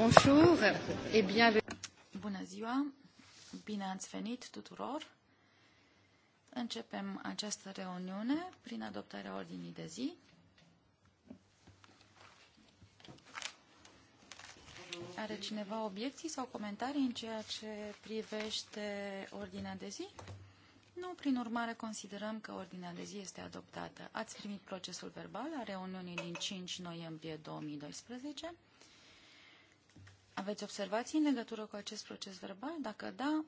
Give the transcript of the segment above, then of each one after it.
Bonjour et bienvenue. Bună ziua, bine ați venit tuturor. Începem această reuniune prin adoptarea ordinii de zi. Are cineva obiecții sau comentarii în ceea ce privește ordinea de zi? Nu, prin urmare considerăm că ordinea de zi este adoptată. Ați primit procesul verbal a reuniunii din 5 noiembrie 2012. Aveți observații în legătură cu acest proces verbal? Dacă da,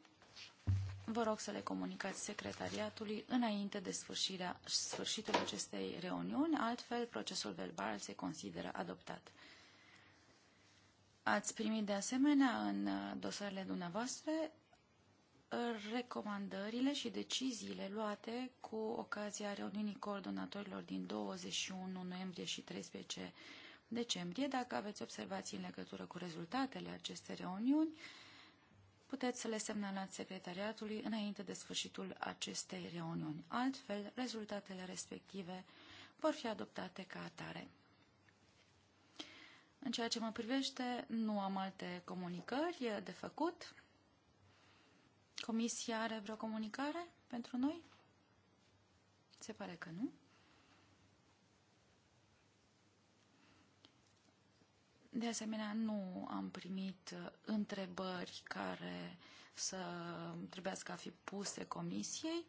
vă rog să le comunicați secretariatului înainte de sfârșirea, sfârșitul acestei reuniuni, altfel procesul verbal se consideră adoptat. Ați primit de asemenea în dosarele dumneavoastră recomandările și deciziile luate cu ocazia reuniunii coordonatorilor din 21 noiembrie și 13 decembrie. Dacă aveți observații în legătură cu rezultatele acestei reuniuni, puteți să le semnalați secretariatului înainte de sfârșitul acestei reuniuni. Altfel, rezultatele respective vor fi adoptate ca atare. În ceea ce mă privește, nu am alte comunicări de făcut. Comisia are vreo comunicare pentru noi? Se pare că nu. De asemenea, nu am primit uh, întrebări care să trebuiască a fi puse comisiei.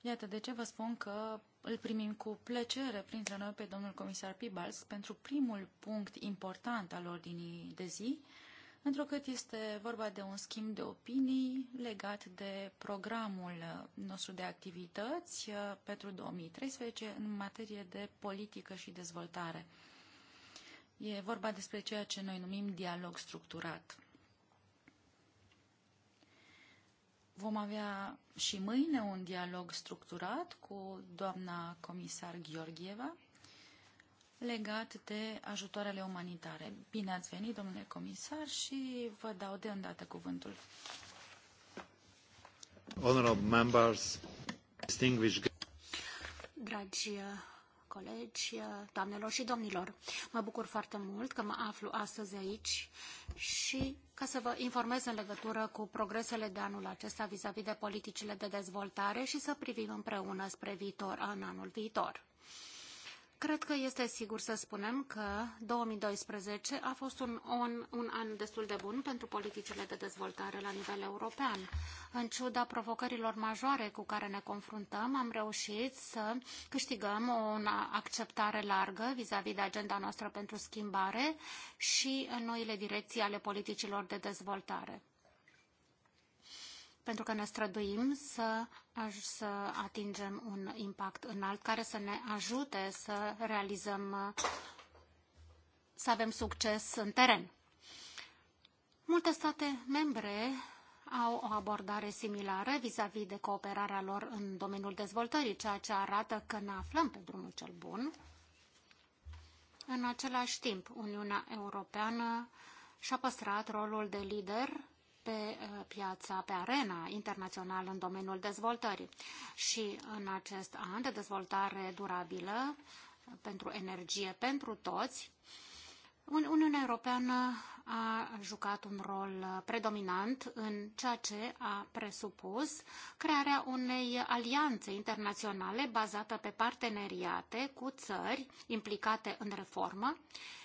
Iată de ce vă spun că îl primim cu plăcere printre noi pe domnul comisar Pibals pentru primul punct important al ordinii de zi, întrucât este vorba de un schimb de opinii legat de programul nostru de activități uh, pentru 2013 în materie de politică și dezvoltare. E vorba despre ceea ce noi numim dialog structurat. Vom avea și mâine un dialog structurat cu doamna comisar Gheorgheva legat de ajutoarele umanitare. Bine ați venit, domnule comisar, și vă dau de îndată cuvântul. Honorable members, distinguished... Dragi uh, colegi, uh, doamnelor și domnilor. Mă bucur foarte mult că mă aflu astăzi aici și ca să vă informez în legătură cu progresele de anul acesta vis-a-vis -vis de politicile de dezvoltare și să privim împreună spre viitor, în anul viitor. Cred că este sigur să spunem că 2012 a fost un, un, un an destul de bun pentru politicile de dezvoltare la nivel european. În ciuda provocărilor majore cu care ne confruntăm, am reușit să câștigăm o acceptare largă vis-a-vis de agenda noastră pentru schimbare și noile direcții ale politicilor de dezvoltare pentru că ne străduim să, să atingem un impact înalt care să ne ajute să realizăm, să avem succes în teren. Multe state membre au o abordare similară vis-a-vis -vis de cooperarea lor în domeniul dezvoltării, ceea ce arată că ne aflăm pe drumul cel bun. În același timp, Uniunea Europeană și-a păstrat rolul de lider pe uh, piața, pe arena internațională în domeniul dezvoltării. Și în acest an de dezvoltare durabilă pentru energie pentru toți, Uniunea Europeană a jucat un rol predominant în ceea ce a presupus crearea unei alianțe internaționale bazată pe parteneriate cu țări implicate în reformă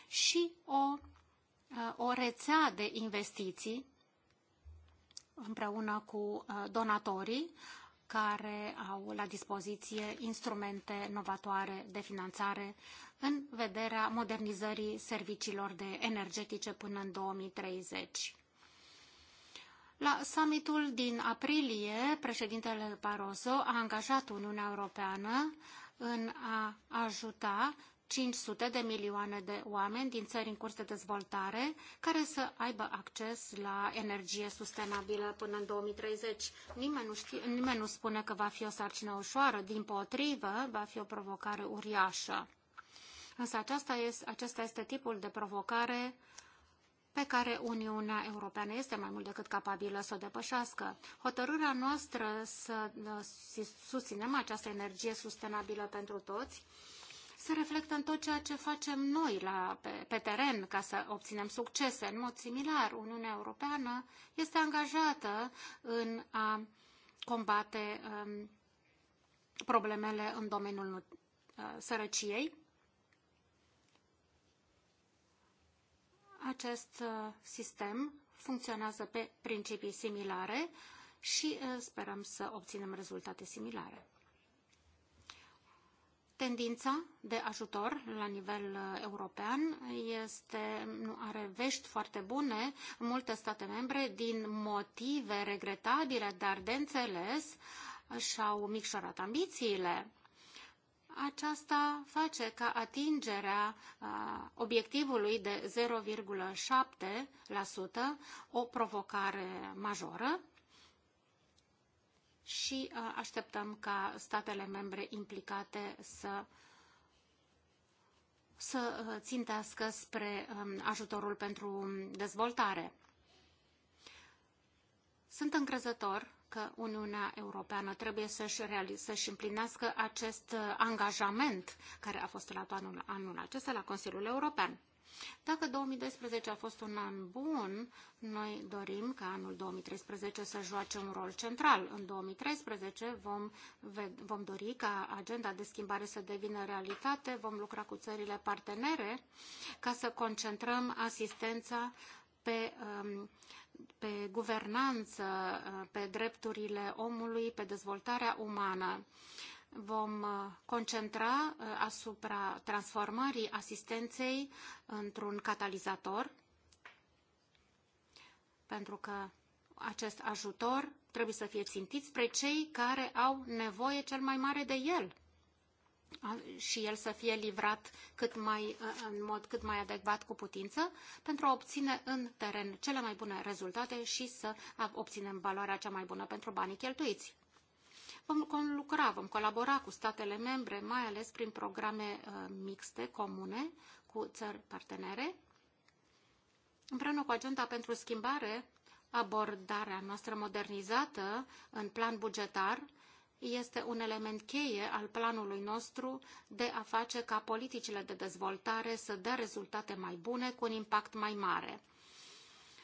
și o, uh, o rețea de investiții împreună cu uh, donatorii care au la dispoziție instrumente novatoare de finanțare în vederea modernizării serviciilor de energetice până în 2030. La summitul din aprilie, președintele Barroso a angajat Uniunea Europeană în a ajuta 500 de milioane de oameni din țări în curs de dezvoltare care să aibă acces la energie sustenabilă până în 2030. Nimeni nu, știe, nimeni nu spune că va fi o sarcină ușoară, din potrivă, va fi o provocare uriașă. Însă aceasta este, acesta este tipul de provocare pe care Uniunea Europeană este mai mult decât capabilă să o depășească. Hotărârea noastră să susținem această energie sustenabilă pentru toți se reflectă în tot ceea ce facem noi la, pe, pe teren ca să obținem succese. În mod similar, Uniunea Europeană este angajată în a combate um, problemele în domeniul uh, sărăciei. Acest uh, sistem funcționează pe principii similare și uh, sperăm să obținem rezultate similare. Tendința de ajutor la nivel uh, european este, are vești foarte bune în multe state membre din motive regretabile, dar de înțeles și-au micșorat ambițiile. Aceasta face ca atingerea uh, obiectivului de 0,7% o provocare majoră și uh, așteptăm ca statele membre implicate să să uh, țintească spre um, ajutorul pentru dezvoltare. Sunt încrezător că Uniunea Europeană trebuie să-și, realize, să împlinească acest uh, angajament care a fost luat anul, anul acesta la Consiliul European. Dacă 2012 a fost un an bun, noi dorim ca anul 2013 să joace un rol central. În 2013 vom, vom dori ca agenda de schimbare să devină realitate, vom lucra cu țările partenere ca să concentrăm asistența pe, um, pe guvernanță, uh, pe drepturile omului, pe dezvoltarea umană vom uh, concentra uh, asupra transformării asistenței într-un catalizator, pentru că acest ajutor trebuie să fie țintit spre cei care au nevoie cel mai mare de el și el să fie livrat cât mai, uh, în mod cât mai adecvat cu putință pentru a obține în teren cele mai bune rezultate și să obținem valoarea cea mai bună pentru banii cheltuiți. Vom lucra, vom colabora cu statele membre, mai ales prin programe uh, mixte, comune, cu țări partenere. Împreună cu agenda pentru schimbare, abordarea noastră modernizată în plan bugetar este un element cheie al planului nostru de a face ca politicile de dezvoltare să dea rezultate mai bune cu un impact mai mare.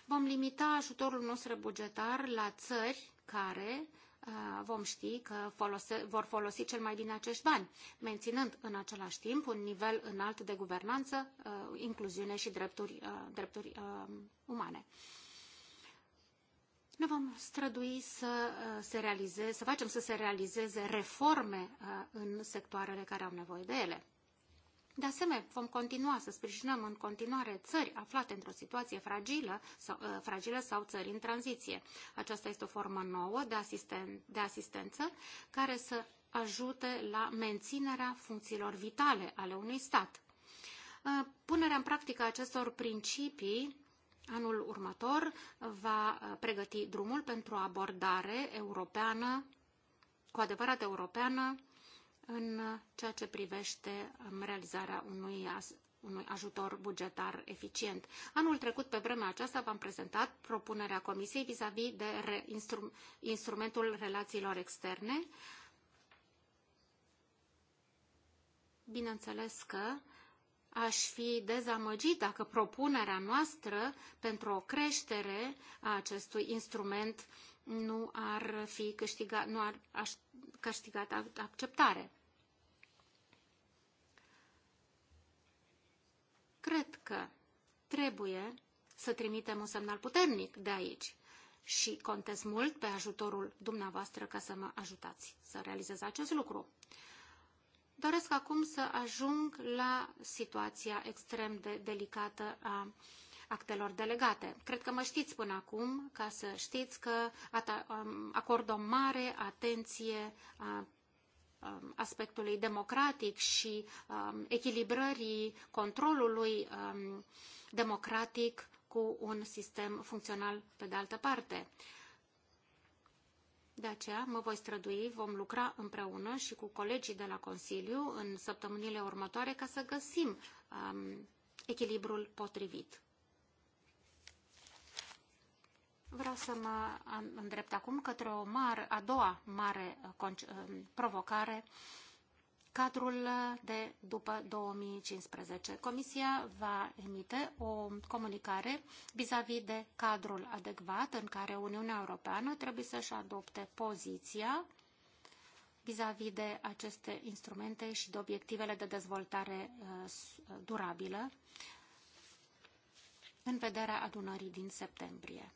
Vom limita ajutorul nostru bugetar la țări care Ah, vom ști că folose, vor folosi cel mai bine acești bani, menținând în același timp un nivel înalt de guvernanță, ah, incluziune și drepturi, ah, drepturi umane. Ne vom strădui să se realizeze, să facem să se realizeze reforme în sectoarele care au nevoie de ele. De asemenea, vom continua să sprijinăm în continuare țări aflate într-o situație fragilă sau, ă, fragilă sau țări în tranziție. Aceasta este o formă nouă de, asisten, de asistență care să ajute la menținerea funcțiilor vitale ale unui stat. Ă, punerea în practică acestor principii anul următor va ă, pregăti drumul pentru o abordare europeană, cu adevărat europeană, în ceea ce privește um, realizarea unui, unui ajutor bugetar eficient. Anul trecut, pe vremea aceasta, v-am prezentat propunerea Comisiei vis-a-vis -vis de re, instru, instrumentul relațiilor externe. Bineînțeles că aș fi dezamăgit dacă propunerea noastră pentru o creștere a acestui instrument nu ar fi câștigat, nu ar aș, câștigat acceptare. Cred că trebuie să trimitem un semnal puternic de aici și contez mult pe ajutorul dumneavoastră ca să mă ajutați să realizez acest lucru. Doresc acum să ajung la situația extrem de delicată a actelor delegate. Cred că mă știți până acum, ca să știți că acord o mare atenție Um, aspectului democratic și um, echilibrării controlului um, democratic cu un sistem funcțional pe de altă parte. De aceea mă voi strădui, vom lucra împreună și cu colegii de la Consiliu în săptămânile următoare ca să găsim um, echilibrul potrivit. Vreau să mă îndrept acum către o mare, a doua mare uh, uh, provocare, cadrul de după 2015. Comisia va emite o comunicare vis-a-vis -vis de cadrul adecvat în care Uniunea Europeană trebuie să-și adopte poziția vis-a-vis -vis de aceste instrumente și de obiectivele de dezvoltare uh, durabilă în vederea adunării din septembrie.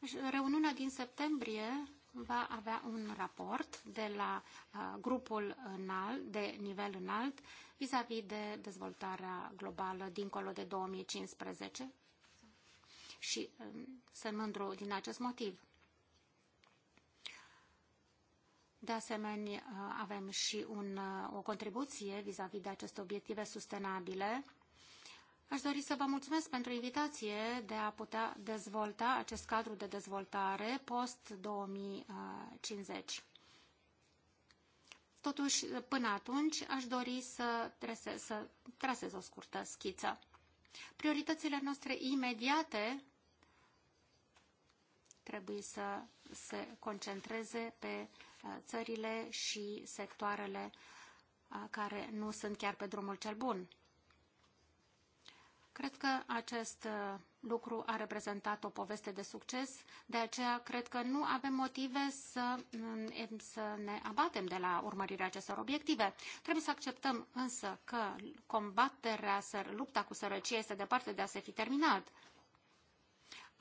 Deci, reuniunea din septembrie va avea un raport de la uh, grupul înalt, de nivel înalt vis-a-vis de dezvoltarea globală dincolo de 2015 și um, sunt mândru din acest motiv. De asemenea, uh, avem și un, uh, o contribuție vis-a-vis -vis de aceste obiective sustenabile Aș dori să vă mulțumesc pentru invitație de a putea dezvolta acest cadru de dezvoltare post-2050. Totuși, până atunci, aș dori să trasez, să trasez o scurtă schiță. Prioritățile noastre imediate trebuie să se concentreze pe uh, țările și sectoarele uh, care nu sunt chiar pe drumul cel bun. Cred că acest uh, lucru a reprezentat o poveste de succes, de aceea cred că nu avem motive să, mm, să ne abatem de la urmărirea acestor obiective. Trebuie să acceptăm însă că combaterea, lupta cu sărăcia este departe de a se fi terminat.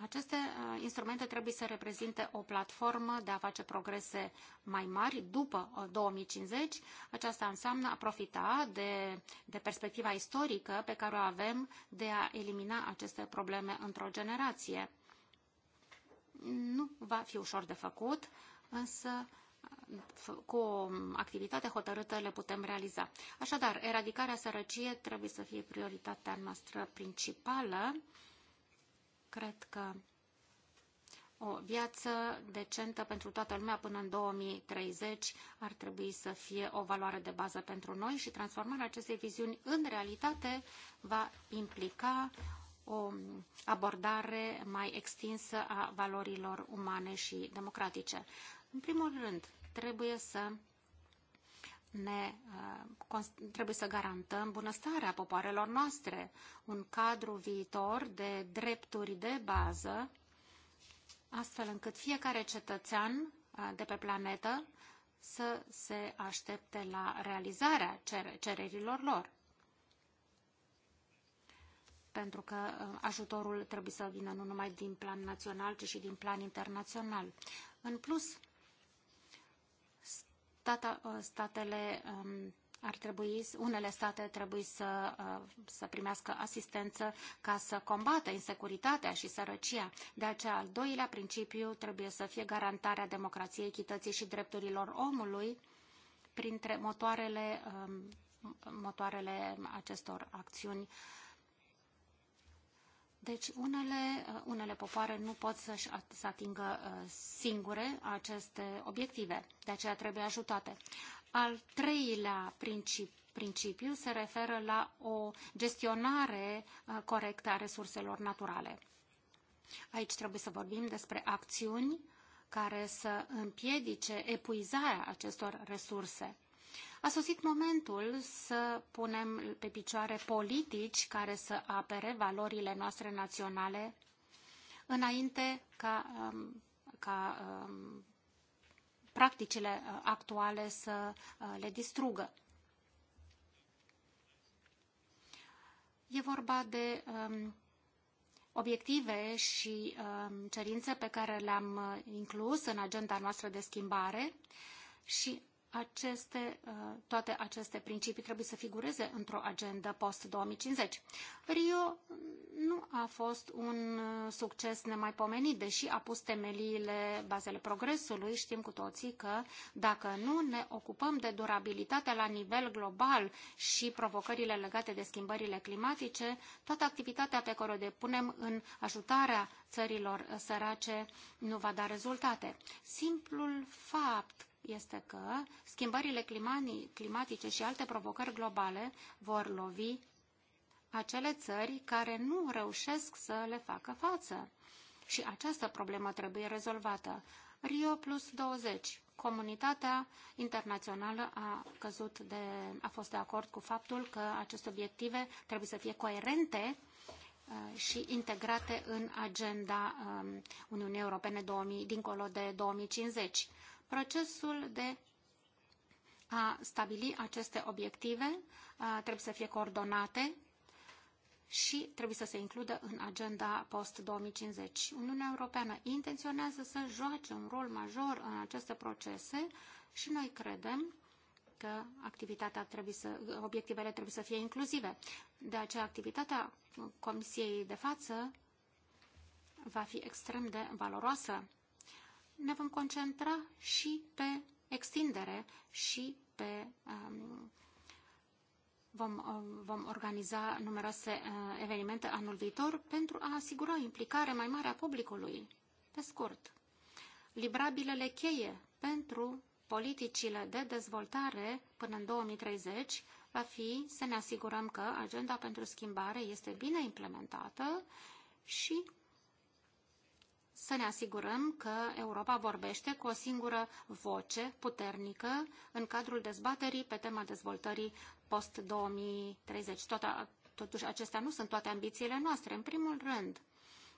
Aceste uh, instrumente trebuie să reprezinte o platformă de a face progrese mai mari după 2050. Uh, Aceasta înseamnă a profita de, de perspectiva istorică pe care o avem de a elimina aceste probleme într-o generație. Nu va fi ușor de făcut, însă uh, cu o activitate hotărâtă le putem realiza. Așadar, eradicarea sărăciei trebuie să fie prioritatea noastră principală Cred că o viață decentă pentru toată lumea până în 2030 ar trebui să fie o valoare de bază pentru noi și transformarea acestei viziuni în realitate va implica o abordare mai extinsă a valorilor umane și democratice. În primul rând, trebuie să ne, uh, trebuie să garantăm bunăstarea popoarelor noastre, un cadru viitor de drepturi de bază, astfel încât fiecare cetățean uh, de pe planetă să se aștepte la realizarea cererilor lor. Pentru că uh, ajutorul trebuie să vină nu numai din plan național, ci și din plan internațional. În plus, stata, uh, statele um, ar trebui, unele state trebuie să, uh, să primească asistență ca să combată insecuritatea și sărăcia. De aceea, al doilea principiu trebuie să fie garantarea democrației, echității și drepturilor omului printre motoarele, um, motoarele acestor acțiuni uh, deci unele, uh, unele popoare nu pot să, să atingă uh, singure aceste obiective, de aceea trebuie ajutate. Al treilea principiu principiu se referă la o gestionare uh, corectă a resurselor naturale. Aici trebuie să vorbim despre acțiuni care să împiedice epuizarea acestor resurse. A sosit momentul să punem pe picioare politici care să apere valorile noastre naționale înainte ca, um, ca um, practicile uh, actuale să uh, le distrugă. E vorba de um, obiective și um, cerințe pe care le-am uh, inclus în agenda noastră de schimbare și aceste, uh, toate aceste principii trebuie să figureze într-o agendă post-2050. Rio nu a fost un uh, succes nemaipomenit, deși a pus temeliile, bazele progresului. Știm cu toții că dacă nu ne ocupăm de durabilitatea la nivel global și provocările legate de schimbările climatice, toată activitatea pe care o depunem în ajutarea țărilor uh, sărace nu va da rezultate. Simplul fapt este că schimbările climatice și alte provocări globale vor lovi acele țări care nu reușesc să le facă față. Și această problemă trebuie rezolvată. Rio plus 20. Comunitatea internațională a, căzut de, a fost de acord cu faptul că aceste obiective trebuie să fie coerente uh, și integrate în agenda um, Uniunii Europene 2000, dincolo de 2050. Procesul de a stabili aceste obiective trebuie să fie coordonate și trebuie să se includă în agenda post-2050. Uniunea Europeană intenționează să joace un rol major în aceste procese și noi credem că activitatea trebuie să, obiectivele trebuie să fie inclusive. De aceea, activitatea Comisiei de față va fi extrem de valoroasă ne vom concentra și pe extindere și pe um, vom, um, vom organiza numeroase uh, evenimente anul viitor pentru a asigura implicare mai mare a publicului. Pe scurt, librabilele cheie pentru politicile de dezvoltare până în 2030 va fi să ne asigurăm că agenda pentru schimbare este bine implementată și să ne asigurăm că Europa vorbește cu o singură voce puternică în cadrul dezbaterii pe tema dezvoltării post-2030. Totuși, acestea nu sunt toate ambițiile noastre. În primul rând,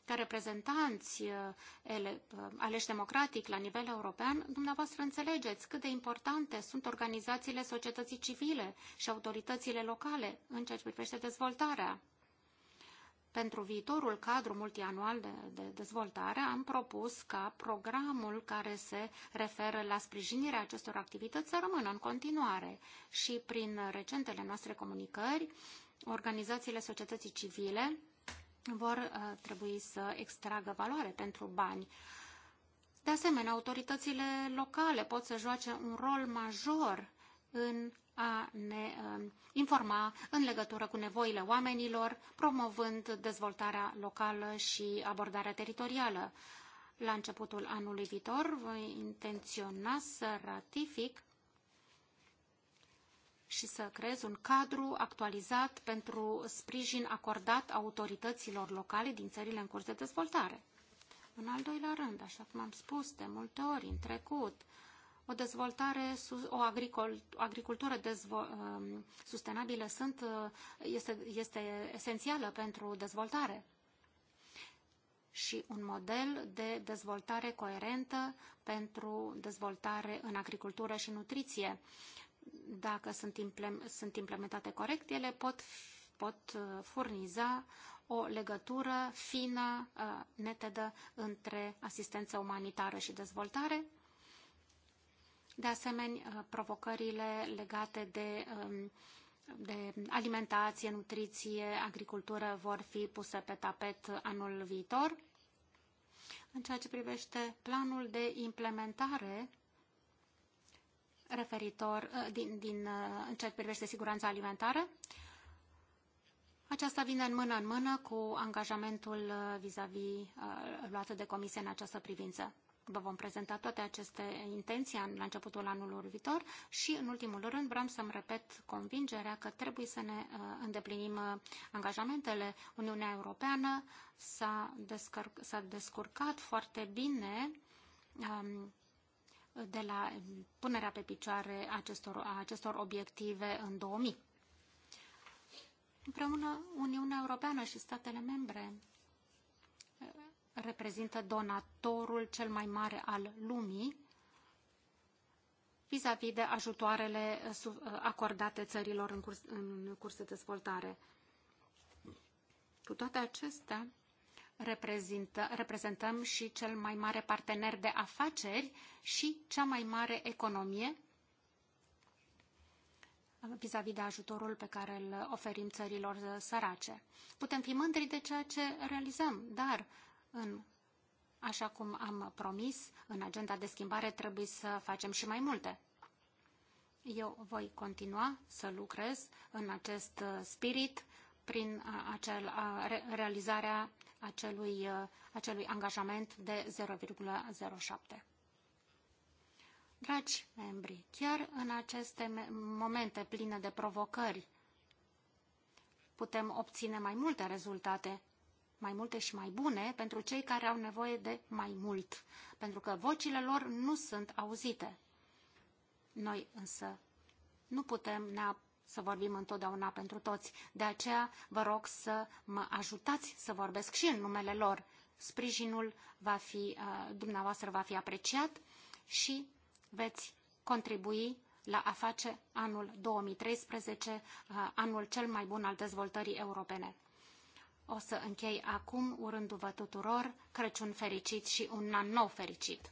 ca reprezentanți uh, uh, aleși democratic la nivel european, dumneavoastră înțelegeți cât de importante sunt organizațiile societății civile și autoritățile locale în ceea ce privește dezvoltarea. Pentru viitorul cadru multianual de, de dezvoltare am propus ca programul care se referă la sprijinirea acestor activități să rămână în continuare și prin recentele noastre comunicări, organizațiile societății civile vor uh, trebui să extragă valoare pentru bani. De asemenea, autoritățile locale pot să joace un rol major în a ne uh, informa în legătură cu nevoile oamenilor, promovând dezvoltarea locală și abordarea teritorială. La începutul anului viitor voi intenționa să ratific și să creez un cadru actualizat pentru sprijin acordat autorităților locale din țările în curs de dezvoltare. În al doilea rând, așa cum am spus de multe ori în trecut, o dezvoltare, o, agricol, agricultură dezvo, um, sustenabilă sunt, uh, este, este esențială pentru dezvoltare și un model de dezvoltare coerentă pentru dezvoltare în agricultură și nutriție. Dacă sunt, sunt implementate corect, ele pot, pot uh, furniza o legătură fină, uh, netedă, între asistență umanitară și dezvoltare de asemenea, uh, provocările legate de, um, de alimentație, nutriție, agricultură vor fi puse pe tapet anul viitor. În ceea ce privește planul de implementare referitor uh, din, din, uh, în ceea ce privește siguranța alimentară, aceasta vine în mână în mână cu angajamentul vis-a-vis -vis, luat de comisie în această privință. Vă vom prezenta toate aceste intenții la începutul anului viitor și, în ultimul rând, vreau să-mi repet convingerea că trebuie să ne uh, îndeplinim uh, angajamentele. Uniunea Europeană s-a, descurc, descurcat foarte bine um, de la punerea pe picioare acestor, a acestor obiective în 2000. Împreună, Uniunea Europeană și statele membre reprezintă donatorul cel mai mare al lumii vis-a-vis -vis de ajutoarele uh, uh, acordate țărilor în curs, în curs de dezvoltare. Cu toate acestea, reprezintă, reprezentăm și cel mai mare partener de afaceri și cea mai mare economie vis-a-vis -vis de ajutorul pe care îl oferim țărilor uh, sărace. Putem fi mândri de ceea ce realizăm, dar în Așa cum am promis, în agenda de schimbare trebuie să facem și mai multe. Eu voi continua să lucrez în acest uh, spirit prin uh, acel, uh, realizarea acelui, acelui angajament de 0,07. Dragi membri, chiar în aceste momente pline de provocări putem obține mai multe rezultate mai multe și mai bune pentru cei care au nevoie de mai mult, pentru că vocile lor nu sunt auzite. Noi însă nu putem ne să vorbim întotdeauna pentru toți. De aceea vă rog să mă ajutați să vorbesc și în numele lor. Sprijinul va fi, uh, dumneavoastră va fi apreciat și veți contribui la a face anul 2013 uh, anul cel mai bun al dezvoltării europene. O să închei acum urându-vă tuturor Crăciun fericit și un an nou fericit.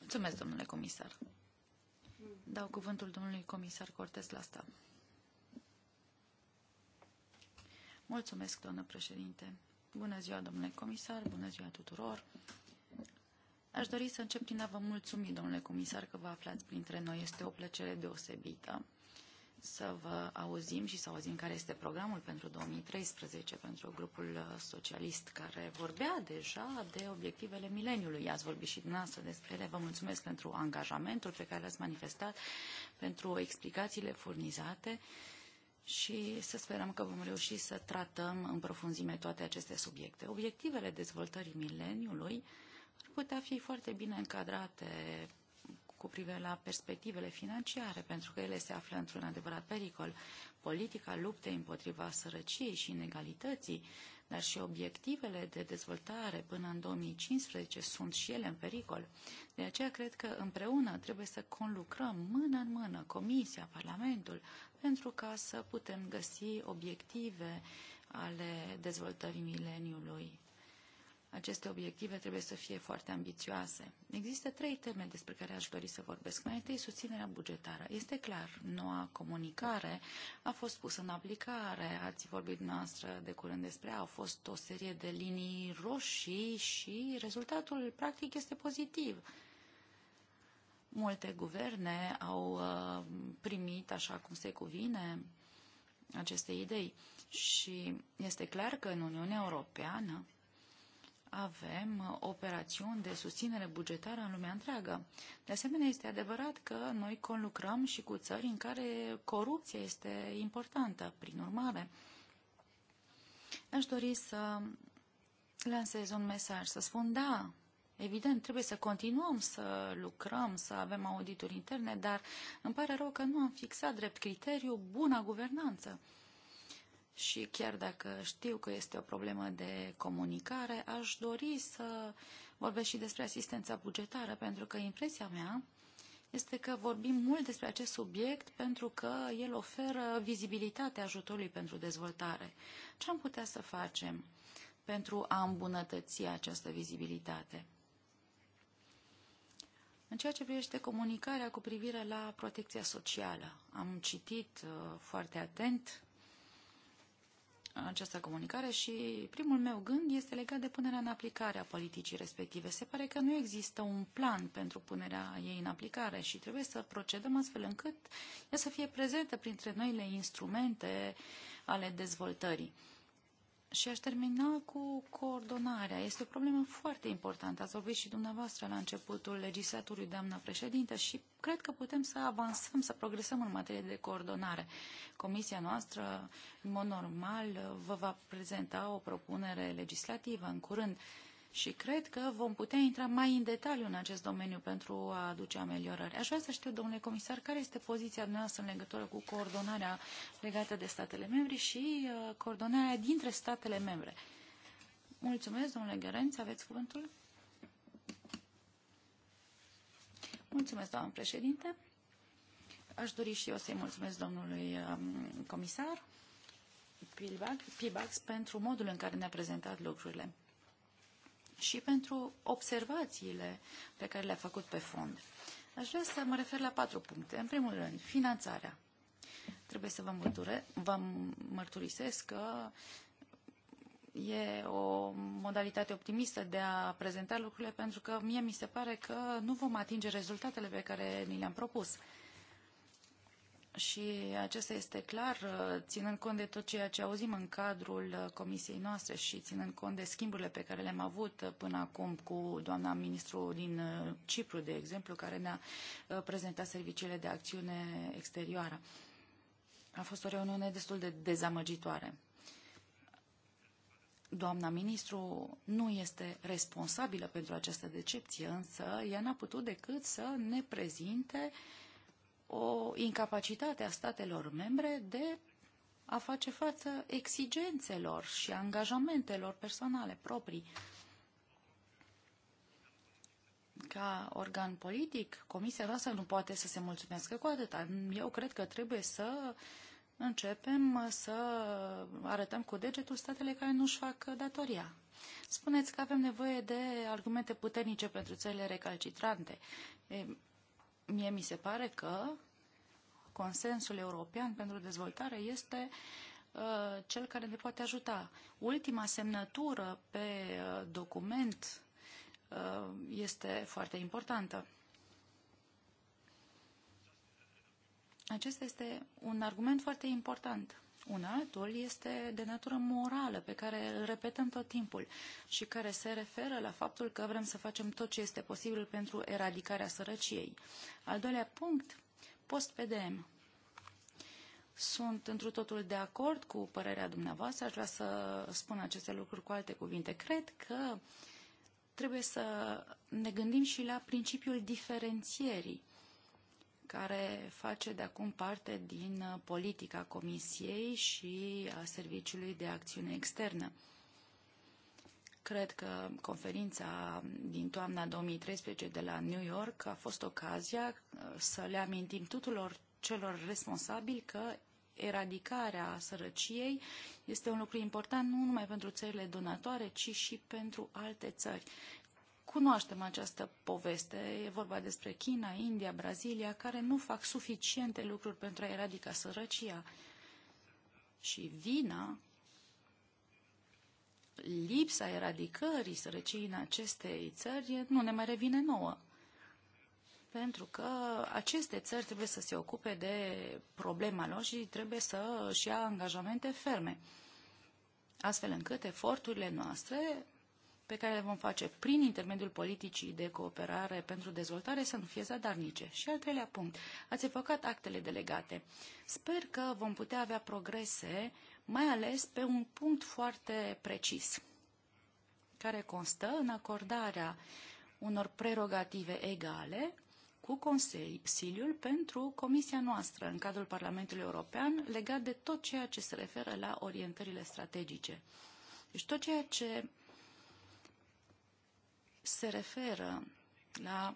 Mulțumesc, domnule comisar. Dau cuvântul domnului comisar Cortes la asta. Mulțumesc, doamnă președinte. Bună ziua, domnule comisar, bună ziua tuturor. Aș dori să încep prin a vă mulțumi, domnule comisar, că vă aflați printre noi. Este o plăcere deosebită să vă auzim și să auzim care este programul pentru 2013 pentru grupul uh, socialist care vorbea deja de obiectivele mileniului. Ați vorbit și dumneavoastră despre ele. Vă mulțumesc pentru angajamentul pe care l-ați manifestat, pentru explicațiile furnizate și să sperăm că vom reuși să tratăm în profunzime toate aceste subiecte. Obiectivele dezvoltării mileniului ar putea fi foarte bine încadrate cu privire la perspectivele financiare, pentru că ele se află într-un adevărat pericol. Politica luptei împotriva sărăciei și inegalității, dar și obiectivele de dezvoltare până în 2015 sunt și ele în pericol. De aceea cred că împreună trebuie să conlucrăm mână în mână Comisia, Parlamentul, pentru ca să putem găsi obiective ale dezvoltării mileniului aceste obiective trebuie să fie foarte ambițioase. Există trei teme despre care aș dori să vorbesc. Mai întâi, susținerea bugetară. Este clar, noua comunicare a fost pusă în aplicare. Ați vorbit noastră de curând despre ea. Au fost o serie de linii roșii și rezultatul practic este pozitiv. Multe guverne au uh, primit, așa cum se cuvine, aceste idei. Și este clar că în Uniunea Europeană avem operațiuni de susținere bugetară în lumea întreagă. De asemenea, este adevărat că noi conlucrăm și cu țări în care corupția este importantă. Prin urmare, aș dori să lansez un mesaj, să spun da, Evident, trebuie să continuăm să lucrăm, să avem audituri interne, dar îmi pare rău că nu am fixat drept criteriu buna guvernanță și chiar dacă știu că este o problemă de comunicare, aș dori să vorbesc și despre asistența bugetară, pentru că impresia mea este că vorbim mult despre acest subiect pentru că el oferă vizibilitatea ajutorului pentru dezvoltare. Ce am putea să facem pentru a îmbunătăți această vizibilitate? În ceea ce privește comunicarea cu privire la protecția socială, am citit uh, foarte atent această comunicare și primul meu gând este legat de punerea în aplicare a politicii respective. Se pare că nu există un plan pentru punerea ei în aplicare și trebuie să procedăm astfel încât ea să fie prezentă printre noile instrumente ale dezvoltării. Și aș termina cu coordonarea. Este o problemă foarte importantă. Ați vorbit și dumneavoastră la începutul legislaturii, doamna președintă, și cred că putem să avansăm, să progresăm în materie de coordonare. Comisia noastră, în mod normal, vă va prezenta o propunere legislativă în curând. Uh, și cred că vom putea intra mai în detaliu în acest domeniu pentru a aduce ameliorări. Aș vrea să știu, domnule comisar, care este poziția noastră în legătură cu coordonarea legată de statele membre și uh, coordonarea dintre statele membre. Mulțumesc, domnule Gărenț, aveți cuvântul? Mulțumesc, doamnă președinte. Aș dori și eu să-i mulțumesc domnului um, comisar Pilbax pentru modul în care ne-a prezentat lucrurile și pentru observațiile pe care le-a făcut pe fond. Aș vrea să mă refer la patru puncte. În primul rând, finanțarea. Trebuie să vă, mărture, vă mărturisesc că e o modalitate optimistă de a prezenta lucrurile pentru că mie mi se pare că nu vom atinge rezultatele pe care ni le-am propus. Uh, și acesta este clar, uh, ținând cont de tot ceea ce auzim în cadrul uh, comisiei noastre și ținând cont de schimburile pe care le-am avut uh, până acum cu doamna ministru din Cipru, de exemplu, care ne-a prezentat serviciile de acțiune exterioară. A fost o reuniune destul de dezamăgitoare. Doamna ministru nu este responsabilă pentru această decepție, însă ea n-a putut decât să ne prezinte uh, o incapacitate a statelor membre de a face față exigențelor și angajamentelor personale proprii. Ca organ politic, Comisia noastră nu poate să se mulțumească cu atâta. Eu cred că trebuie să începem să arătăm cu degetul statele care nu-și fac datoria. Spuneți că avem nevoie de argumente puternice pentru țările recalcitrante. Mie mi se pare că consensul european pentru dezvoltare este uh, cel care ne poate ajuta. Ultima semnătură pe uh, document uh, este foarte importantă. Acesta este un argument foarte important. Un altul este de natură morală, pe care îl repetăm tot timpul și care se referă la faptul că vrem să facem tot ce este posibil pentru eradicarea sărăciei. Al doilea punct, post-PDM. Sunt întru totul de acord cu părerea dumneavoastră, aș vrea să spun aceste lucruri cu alte cuvinte. Cred că trebuie să ne gândim și la principiul diferențierii care face de acum parte din uh, politica Comisiei și a Serviciului de Acțiune Externă. Cred că conferința din toamna 2013 de la New York a fost ocazia uh, să le amintim tuturor celor responsabili că eradicarea sărăciei este un lucru important nu numai pentru țările donatoare, ci și pentru alte țări cunoaștem această poveste. E vorba despre China, India, Brazilia, care nu fac suficiente lucruri pentru a eradica sărăcia. Și vina, lipsa eradicării sărăciei în aceste țări nu ne mai revine nouă. Pentru că aceste țări trebuie să se ocupe de problema lor și trebuie să își ia angajamente ferme astfel încât eforturile noastre pe care le vom face prin intermediul politicii de cooperare pentru dezvoltare să nu fie zadarnice. Și al treilea punct, ați evocat actele delegate. Sper că vom putea avea progrese, mai ales pe un punct foarte precis, care constă în acordarea unor prerogative egale cu Consiliul pentru Comisia noastră în cadrul Parlamentului European legat de tot ceea ce se referă la orientările strategice. Deci tot ceea ce se referă la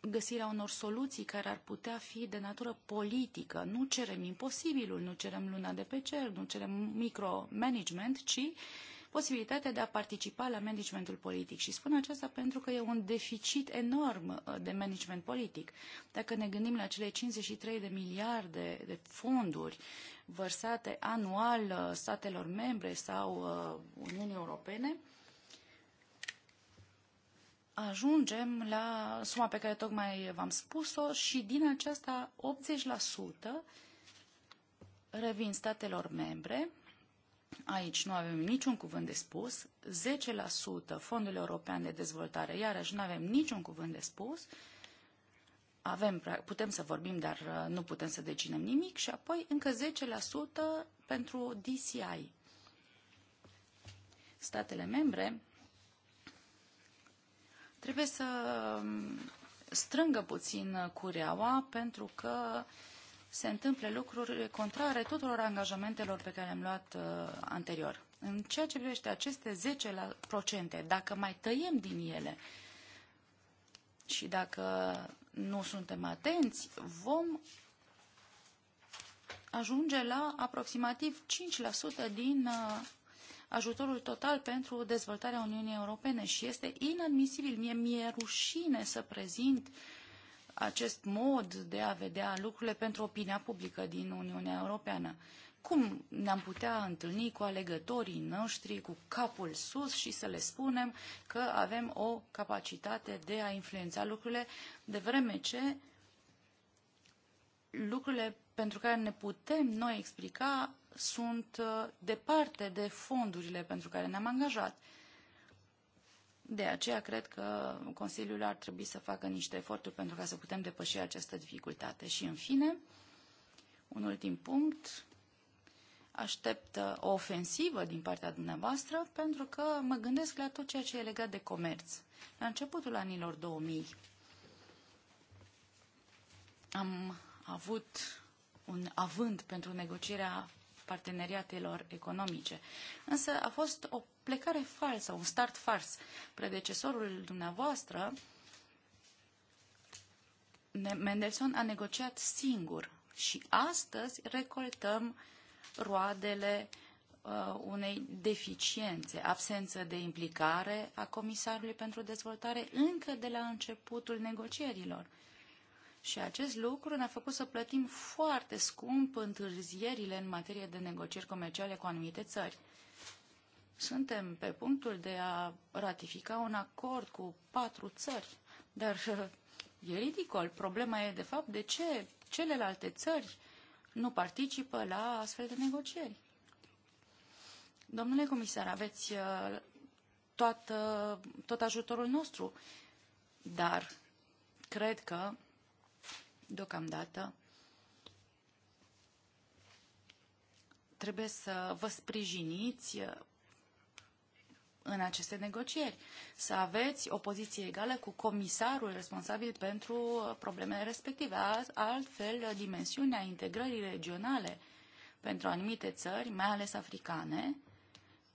găsirea unor soluții care ar putea fi de natură politică. Nu cerem imposibilul, nu cerem luna de pe cer, nu cerem micromanagement, ci posibilitatea de a participa la managementul politic. Și spun aceasta pentru că e un deficit enorm uh, de management politic. Dacă ne gândim la cele 53 de miliarde de fonduri vărsate anual uh, statelor membre sau uh, Uniunii Europene, ajungem la suma pe care tocmai v-am spus-o și din aceasta 80% revin statelor membre, aici nu avem niciun cuvânt de spus, 10% Fondul European de Dezvoltare, iarăși nu avem niciun cuvânt de spus, avem, putem să vorbim, dar uh, nu putem să decinem nimic și apoi încă 10% pentru DCI. Statele membre trebuie să um, strângă puțin cureaua pentru că se întâmplă lucruri contrare tuturor angajamentelor pe care le-am luat uh, anterior. În ceea ce privește aceste 10%, dacă mai tăiem din ele și dacă nu suntem atenți, vom ajunge la aproximativ 5% din uh, ajutorul total pentru dezvoltarea Uniunii Europene și este inadmisibil. Mie mi-e rușine să prezint acest mod de a vedea lucrurile pentru opinia publică din Uniunea Europeană. Cum ne-am putea întâlni cu alegătorii noștri cu capul sus și să le spunem că avem o capacitate de a influența lucrurile, de vreme ce lucrurile pentru care ne putem noi explica sunt uh, departe de fondurile pentru care ne-am angajat. De aceea cred că Consiliul ar trebui să facă niște eforturi pentru ca să putem depăși această dificultate. Și în fine, un ultim punct, aștept uh, o ofensivă din partea dumneavoastră pentru că mă gândesc la tot ceea ce e legat de comerț. La începutul anilor 2000 am avut un avânt pentru negocierea parteneriatelor economice. Însă a fost o plecare falsă, un start fals. Predecesorul dumneavoastră, Mendelssohn, a negociat singur și astăzi recoltăm roadele uh, unei deficiențe, absență de implicare a Comisarului pentru Dezvoltare încă de la începutul negocierilor. Și acest lucru ne-a făcut să plătim foarte scump întârzierile în materie de negocieri comerciale cu anumite țări. Suntem pe punctul de a ratifica un acord cu patru țări, dar e ridicol. Problema e, de fapt, de ce celelalte țări nu participă la astfel de negocieri. Domnule comisar, aveți uh, toată, tot ajutorul nostru, dar cred că Deocamdată trebuie să vă sprijiniți în aceste negocieri, să aveți o poziție egală cu comisarul responsabil pentru problemele respective. Altfel, dimensiunea integrării regionale pentru anumite țări, mai ales africane,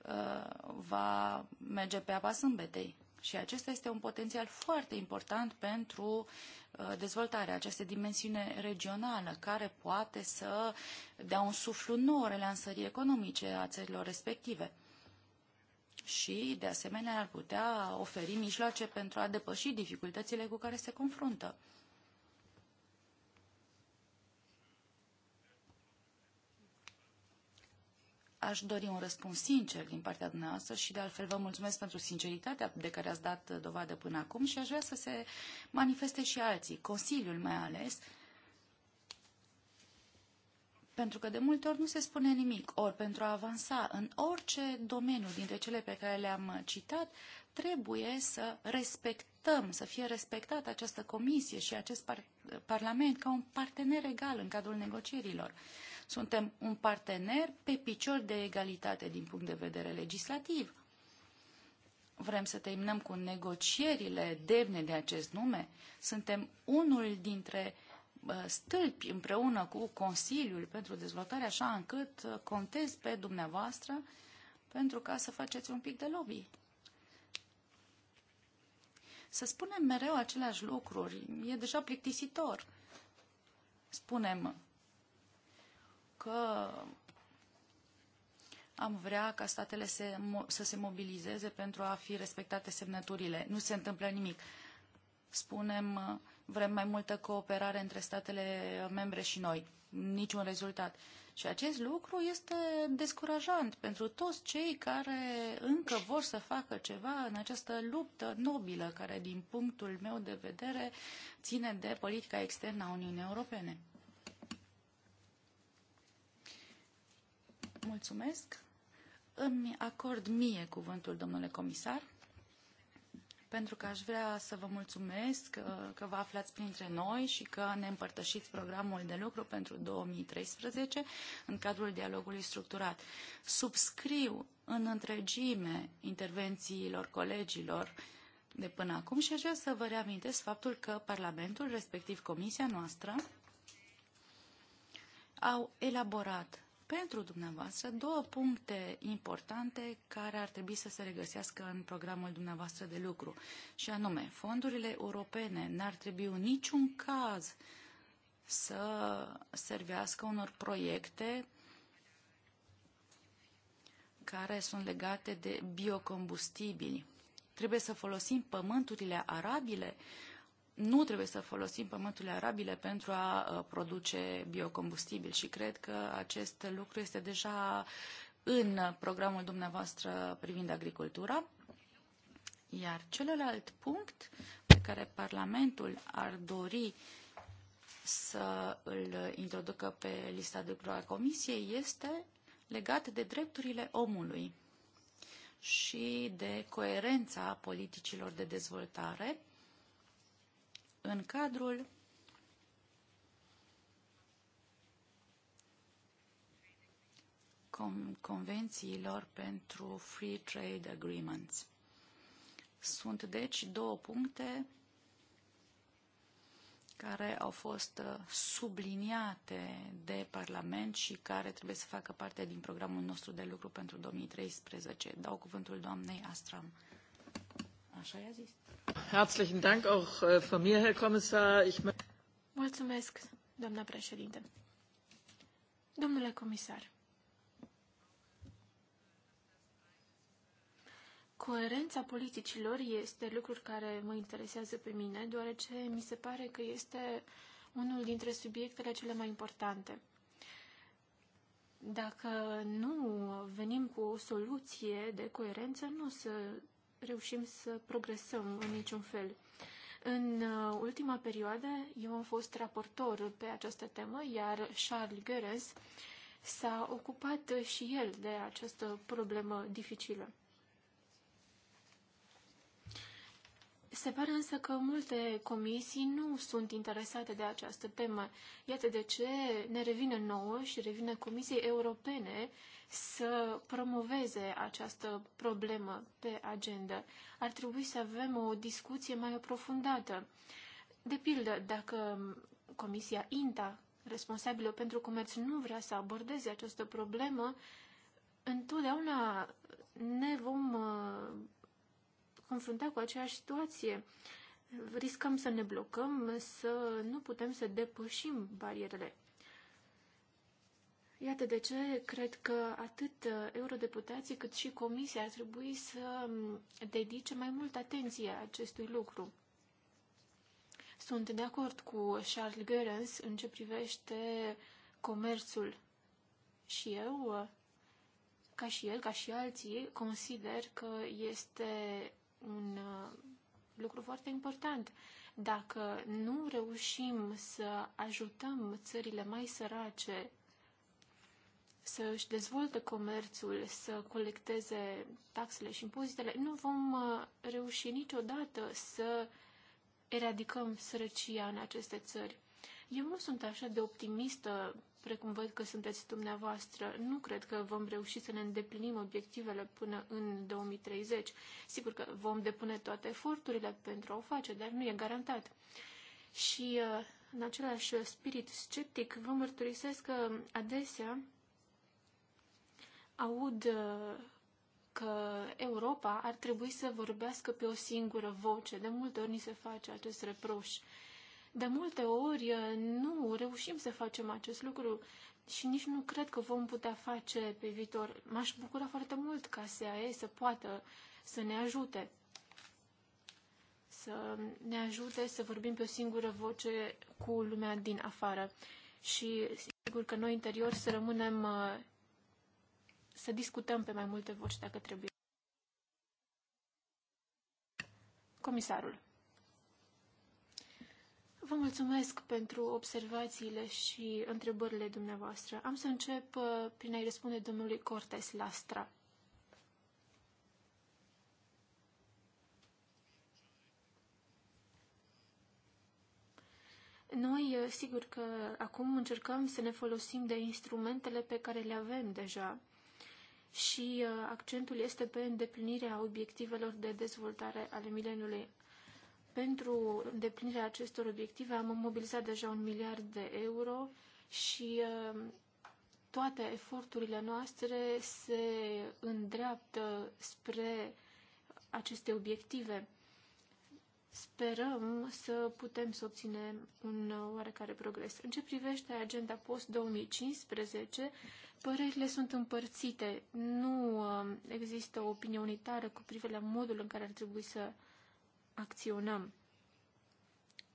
uh, va merge pe apa sâmbetei. Și acesta este un potențial foarte important pentru uh, dezvoltarea acestei dimensiune regională, care poate să dea un suflu nou relansării economice a țărilor respective și, de asemenea, ar putea oferi mijloace pentru a depăși dificultățile cu care se confruntă. aș dori un răspuns sincer din partea dumneavoastră și de altfel vă mulțumesc pentru sinceritatea de care ați dat dovadă până acum și aș vrea să se manifeste și alții, Consiliul mai ales, pentru că de multe ori nu se spune nimic, ori pentru a avansa în orice domeniu dintre cele pe care le-am citat, trebuie să respectăm, să fie respectată această comisie și acest par- parlament ca un partener egal în cadrul negocierilor. Suntem un partener pe picior de egalitate din punct de vedere legislativ. Vrem să terminăm cu negocierile demne de acest nume. Suntem unul dintre uh, stâlpi împreună cu Consiliul pentru dezvoltare, așa încât uh, contez pe dumneavoastră pentru ca să faceți un pic de lobby. Să spunem mereu aceleași lucruri e deja plictisitor. Spunem, că am vrea ca statele se, să se mobilizeze pentru a fi respectate semnăturile. Nu se întâmplă nimic. Spunem, vrem mai multă cooperare între statele membre și noi. Niciun rezultat. Și acest lucru este descurajant pentru toți cei care încă vor să facă ceva în această luptă nobilă care, din punctul meu de vedere, ține de politica externă a Uniunii Europene. Mulțumesc. Îmi acord mie cuvântul, domnule comisar, pentru că aș vrea să vă mulțumesc uh, că vă aflați printre noi și că ne împărtășiți programul de lucru pentru 2013 în cadrul dialogului structurat. Subscriu în întregime intervențiilor colegilor de până acum și aș vrea să vă reamintesc faptul că Parlamentul, respectiv Comisia noastră, au elaborat pentru dumneavoastră două puncte importante care ar trebui să se regăsească în programul dumneavoastră de lucru, și anume, fondurile europene n-ar trebui în niciun caz să servească unor proiecte care sunt legate de biocombustibili. Trebuie să folosim pământurile arabile nu trebuie să folosim pământurile arabile pentru a uh, produce biocombustibil și cred că acest lucru este deja în programul dumneavoastră privind agricultura. Iar celălalt punct pe care Parlamentul ar dori să îl introducă pe lista de lucru a Comisiei este legat de drepturile omului și de coerența politicilor de dezvoltare în cadrul convențiilor pentru Free Trade Agreements. Sunt deci două puncte care au fost uh, subliniate de Parlament și care trebuie să facă parte din programul nostru de lucru pentru 2013. Dau cuvântul doamnei Astram. Așa i-a zis. Herzlichen Dank auch äh, von mir, Herr Kommissar. Ich Mulțumesc, doamna președinte. Domnule comisar, coerența politicilor este lucrul care mă interesează pe mine, deoarece mi se pare că este unul dintre subiectele cele mai importante. Dacă nu venim cu o soluție de coerență, nu o să reușim să progresăm în niciun fel. În uh, ultima perioadă, eu am fost raportor pe această temă, iar Charles Gerez s-a ocupat și el de această problemă dificilă. Se pare însă că multe comisii nu sunt interesate de această temă. Iată de ce ne revine nouă și revine Comisiei Europene să promoveze această problemă pe agenda. Ar trebui să avem o discuție mai aprofundată. De pildă, dacă Comisia INTA, responsabilă pentru comerț, nu vrea să abordeze această problemă, întotdeauna ne vom uh, confrunta cu aceeași situație. Riscăm să ne blocăm, să nu putem să depășim barierele. Iată de ce cred că atât eurodeputații cât și comisia ar trebui să dedice mai multă atenție acestui lucru. Sunt de acord cu Charles Goerens în ce privește comerțul. Și eu, ca și el, ca și alții, consider că este un uh, lucru foarte important. Dacă nu reușim să ajutăm țările mai sărace să își dezvolte comerțul, să colecteze taxele și impozitele, nu vom uh, reuși niciodată să eradicăm sărăcia în aceste țări. Eu nu sunt așa de optimistă precum văd că sunteți dumneavoastră, nu cred că vom reuși să ne îndeplinim obiectivele până în 2030. Sigur că vom depune toate eforturile pentru a o face, dar nu e garantat. Și uh, în același spirit sceptic, vă mărturisesc că adesea aud uh, că Europa ar trebui să vorbească pe o singură voce. De multe ori ni se face acest reproș. De multe ori uh, nu reușim să facem acest lucru și nici nu cred că vom putea face pe viitor. M-aș bucura foarte mult ca SAE să poată să ne ajute. Să ne ajute să vorbim pe o singură voce cu lumea din afară. Și sigur că noi interior să rămânem uh, să discutăm pe mai multe voci dacă trebuie. Comisarul. Vă mulțumesc pentru observațiile și întrebările dumneavoastră. Am să încep uh, prin a-i răspunde domnului Cortes Lastra. Noi, uh, sigur că acum încercăm să ne folosim de instrumentele pe care le avem deja și uh, accentul este pe îndeplinirea obiectivelor de dezvoltare ale mileniului. Pentru îndeplinirea acestor obiective am mobilizat deja un miliard de euro și uh, toate eforturile noastre se îndreaptă spre aceste obiective. Sperăm să putem să obținem un oarecare progres. În ce privește agenda post-2015, părerile sunt împărțite. Nu uh, există o opinie unitară cu privire la modul în care ar trebui să acționăm.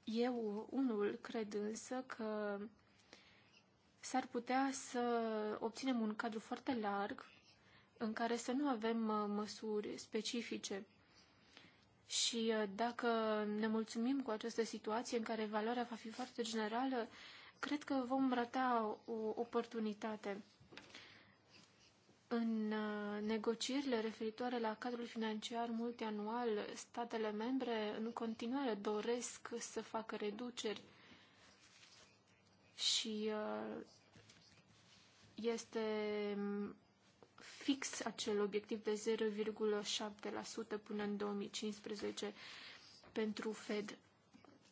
Eu, unul, cred însă că s-ar putea să obținem un cadru foarte larg în care să nu avem uh, măsuri specifice. Și uh, dacă ne mulțumim cu această situație în care valoarea va fi foarte generală, cred că vom rata o oportunitate. În uh, negocierile referitoare la cadrul financiar multianual, statele membre în continuare doresc să facă reduceri și uh, este um, fix acel obiectiv de 0,7% până în 2015 pentru Fed.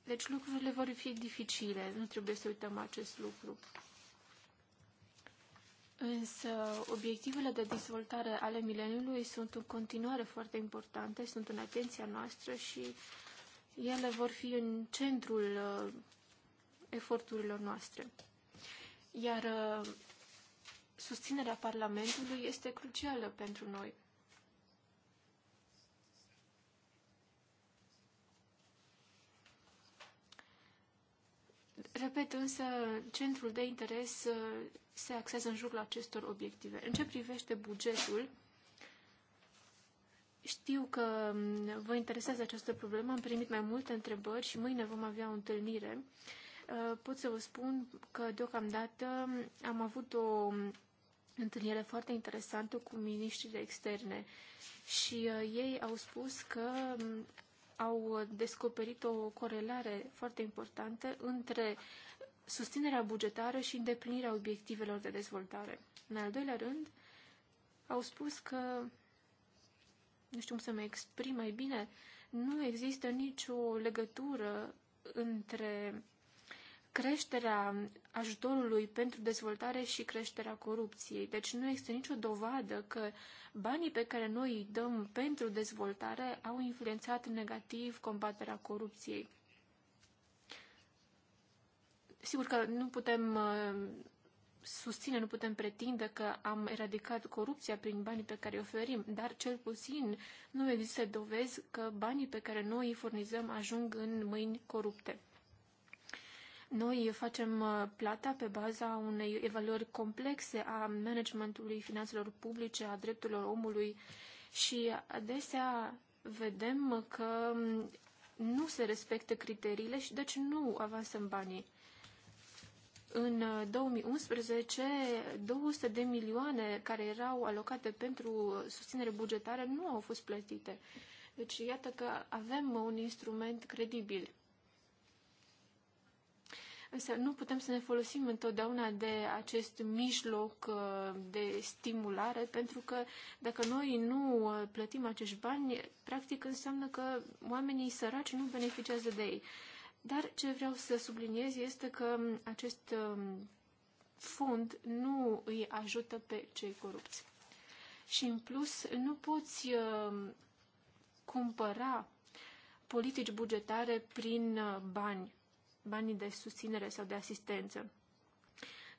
Deci lucrurile vor fi dificile, nu trebuie să uităm acest lucru. Însă, obiectivele de dezvoltare ale mileniului sunt în continuare foarte importante, sunt în atenția noastră și ele vor fi în centrul uh, eforturilor noastre. Iar uh, susținerea Parlamentului este crucială pentru noi. Repet, însă, centrul de interes uh, se axează în jurul acestor obiective. În ce privește bugetul, știu că um, vă interesează această problemă, am primit mai multe întrebări și mâine vom avea o întâlnire. Uh, pot să vă spun că deocamdată am avut o um, întâlnire foarte interesantă cu miniștrii de externe și uh, ei au spus că um, au descoperit o corelare foarte importantă între susținerea bugetară și îndeplinirea obiectivelor de dezvoltare. În al doilea rând, au spus că, nu știu cum să mă exprim mai bine, nu există nicio legătură între creșterea ajutorului pentru dezvoltare și creșterea corupției. Deci nu există nicio dovadă că banii pe care noi îi dăm pentru dezvoltare au influențat negativ combaterea corupției. Sigur că nu putem uh, susține, nu putem pretinde că am eradicat corupția prin banii pe care îi oferim, dar cel puțin nu există dovezi că banii pe care noi îi furnizăm ajung în mâini corupte. Noi facem uh, plata pe baza unei evaluări complexe a managementului finanțelor publice, a drepturilor omului și adesea vedem că um, nu se respectă criteriile și deci nu avansăm banii. În 2011, uh, 200 de milioane care erau alocate pentru susținere bugetară nu au fost plătite. Deci, iată că avem un instrument credibil. Însă nu putem să ne folosim întotdeauna de acest mijloc uh, de stimulare, pentru că dacă noi nu uh, plătim acești bani, practic înseamnă că oamenii săraci nu beneficiază de ei. Dar ce vreau să subliniez este că um, acest um, fond nu îi ajută pe cei corupți. Și în plus, nu poți um, cumpăra politici bugetare prin uh, bani banii de susținere sau de asistență.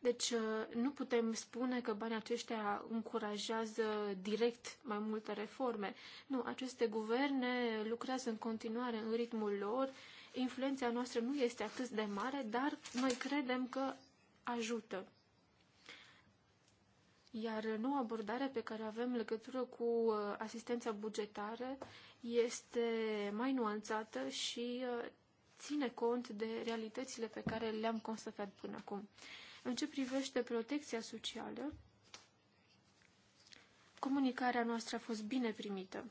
Deci uh, nu putem spune că banii aceștia încurajează direct mai multe reforme. Nu, aceste guverne lucrează în continuare în ritmul lor. Influența noastră nu este atât de mare, dar noi credem că ajută. Iar noua abordare pe care avem legătură cu uh, asistența bugetară este mai nuanțată și uh, ține cont de realitățile pe care le-am constatat până acum. În ce privește protecția socială, comunicarea noastră a fost bine primită.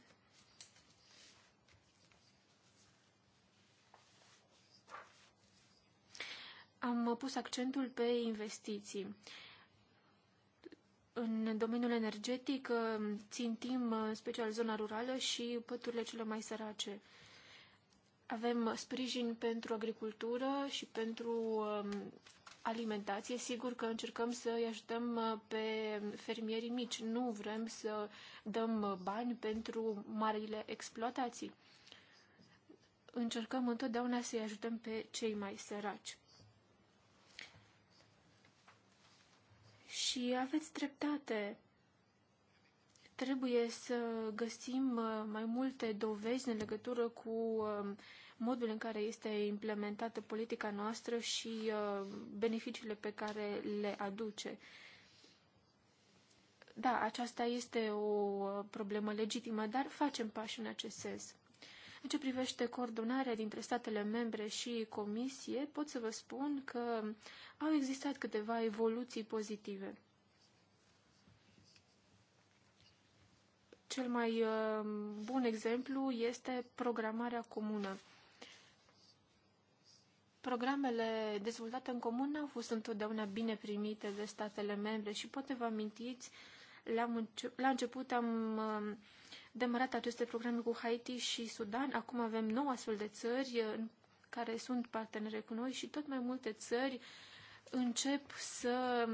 Am pus accentul pe investiții. În domeniul energetic țintim special zona rurală și păturile cele mai sărace. Avem sprijin pentru agricultură și pentru um, alimentație. Sigur că încercăm să îi ajutăm uh, pe fermierii mici. Nu vrem să dăm uh, bani pentru marile exploatații. Încercăm întotdeauna să îi ajutăm pe cei mai săraci. Și aveți dreptate. Trebuie să găsim uh, mai multe dovezi în legătură cu uh, modul în care este implementată politica noastră și uh, beneficiile pe care le aduce. Da, aceasta este o problemă legitimă, dar facem pași în acest sens. În ce privește coordonarea dintre statele membre și comisie, pot să vă spun că au existat câteva evoluții pozitive. cel mai uh, bun exemplu este programarea comună. Programele dezvoltate în comun au fost întotdeauna bine primite de statele membre și poate vă amintiți, la, înce- la început am uh, demarat aceste programe cu Haiti și Sudan, acum avem 9 astfel de țări uh, care sunt parteneri cu noi și tot mai multe țări încep să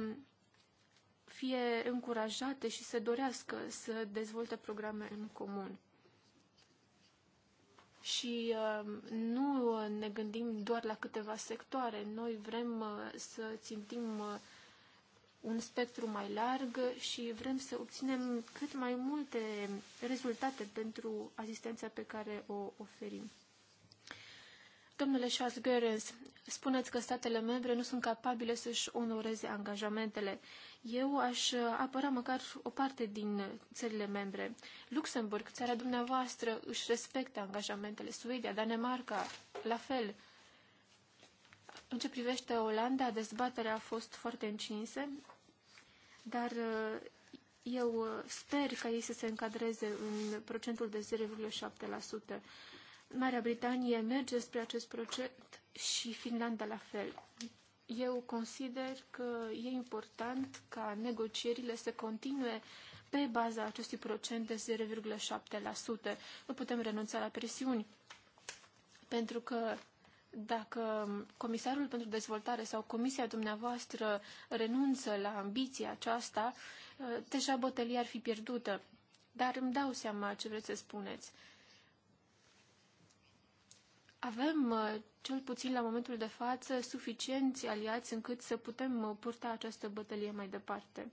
fie încurajate și să dorească să dezvolte programe în comun. Și uh, nu ne gândim doar la câteva sectoare. Noi vrem uh, să țintim uh, un spectru mai larg și vrem să obținem cât mai multe rezultate pentru asistența pe care o oferim. Domnule Charles Goerens, spuneți că statele membre nu sunt capabile să-și onoreze angajamentele. Eu aș uh, apăra măcar o parte din uh, țările membre. Luxemburg, țara dumneavoastră, își respectă angajamentele. Suedia, Danemarca, la fel. În ce privește Olanda, dezbaterea a fost foarte încinsă, dar uh, eu sper ca ei să se încadreze în procentul de 0,7%. Marea Britanie merge spre acest procent și Finlanda la fel. Eu consider că e important ca negocierile să continue pe baza acestui procent de 0,7%. Nu putem renunța la presiuni, pentru că dacă Comisarul pentru Dezvoltare sau Comisia dumneavoastră renunță la ambiția aceasta, deja bătălia ar fi pierdută. Dar îmi dau seama ce vreți să spuneți. Avem cel puțin la momentul de față, suficienți aliați încât să putem uh, purta această bătălie mai departe.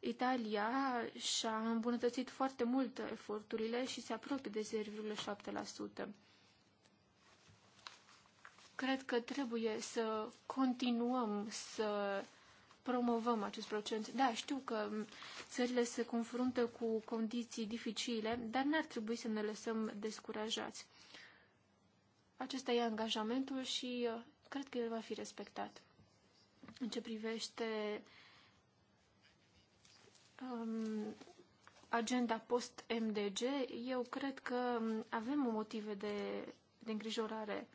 Italia și-a îmbunătățit foarte mult eforturile și se apropie de 0,7%. Cred că trebuie să continuăm să promovăm acest procent. Da, știu că mm, țările se confruntă cu condiții dificile, dar n-ar trebui să ne lăsăm descurajați. Acesta e angajamentul și uh, cred că el va fi respectat. În ce privește um, agenda post-MDG, eu cred că um, avem motive de, de îngrijorare.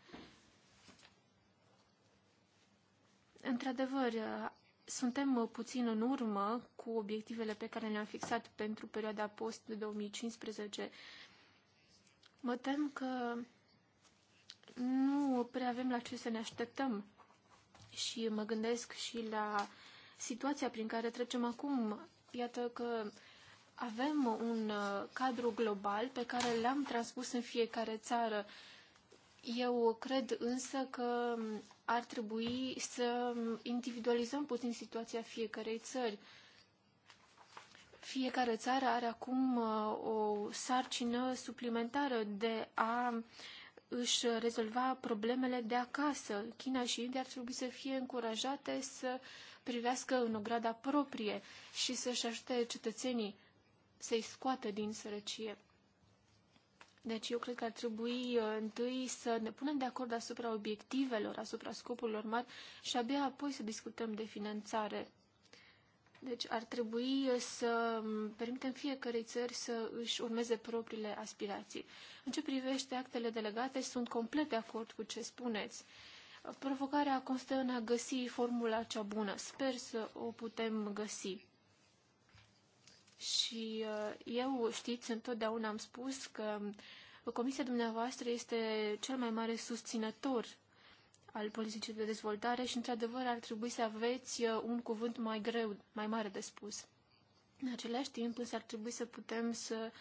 Într-adevăr, uh, suntem uh, puțin în urmă cu obiectivele pe care le-am fixat pentru perioada post-2015. Mă tem că nu prea avem la ce să ne așteptăm. Și mă gândesc și la situația prin care trecem acum. Iată că avem un uh, cadru global pe care l-am transpus în fiecare țară. Eu cred însă că um, ar trebui să um, individualizăm puțin situația fiecarei țări. Fiecare țară are acum uh, o sarcină suplimentară de a uh, își rezolva problemele de acasă. China și India ar trebui să fie încurajate să privească în ograda proprie și să-și ajute cetățenii să-i scoată din sărăcie. Deci eu cred că ar trebui uh, întâi să ne punem de acord asupra obiectivelor, asupra scopurilor mari și abia apoi să discutăm de finanțare. Deci ar trebui să mm, permitem fiecărei țări să își urmeze propriile aspirații. În ce privește actele delegate, sunt complet de acord cu ce spuneți. Provocarea constă în a găsi formula cea bună. Sper să o putem găsi. Și uh, eu, știți, întotdeauna am spus că Comisia dumneavoastră este cel mai mare susținător al politicii de dezvoltare și, într-adevăr, ar trebui să aveți uh, un cuvânt mai greu, mai mare de spus. În același timp, însă, ar trebui să putem să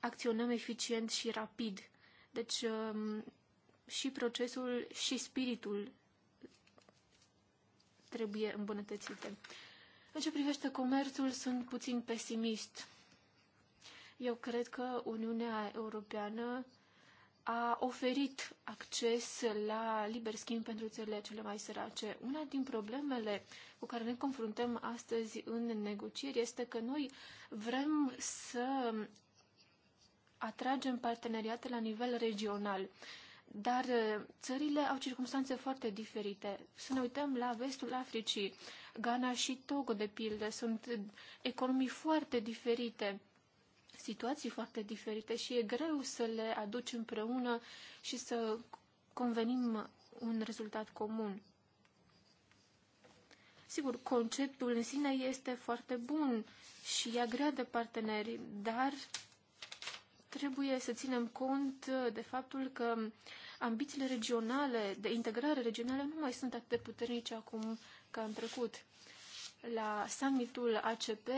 acționăm eficient și rapid. Deci, um, și procesul și spiritul trebuie îmbunătățite. În ce privește comerțul, sunt puțin pesimist. Eu cred că Uniunea Europeană a oferit acces la liber schimb pentru țările cele mai sărace. Una din problemele cu care ne confruntăm astăzi în negocieri este că noi vrem să atragem parteneriate la nivel regional. Dar uh, țările au circunstanțe foarte diferite. Să ne uităm la vestul Africii. Ghana și Togo, de pildă, sunt economii foarte diferite situații foarte diferite și e greu să le aduci împreună și să convenim un rezultat comun. Sigur, conceptul în sine este foarte bun și e grea de parteneri, dar trebuie să ținem cont de faptul că ambițiile regionale, de integrare regională, nu mai sunt atât de puternice acum ca în trecut. La summitul ACP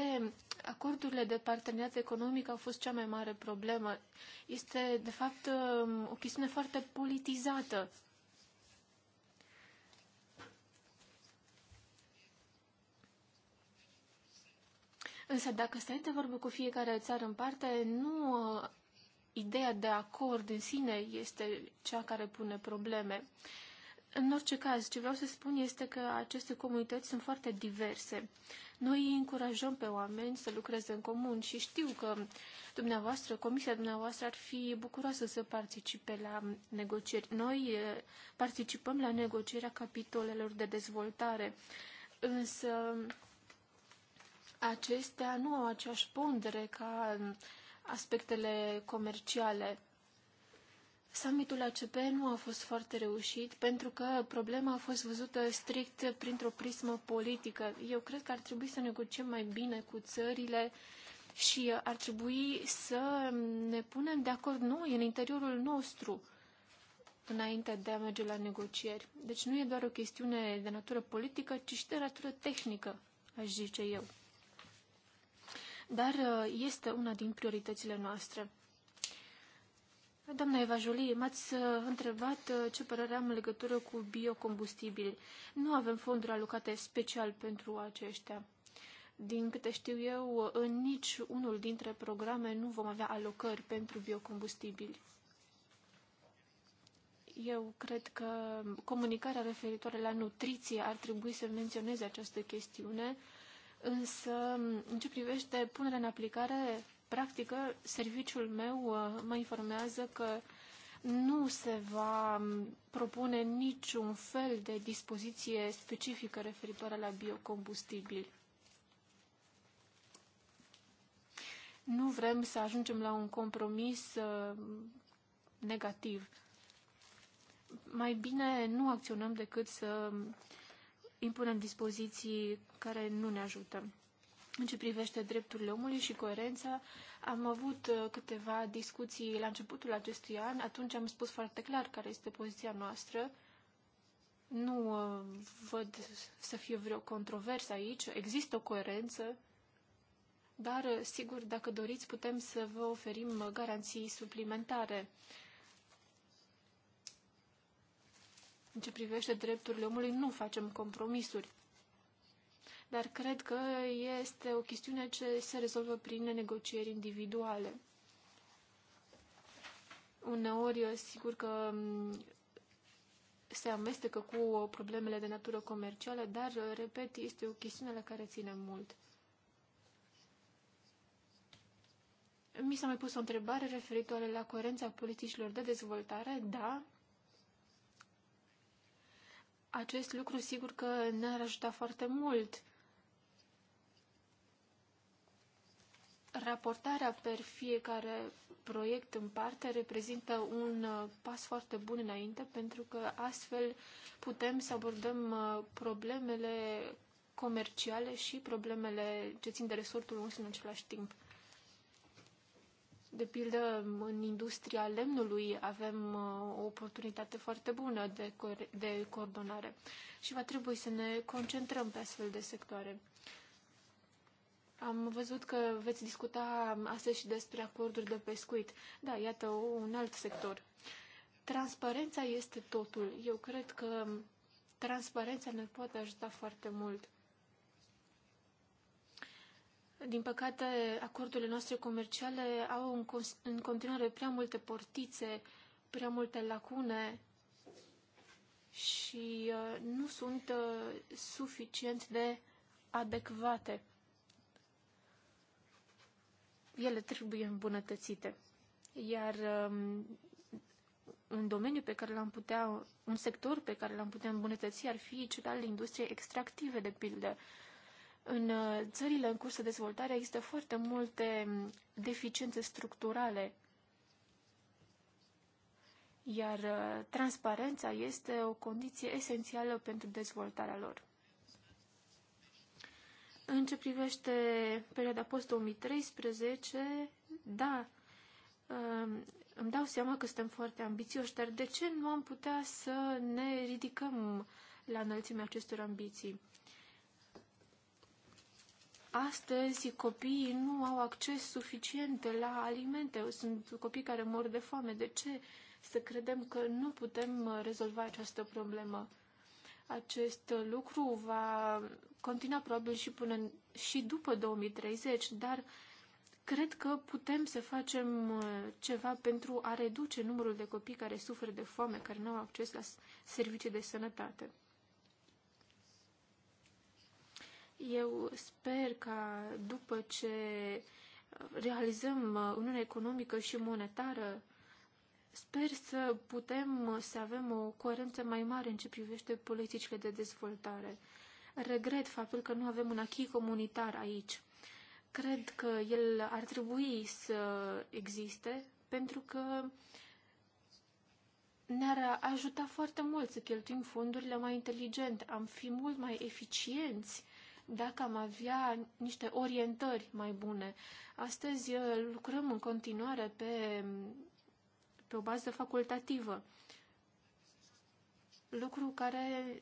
acordurile de parteneriat economic au fost cea mai mare problemă. Este, de fapt, um, o chestiune foarte politizată. Însă, dacă stai de vorbă cu fiecare țară în parte, nu uh, ideea de acord în sine este cea care pune probleme. Uh, în orice caz, ce vreau să spun este că aceste comunități sunt foarte diverse. Noi îi încurajăm pe oameni să lucreze în comun și știu că dumneavoastră, comisia dumneavoastră ar fi bucuroasă să participe la negocieri. Noi eh, participăm la negocierea capitolelor de dezvoltare, însă acestea nu au aceeași pondere ca aspectele comerciale. Summitul ACP nu a fost foarte reușit pentru că problema a fost văzută strict printr-o prismă politică. Eu cred că ar trebui să negociem mai bine cu țările și ar trebui să ne punem de acord noi, în interiorul nostru, înainte de a merge la negocieri. Deci nu e doar o chestiune de natură politică, ci și de natură tehnică, aș zice eu. Dar uh, este una din prioritățile noastre. Doamna Eva Jolie, m-ați uh, întrebat uh, ce părere am în legătură cu biocombustibili. Nu avem fonduri alocate special pentru aceștia. Din câte știu eu, uh, în nici unul dintre programe nu vom avea alocări pentru biocombustibili. Eu cred că comunicarea referitoare la nutriție ar trebui să menționeze această chestiune, însă în ce privește punerea în aplicare, practică, serviciul meu uh, mă informează că nu se va um, propune niciun fel de dispoziție specifică referitoare la biocombustibili. Nu vrem să ajungem la un compromis uh, negativ. Mai bine nu acționăm decât să um, impunem dispoziții care nu ne ajută. În ce privește drepturile omului și coerența, am avut uh, câteva discuții la începutul acestui an. Atunci am spus foarte clar care este poziția noastră. Nu uh, văd să fie vreo controversă aici. Există o coerență, dar, uh, sigur, dacă doriți, putem să vă oferim garanții suplimentare. În ce privește drepturile omului, nu facem compromisuri dar cred că este o chestiune ce se rezolvă prin negocieri individuale. Uneori, sigur că se amestecă cu problemele de natură comercială, dar, repet, este o chestiune la care ține mult. Mi s-a mai pus o întrebare referitoare la coerența politicilor de dezvoltare. Da, acest lucru sigur că ne-ar ajuta foarte mult. Raportarea per fiecare proiect în parte reprezintă un uh, pas foarte bun înainte, pentru că astfel putem să abordăm uh, problemele comerciale și problemele ce țin de resortul nostru în același timp. De pildă, în industria lemnului avem uh, o oportunitate foarte bună de, de coordonare și va trebui să ne concentrăm pe astfel de sectoare. Am văzut că veți discuta astăzi și despre acorduri de pescuit. Da, iată un alt sector. Transparența este totul. Eu cred că transparența ne poate ajuta foarte mult. Din păcate, acordurile noastre comerciale au în, continuare prea multe portițe, prea multe lacune și uh, nu sunt uh, suficient de adecvate ele trebuie îmbunătățite. Iar um, un domeniu pe care l-am putea, un sector pe care l-am putea îmbunătăți ar fi cel al industriei extractive, de pildă. În uh, țările în curs de dezvoltare există foarte multe um, deficiențe structurale, iar uh, transparența este o condiție esențială pentru dezvoltarea lor. În ce privește perioada post-2013, da, um, îmi dau seama că suntem foarte ambițioși, dar de ce nu am putea să ne ridicăm la înălțimea acestor ambiții? Astăzi copiii nu au acces suficient la alimente. Sunt copii care mor de foame. De ce să credem că nu putem rezolva această problemă? Acest lucru va continua probabil și până și după 2030, dar cred că putem să facem uh, ceva pentru a reduce numărul de copii care suferă de foame, care nu au acces la servicii de sănătate. Eu sper că după ce uh, realizăm uh, Uniunea Economică și Monetară, Sper să putem să avem o coerență mai mare în ce privește politicile de dezvoltare. Regret faptul că nu avem un achii comunitar aici. Cred că el ar trebui să existe pentru că ne-ar ajuta foarte mult să cheltuim fondurile mai inteligent, am fi mult mai eficienți dacă am avea niște orientări mai bune. Astăzi eh, lucrăm în continuare pe pe o bază facultativă. Lucru care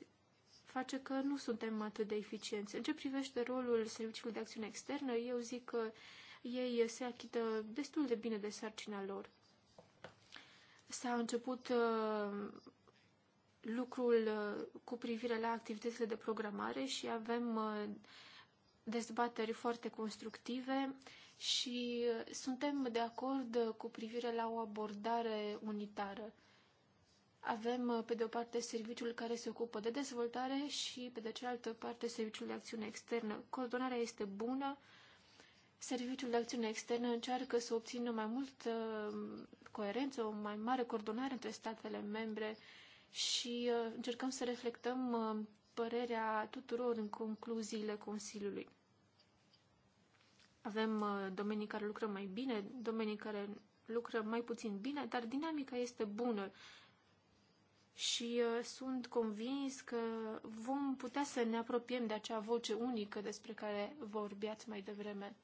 face că nu suntem atât de eficienți. În ce privește rolul Serviciului de Acțiune Externă, eu zic că ei se achită destul de bine de sarcina lor. S-a început uh, lucrul uh, cu privire la activitățile de programare și avem uh, dezbateri foarte constructive. Uh, și uh, suntem de acord uh, cu privire la o abordare unitară. Avem, uh, pe de o parte, serviciul care se ocupă de dezvoltare și, pe de cealaltă parte, serviciul de acțiune externă. Coordonarea este bună. Serviciul de acțiune externă încearcă să obțină mai multă coerență, o mai mare coordonare între statele membre și încercăm să reflectăm părerea tuturor în concluziile Consiliului. Avem uh, domenii care lucrăm mai bine, domenii care lucrăm mai puțin bine, dar dinamica este bună și uh, sunt convins că vom putea să ne apropiem de acea voce unică despre care vorbeați mai devreme.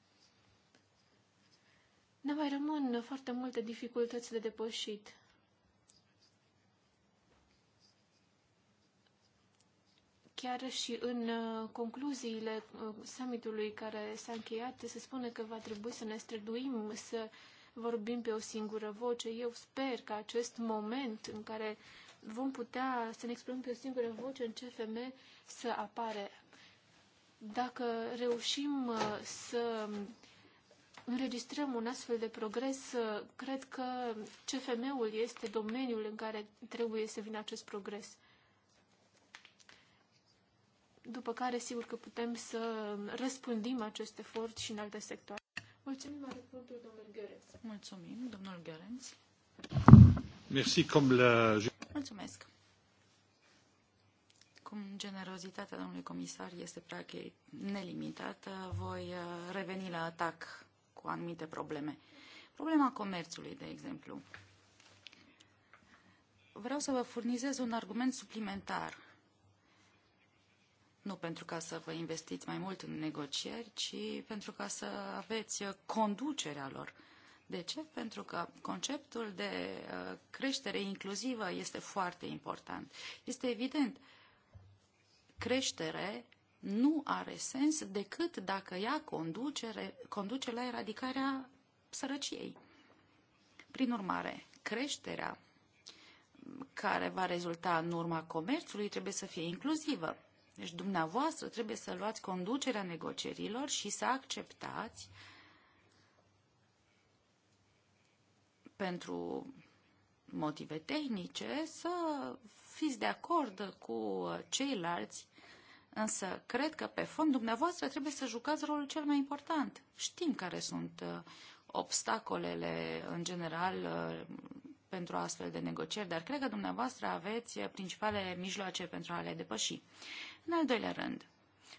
Ne mai rămân foarte multe dificultăți de depășit. Chiar și în uh, concluziile uh, summitului care s-a încheiat, se spune că va trebui să ne străduim, să vorbim pe o singură voce. Eu sper că acest moment în care vom putea să ne exprimăm pe o singură voce în CFM să apare. Dacă reușim uh, să înregistrăm un astfel de progres, cred că CFM-ul este domeniul în care trebuie să vină acest progres după care sigur că putem să răspândim acest efort și în alte sectoare. Mulțumim, are cuvântul domnul Gherenț. Mulțumim, domnul Gherenț. Merci, cum la... Mulțumesc. Cum generozitatea domnului comisar este practic nelimitată, voi uh, reveni la atac cu anumite probleme. Problema comerțului, de exemplu. Vreau să vă furnizez un argument suplimentar nu pentru ca să vă investiți mai mult în negocieri, ci pentru ca să aveți uh, conducerea lor. De ce? Pentru că conceptul de uh, creștere inclusivă este foarte important. Este evident, creștere nu are sens decât dacă ea conducere, conduce la eradicarea sărăciei. Prin urmare, creșterea care va rezulta în urma comerțului trebuie să fie inclusivă. Deci dumneavoastră trebuie să luați conducerea negocierilor și să acceptați pentru motive tehnice să fiți de acord cu ceilalți, însă cred că pe fond dumneavoastră trebuie să jucați rolul cel mai important. Știm care sunt uh, obstacolele în general uh, pentru astfel de negocieri, dar cred că dumneavoastră aveți uh, principale mijloace pentru a le depăși. În al doilea rând,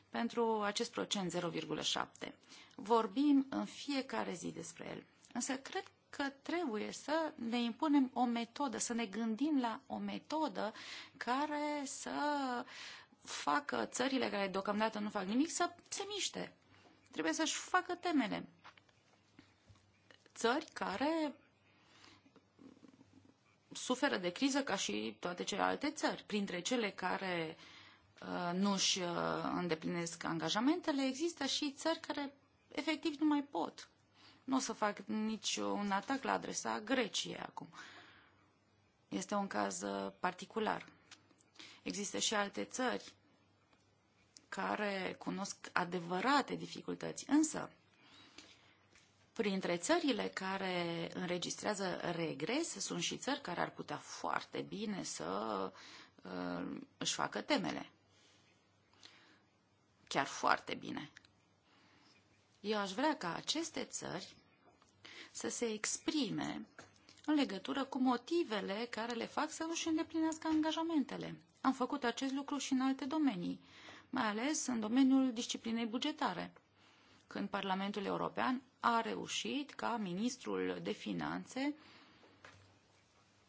pentru acest procent 0,7, vorbim în fiecare zi despre el. Însă cred că trebuie să ne impunem o metodă, să ne gândim la o metodă care să facă țările care deocamdată nu fac nimic să se miște. Trebuie să-și facă temele. Țări care suferă de criză ca și toate celelalte țări. Printre cele care uh, Uh, nu își uh, îndeplinesc angajamentele, există și țări care efectiv nu mai pot. Nu o să fac niciun atac la adresa Greciei acum. Este un caz uh, particular. Există și alte țări care cunosc adevărate dificultăți, însă Printre țările care înregistrează regres sunt și țări care ar putea foarte bine să uh, își facă temele chiar foarte bine. Eu aș vrea ca aceste țări să se exprime în legătură cu motivele care le fac să își îndeplinească angajamentele. Am făcut acest lucru și în alte domenii, mai ales în domeniul disciplinei bugetare, când Parlamentul European a reușit ca ministrul de finanțe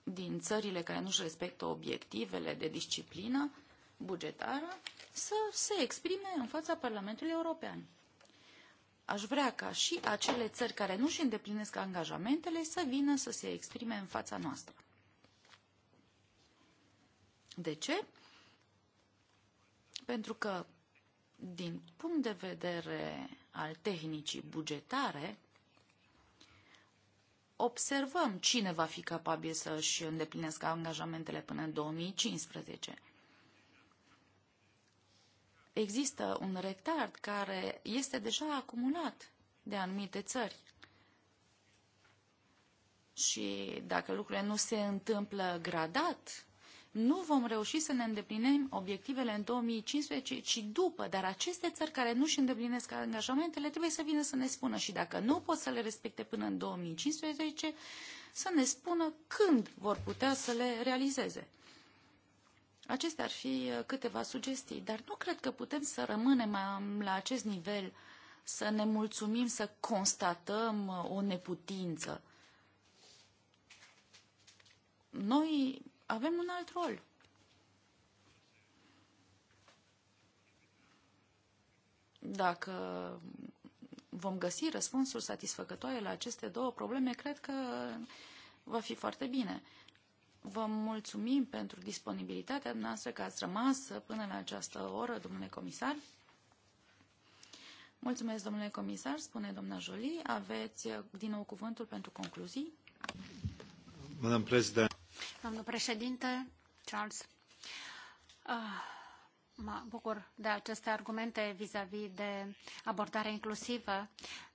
din țările care nu-și respectă obiectivele de disciplină bugetară să se exprime în fața Parlamentului European. Aș vrea ca și acele țări care nu și îndeplinesc angajamentele să vină să se exprime în fața noastră. De ce? Pentru că, din punct de vedere al tehnicii bugetare, observăm cine va fi capabil să își îndeplinească angajamentele până în 2015 există un retard care este deja acumulat de anumite țări. Și dacă lucrurile nu se întâmplă gradat, nu vom reuși să ne îndeplinim obiectivele în 2015, ci după. Dar aceste țări care nu își îndeplinesc angajamentele trebuie să vină să ne spună și dacă nu pot să le respecte până în 2015, să ne spună când vor putea să le realizeze. Acestea ar fi uh, câteva sugestii, dar nu cred că putem să rămânem la acest nivel, să ne mulțumim, să constatăm uh, o neputință. Noi avem un alt rol. Dacă vom găsi răspunsuri satisfăcătoare la aceste două probleme, cred că va fi foarte bine. Vă mulțumim pentru disponibilitatea noastră că ați rămas până la această oră, domnule comisar. Mulțumesc, domnule comisar, spune doamna Jolie. Aveți din nou cuvântul pentru concluzii. Madame președinte. Domnul președinte, Charles, ah, mă bucur de aceste argumente vis-a-vis -vis de abordare inclusivă,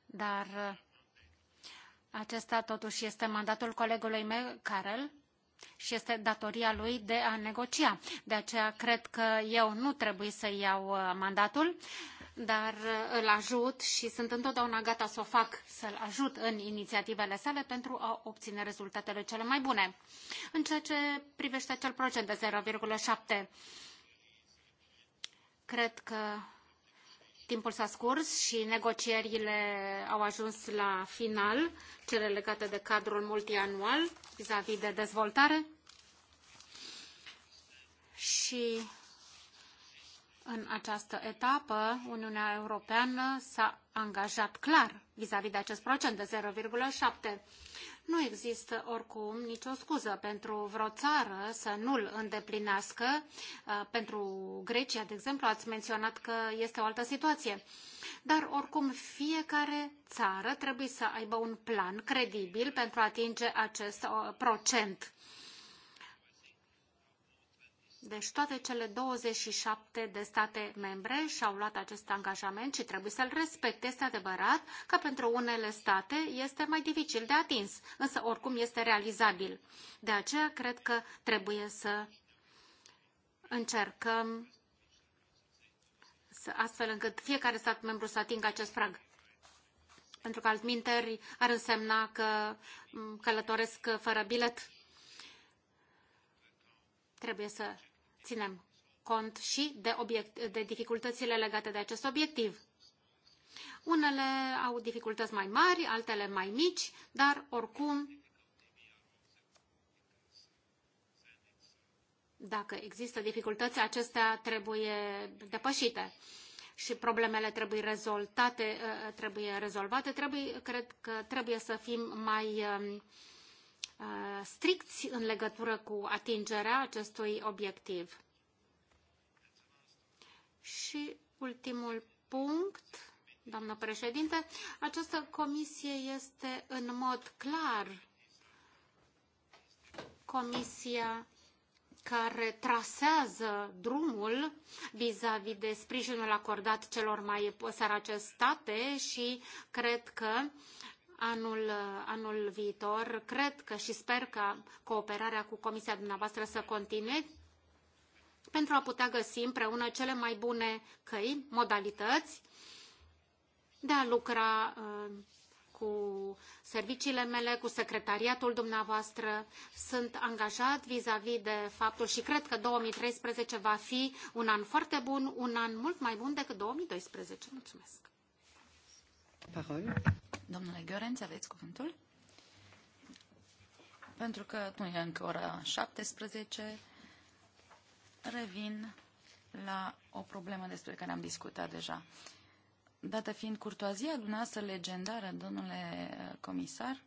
dar acesta totuși este mandatul colegului meu, Karel, și este datoria lui de a negocia. De aceea cred că eu nu trebuie să iau uh, mandatul, dar uh, îl ajut și sunt întotdeauna gata să o fac, să-l ajut în inițiativele sale pentru a obține rezultatele cele mai bune. În ceea ce privește acel procent de 0,7, cred că Timpul s-a scurs și negocierile au ajuns la final, cele legate de cadrul multianual vis-a-vis de dezvoltare. Și în această etapă, Uniunea Europeană s-a angajat clar vis-a-vis -vis de acest procent de 0,7. Nu există oricum nicio scuză pentru vreo țară să nu-l îndeplinească. Uh, pentru Grecia, de exemplu, ați menționat că este o altă situație. Dar oricum fiecare țară trebuie să aibă un plan credibil pentru a atinge acest uh, procent. Deci toate cele 27 de state membre și-au luat acest angajament și trebuie să-l respecte. Este adevărat că pentru unele state este mai dificil de atins, însă oricum este realizabil. De aceea cred că trebuie să încercăm să, astfel încât fiecare stat membru să atingă acest prag pentru că altminteri ar însemna că călătoresc fără bilet. Trebuie să ținem cont și de, obiect, de dificultățile legate de acest obiectiv. Unele au dificultăți mai mari, altele mai mici, dar oricum, dacă există dificultăți, acestea trebuie depășite și problemele trebuie rezolvate, trebuie rezolvate, trebuie, cred că trebuie să fim mai uh, Uh, stricți în legătură cu atingerea acestui obiectiv. Și ultimul punct, doamnă președinte, această comisie este în mod clar comisia care trasează drumul vis-a-vis -vis de sprijinul acordat celor mai sărace state și cred că anul, anul viitor. Cred că și sper că cooperarea cu comisia dumneavoastră să continue pentru a putea găsi împreună cele mai bune căi, modalități de a lucra uh, cu serviciile mele, cu secretariatul dumneavoastră. Sunt angajat vis-a-vis -vis de faptul și cred că 2013 va fi un an foarte bun, un an mult mai bun decât 2012. Mulțumesc! Parole. Domnule Gheorenț, aveți cuvântul? Pentru că nu e încă ora 17, revin la o problemă despre care am discutat deja. Dată fiind curtoazia dumneavoastră legendară, domnule comisar,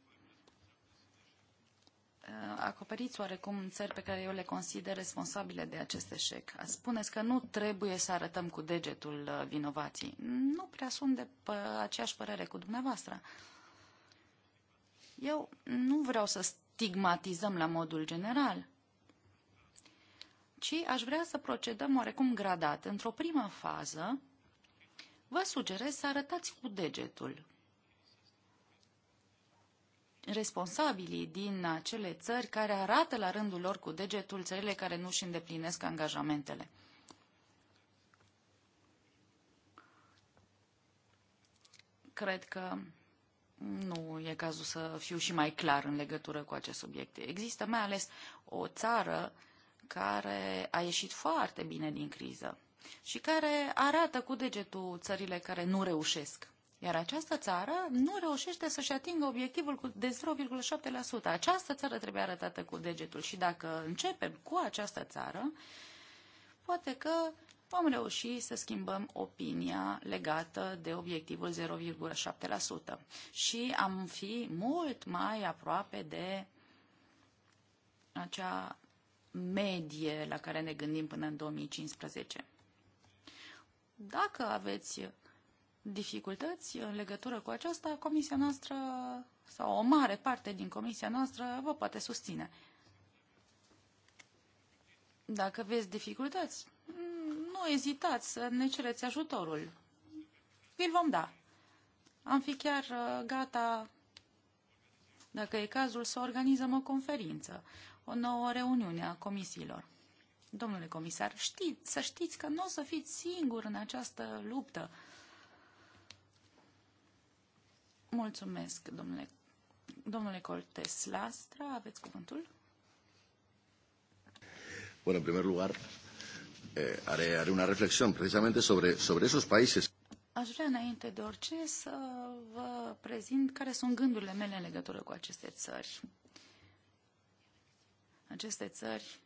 Uh, acoperiți oarecum țări pe care eu le consider responsabile de acest eșec. Spuneți că nu trebuie să arătăm cu degetul uh, vinovații. Nu prea sunt de pe aceeași părere cu dumneavoastră. Eu nu vreau să stigmatizăm la modul general, ci aș vrea să procedăm oarecum gradat. Într-o primă fază, vă sugerez să arătați cu degetul responsabilii din acele țări care arată la rândul lor cu degetul țările care nu își îndeplinesc angajamentele. Cred că nu e cazul să fiu și mai clar în legătură cu acest subiect. Există mai ales o țară care a ieșit foarte bine din criză și care arată cu degetul țările care nu reușesc iar această țară nu reușește să-și atingă obiectivul de 0,7%. Această țară trebuie arătată cu degetul și dacă începem cu această țară, poate că vom reuși să schimbăm opinia legată de obiectivul 0,7% și am fi mult mai aproape de acea medie la care ne gândim până în 2015. Dacă aveți dificultăți în legătură cu aceasta, comisia noastră sau o mare parte din comisia noastră vă poate susține. Dacă veți dificultăți, mm, nu ezitați să ne cereți ajutorul. vi vom da. Am fi chiar uh, gata, dacă e cazul, să organizăm o conferință, o nouă reuniune a comisiilor. Domnule comisar, știți, să știți că nu o să fiți singur în această luptă. Mulțumesc, domnule, domnule Coltes Lastra. Aveți cuvântul? Bun, în primul lugar, eh, are, are una reflexion, precisamente sobre, sobre esos países. Aș vrea înainte de orice să vă prezint care sunt gândurile mele în legătură cu aceste țări. Aceste țări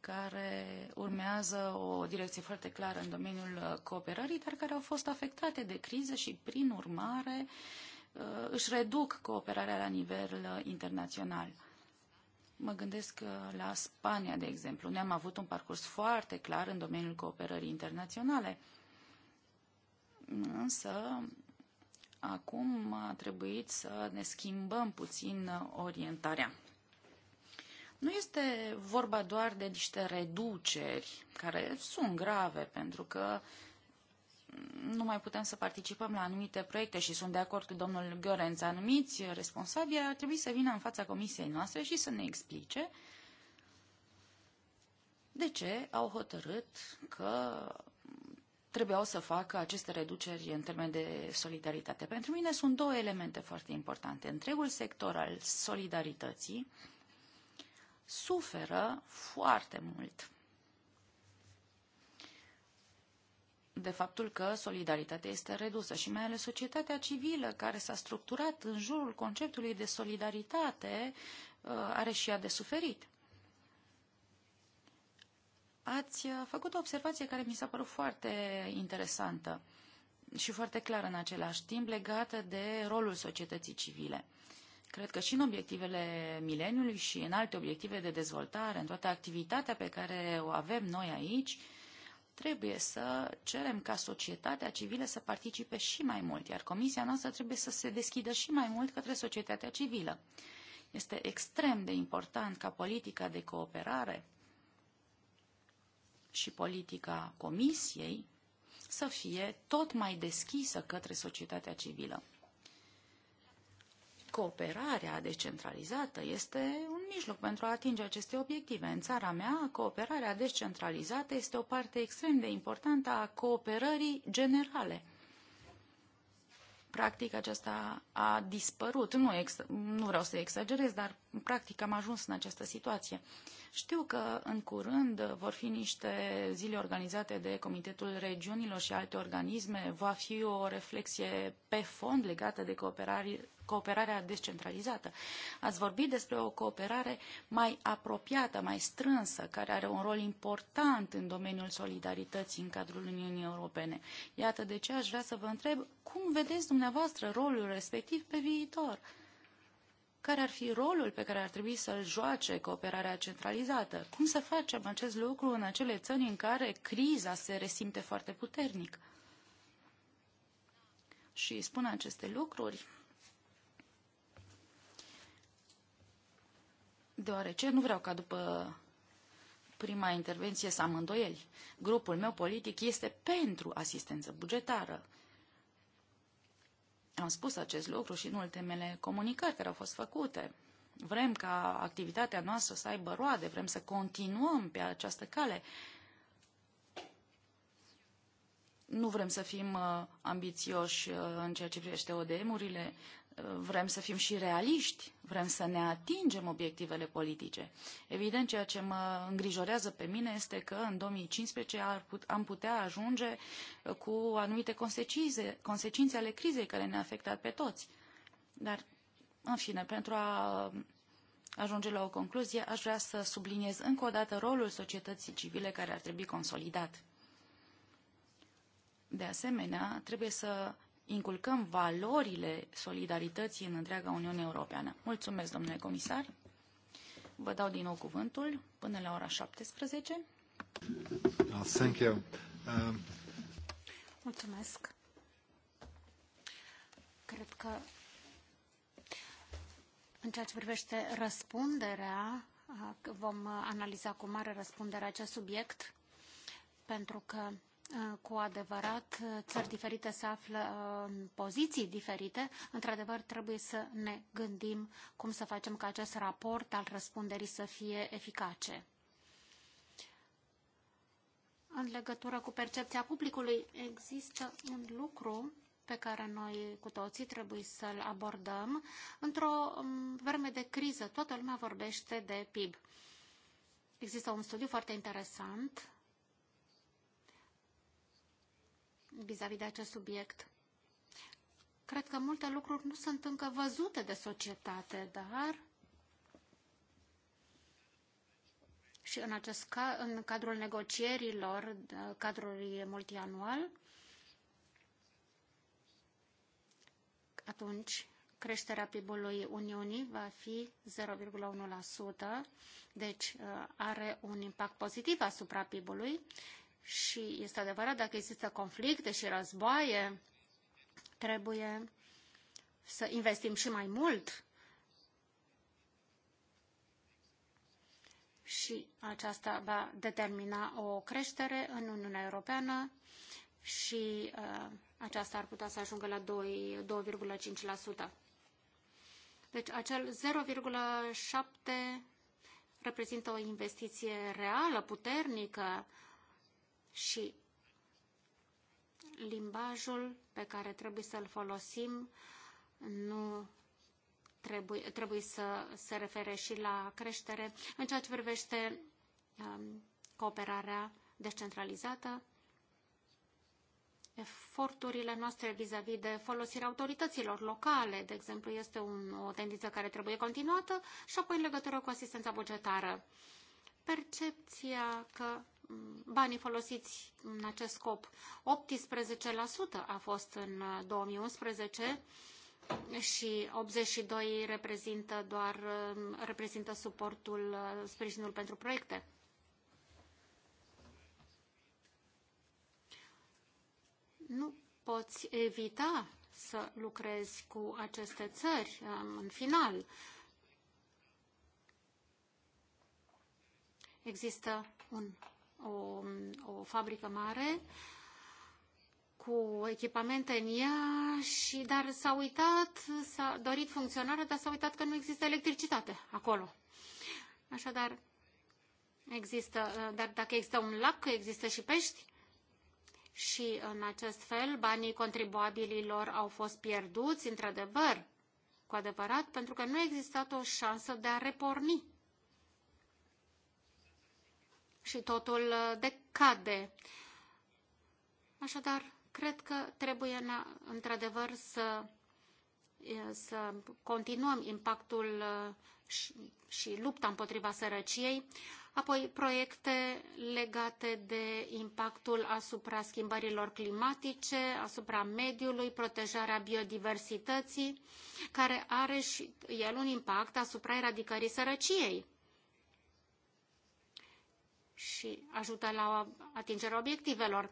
care urmează o direcție foarte clară în domeniul uh, cooperării, dar care au fost afectate de criză și, prin urmare, uh, își reduc cooperarea la nivel uh, internațional. Mă gândesc la Spania, de exemplu. ne am avut un parcurs foarte clar în domeniul cooperării internaționale. Însă, acum a trebuit să ne schimbăm puțin orientarea. Nu este vorba doar de niște reduceri care sunt grave pentru că nu mai putem să participăm la anumite proiecte și sunt de acord cu domnul Gheorenț. Anumiți responsabili ar trebui să vină în fața comisiei noastre și să ne explice de ce au hotărât că trebuiau să facă aceste reduceri în termen de solidaritate. Pentru mine sunt două elemente foarte importante. Întregul sector al solidarității, suferă foarte mult de faptul că solidaritatea este redusă și mai ales societatea civilă care s-a structurat în jurul conceptului de solidaritate uh, are și ea de suferit. Ați uh, făcut o observație care mi s-a părut foarte interesantă și foarte clară în același timp legată de rolul societății civile. Cred că și în obiectivele mileniului și în alte obiective de dezvoltare, în toată activitatea pe care o avem noi aici, trebuie să cerem ca societatea civilă să participe și mai mult, iar comisia noastră trebuie să se deschidă și mai mult către societatea civilă. Este extrem de important ca politica de cooperare și politica comisiei să fie tot mai deschisă către societatea civilă. Cooperarea decentralizată este un mijloc pentru a atinge aceste obiective. În țara mea, cooperarea descentralizată este o parte extrem de importantă a cooperării generale practic aceasta a dispărut. Nu, ex- nu vreau să exagerez, dar practic am ajuns în această situație. Știu că în curând vor fi niște zile organizate de Comitetul Regiunilor și alte organisme. Va fi o reflexie pe fond legată de cooperare cooperarea descentralizată. Ați vorbit despre o cooperare mai apropiată, mai strânsă, care are un rol important în domeniul solidarității în cadrul Uniunii Europene. Iată de ce aș vrea să vă întreb cum vedeți dumneavoastră rolul respectiv pe viitor care ar fi rolul pe care ar trebui să-l joace cooperarea centralizată? Cum să facem acest lucru în acele țări în care criza se resimte foarte puternic? Și spun aceste lucruri deoarece nu vreau ca după prima intervenție să am îndoieli. Grupul meu politic este pentru asistență bugetară. Am spus acest lucru și în ultimele comunicări care au fost făcute. Vrem ca activitatea noastră să aibă roade, vrem să continuăm pe această cale. Nu vrem să fim uh, ambițioși uh, în ceea ce privește ODM-urile, vrem să fim și realiști, vrem să ne atingem obiectivele politice. Evident, ceea ce mă îngrijorează pe mine este că în 2015 ar put, am putea ajunge uh, cu anumite consecințe, consecințe ale crizei care ne-a afectat pe toți. Dar, în fine, pentru a uh, ajunge la o concluzie, aș vrea să subliniez încă o dată rolul societății civile care ar trebui consolidat. De asemenea, trebuie să inculcăm valorile solidarității în întreaga Uniune Europeană. Mulțumesc, domnule comisar. Vă dau din nou cuvântul până la ora 17. Ah, thank you. Um... Mulțumesc. Cred că în ceea ce privește răspunderea, ah, vom analiza cu mare răspundere acest subiect, pentru că cu adevărat țări diferite se află uh, în poziții diferite, într-adevăr trebuie să ne gândim cum să facem ca acest raport al răspunderii să fie eficace. În legătură cu percepția publicului, există un lucru pe care noi cu toții trebuie să-l abordăm. Într-o um, vreme de criză, toată lumea vorbește de PIB. Există un studiu foarte interesant vis-a-vis -vis de acest subiect. Cred că multe lucruri nu sunt încă văzute de societate, dar și în, acest ca, în cadrul negocierilor cadrului multianual, atunci creșterea PIB-ului Uniunii va fi 0,1%, deci uh, are un impact pozitiv asupra PIB-ului și este adevărat, dacă există conflicte și războaie, trebuie să investim și mai mult. Și aceasta va determina o creștere în Uniunea Europeană și uh, aceasta ar putea să ajungă la 2,5%. Deci acel 0,7 reprezintă o investiție reală, puternică, uh, și limbajul pe care trebuie să-l folosim nu trebuie, trebuie să se refere și la creștere în ceea ce privește um, cooperarea descentralizată, eforturile noastre vis-a-vis -vis de folosirea autorităților locale, de exemplu, este un, o tendință care trebuie continuată și apoi în legătură cu asistența bugetară. Percepția că banii folosiți în acest scop. 18% a fost în 2011 uh, și 82 reprezintă doar um, reprezintă suportul, uh, sprijinul pentru proiecte. Nu poți evita să lucrezi cu aceste țări um, în final. Există un o, o fabrică mare cu echipamente în ea, și, dar s-a uitat, s-a dorit funcționarea, dar s-a uitat că nu există electricitate acolo. Așadar, există, dar dacă există un lac, există și pești și în acest fel banii contribuabililor au fost pierduți, într-adevăr, cu adevărat, pentru că nu a existat o șansă de a reporni și totul uh, decade. Așadar, cred că trebuie într-adevăr să, să continuăm impactul uh, și, și lupta împotriva sărăciei, apoi proiecte legate de impactul asupra schimbărilor climatice, asupra mediului, protejarea biodiversității, care are și el un impact asupra eradicării sărăciei și ajută la atingerea obiectivelor.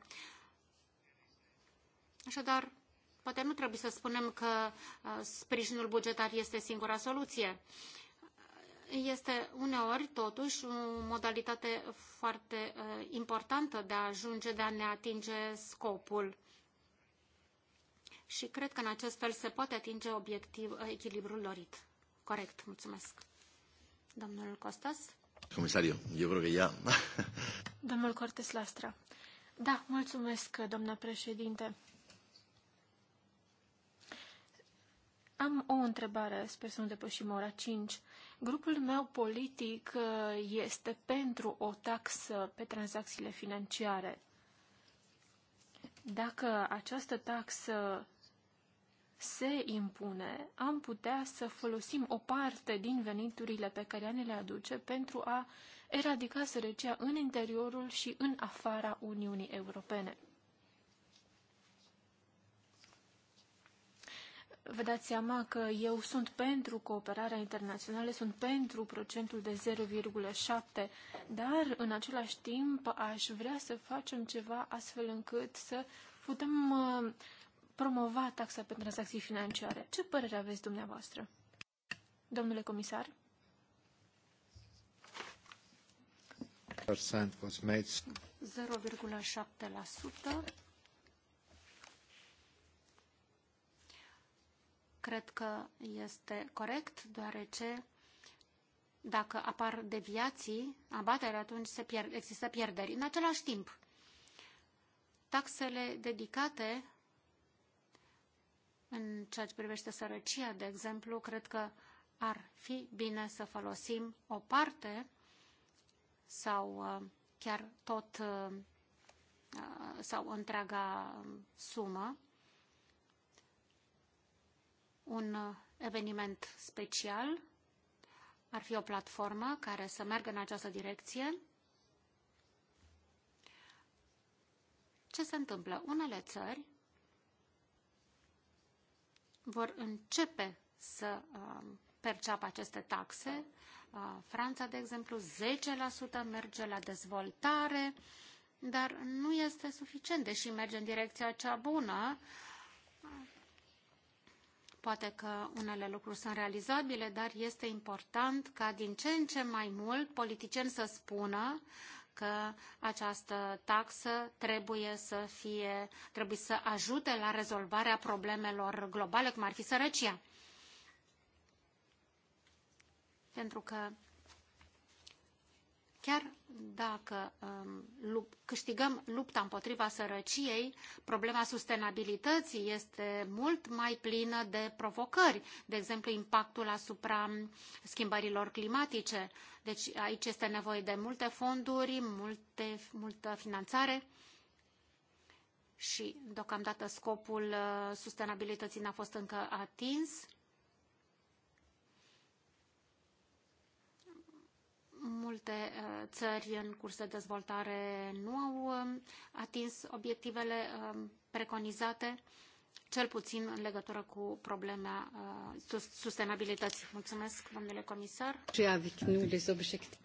Așadar, poate nu trebuie să spunem că uh, sprijinul bugetar este singura soluție. Este uneori, totuși, o modalitate foarte uh, importantă de a ajunge, de a ne atinge scopul. Și cred că în acest fel se poate atinge obiectiv, uh, echilibrul dorit. Corect, mulțumesc. Domnul Costas? Comisariu, eu cred că ea... Domnul Cortes Lastra. Da, mulțumesc, doamna președinte. Am o întrebare, sper să nu depășim ora 5. Grupul meu politic uh, este pentru o taxă pe tranzacțiile financiare. Dacă această taxă se impune, am putea să folosim o parte din veniturile pe care ne le aduce pentru a eradica sărăcia în interiorul și în afara Uniunii Europene. Vă dați seama că eu sunt pentru cooperarea internațională, sunt pentru procentul de 0,7, dar în același timp aș vrea să facem ceva astfel încât să putem uh, promova taxa pe tranzacții financiare. Ce părere aveți dumneavoastră, domnule comisar? percent was made. 0,7%. Cred că este corect, deoarece dacă apar deviații, abateri, atunci se pierd, există pierderi. În același timp, taxele dedicate în ceea ce privește sărăcia, de exemplu, cred că ar fi bine să folosim o parte sau uh, chiar tot uh, uh, sau întreaga um, sumă. Un eveniment special ar fi o platformă care să meargă în această direcție. Ce se întâmplă? Unele țări vor începe să uh, perceapă aceste taxe. Uh, Franța, de exemplu, 10% merge la dezvoltare, dar nu este suficient, deși merge în direcția cea bună. Poate că unele lucruri sunt realizabile, dar este important ca din ce în ce mai mult politicieni să spună uh, că această taxă trebuie să, fie, trebuie să ajute la rezolvarea problemelor globale, cum ar fi sărăcia. Pentru că chiar dacă um, câștigăm lupta împotriva sărăciei, problema sustenabilității este mult mai plină de provocări, de exemplu impactul asupra schimbărilor climatice. Deci aici este nevoie de multe fonduri, multe, multă finanțare și deocamdată scopul uh, sustenabilității n-a fost încă atins Multe uh, țări în curs de dezvoltare nu au um, atins obiectivele um, preconizate, cel puțin în legătură cu problema uh, sustenabilității. Mulțumesc, domnule comisar. Ce avec nous les objectifs.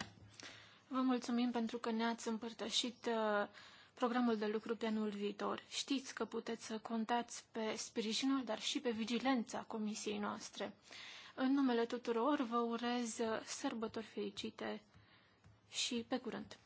Vă mulțumim pentru că ne-ați împărtășit uh, programul de lucru pe anul viitor. Știți că puteți să contați pe sprijinul, dar și pe vigilența comisiei noastre. În numele tuturor vă urez sărbători fericite și pe curând!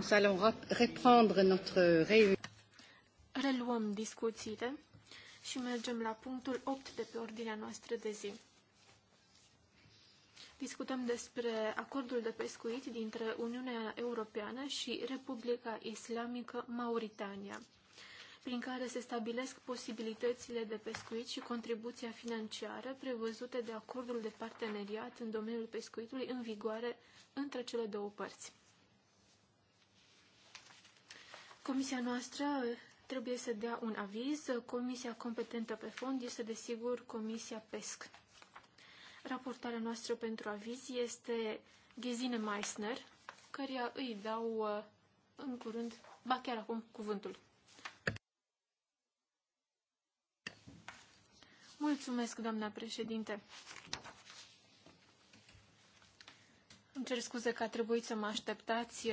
Nous allons reprendre notre réunion. Reluăm discuțiile și mergem la punctul 8 de pe ordinea noastră de zi. Discutăm despre acordul de pescuit dintre Uniunea Europeană și Republica Islamică Mauritania, prin care se stabilesc posibilitățile de pescuit și contribuția financiară prevăzute de acordul de parteneriat în domeniul pescuitului în vigoare între cele două părți. Comisia noastră uh, trebuie să dea un aviz. Uh, comisia competentă pe fond este, desigur, Comisia PESC. Raportarea noastră pentru aviz este Ghezine Meissner, căreia îi dau uh, în curând, ba chiar acum, cuvântul. Mulțumesc, doamna președinte. Îmi cer scuze că a trebuit să mă așteptați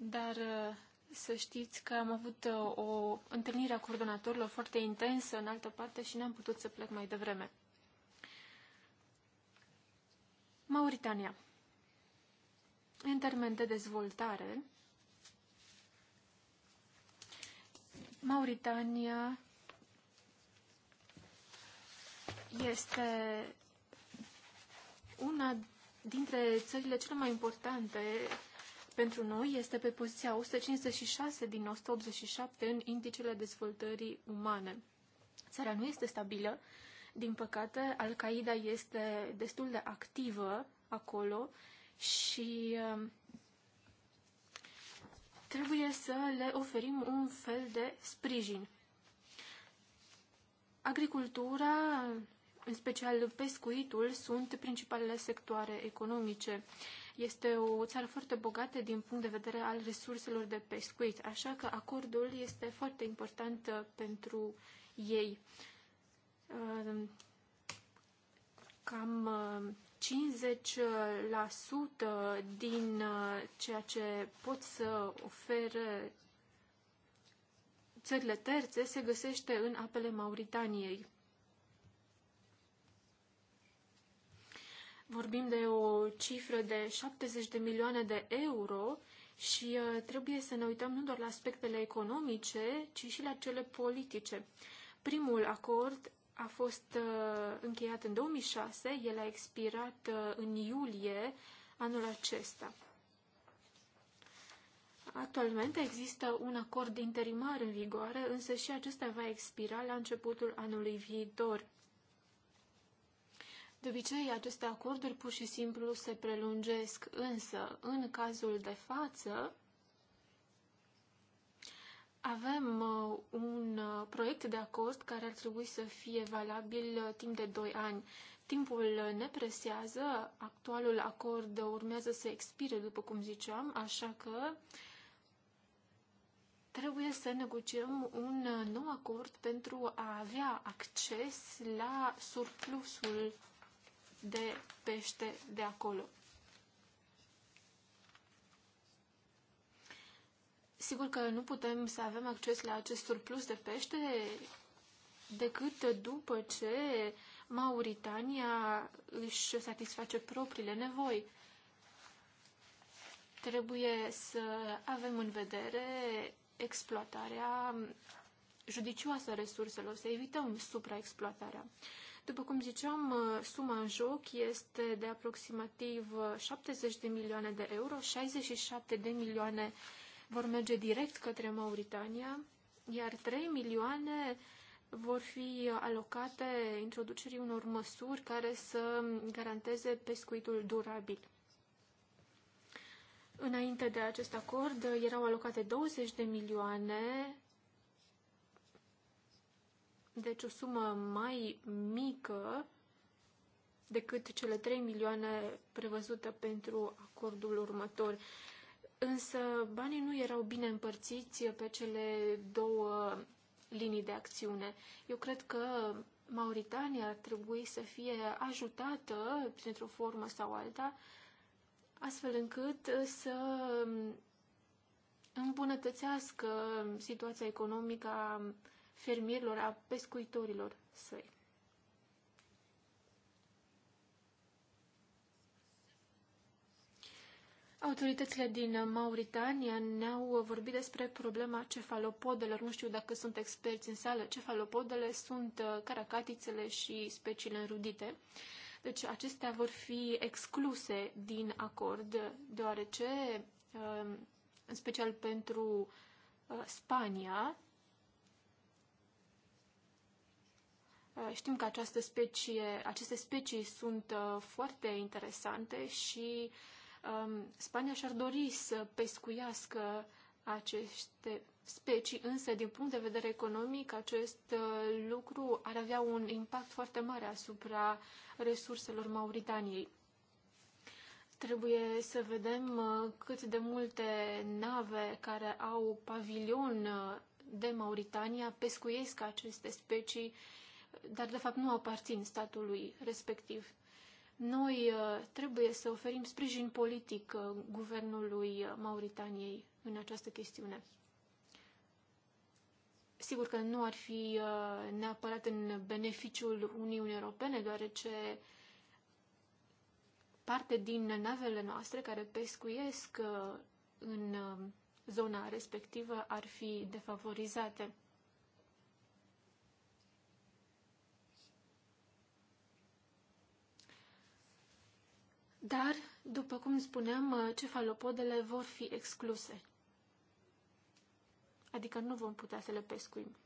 dar uh, să știți că am avut uh, o întâlnire a coordonatorilor foarte intensă în altă parte și n-am putut să plec mai devreme. Mauritania. În termen de dezvoltare, Mauritania este una dintre țările cele mai importante pentru noi este pe poziția 156 din 187 în indicele dezvoltării umane. Țara nu este stabilă, din păcate, Al-Qaeda este destul de activă acolo și um, trebuie să le oferim un fel de sprijin. Agricultura, în special pescuitul, sunt principalele sectoare economice. Este o țară foarte bogată din punct de vedere al resurselor de pescuit, așa că acordul este foarte important uh, pentru ei. Uh, cam 50% uh, din ceea ce pot să ofere țările terțe se găsește în apele Mauritaniei. Vorbim de o cifră de 70 de milioane de euro și uh, trebuie să ne uităm nu doar la aspectele economice, ci și la cele politice. Primul acord a fost uh, încheiat în 2006, el a expirat uh, în iulie anul acesta. Actualmente există un acord interimar în vigoare, însă și acesta va expira la începutul anului viitor. De obicei, aceste acorduri pur și simplu se prelungesc, însă, în cazul de față, avem uh, un uh, proiect de acord care ar trebui să fie valabil uh, timp de 2 ani. Timpul ne presează, actualul acord urmează să expire, după cum ziceam, așa că trebuie să negociem un nou acord pentru a avea acces la surplusul de pește de acolo. Sigur că nu putem să avem acces la acest surplus de pește decât după ce Mauritania își satisface propriile nevoi. Trebuie să avem în vedere exploatarea judicioasă a resurselor, să evităm supraexploatarea. După cum ziceam, uh, suma în joc este de aproximativ 70 uh, de milioane de euro, 67 de milioane vor merge direct către Mauritania, iar 3 milioane vor fi uh, alocate introducerii unor măsuri care să garanteze pescuitul durabil. Înainte de acest acord erau alocate 20 de milioane deci o sumă mai mică decât cele 3 milioane prevăzute pentru acordul următor. Însă banii nu erau bine împărțiți pe cele două linii de acțiune. Eu cred că Mauritania ar trebui să fie ajutată printr-o formă sau alta, astfel încât să îmbunătățească situația economică a fermierilor, a pescuitorilor săi. Autoritățile din Mauritania ne-au vorbit despre problema cefalopodelor. Nu știu dacă sunt experți în sală. Cefalopodele sunt uh, caracatițele și speciile înrudite. Deci acestea vor fi excluse din acord, deoarece, uh, în special pentru uh, Spania, Uh, știm că această specie, aceste specii sunt uh, foarte interesante și um, Spania și-ar dori să pescuiască aceste specii, însă din punct de vedere economic acest uh, lucru ar avea un impact foarte mare asupra resurselor Mauritaniei. Trebuie să vedem cât de multe nave care au pavilion de Mauritania pescuiesc aceste specii dar de fapt nu aparțin statului respectiv. Noi uh, trebuie să oferim sprijin politic uh, guvernului uh, Mauritaniei în această chestiune. Sigur că nu ar fi neapărat în beneficiul Uniunii Europene, deoarece parte din navele noastre care pescuiesc în zona respectivă ar fi defavorizate. Dar, după cum spuneam, uh, cefalopodele vor fi excluse. Adică nu vom putea să le pescuim.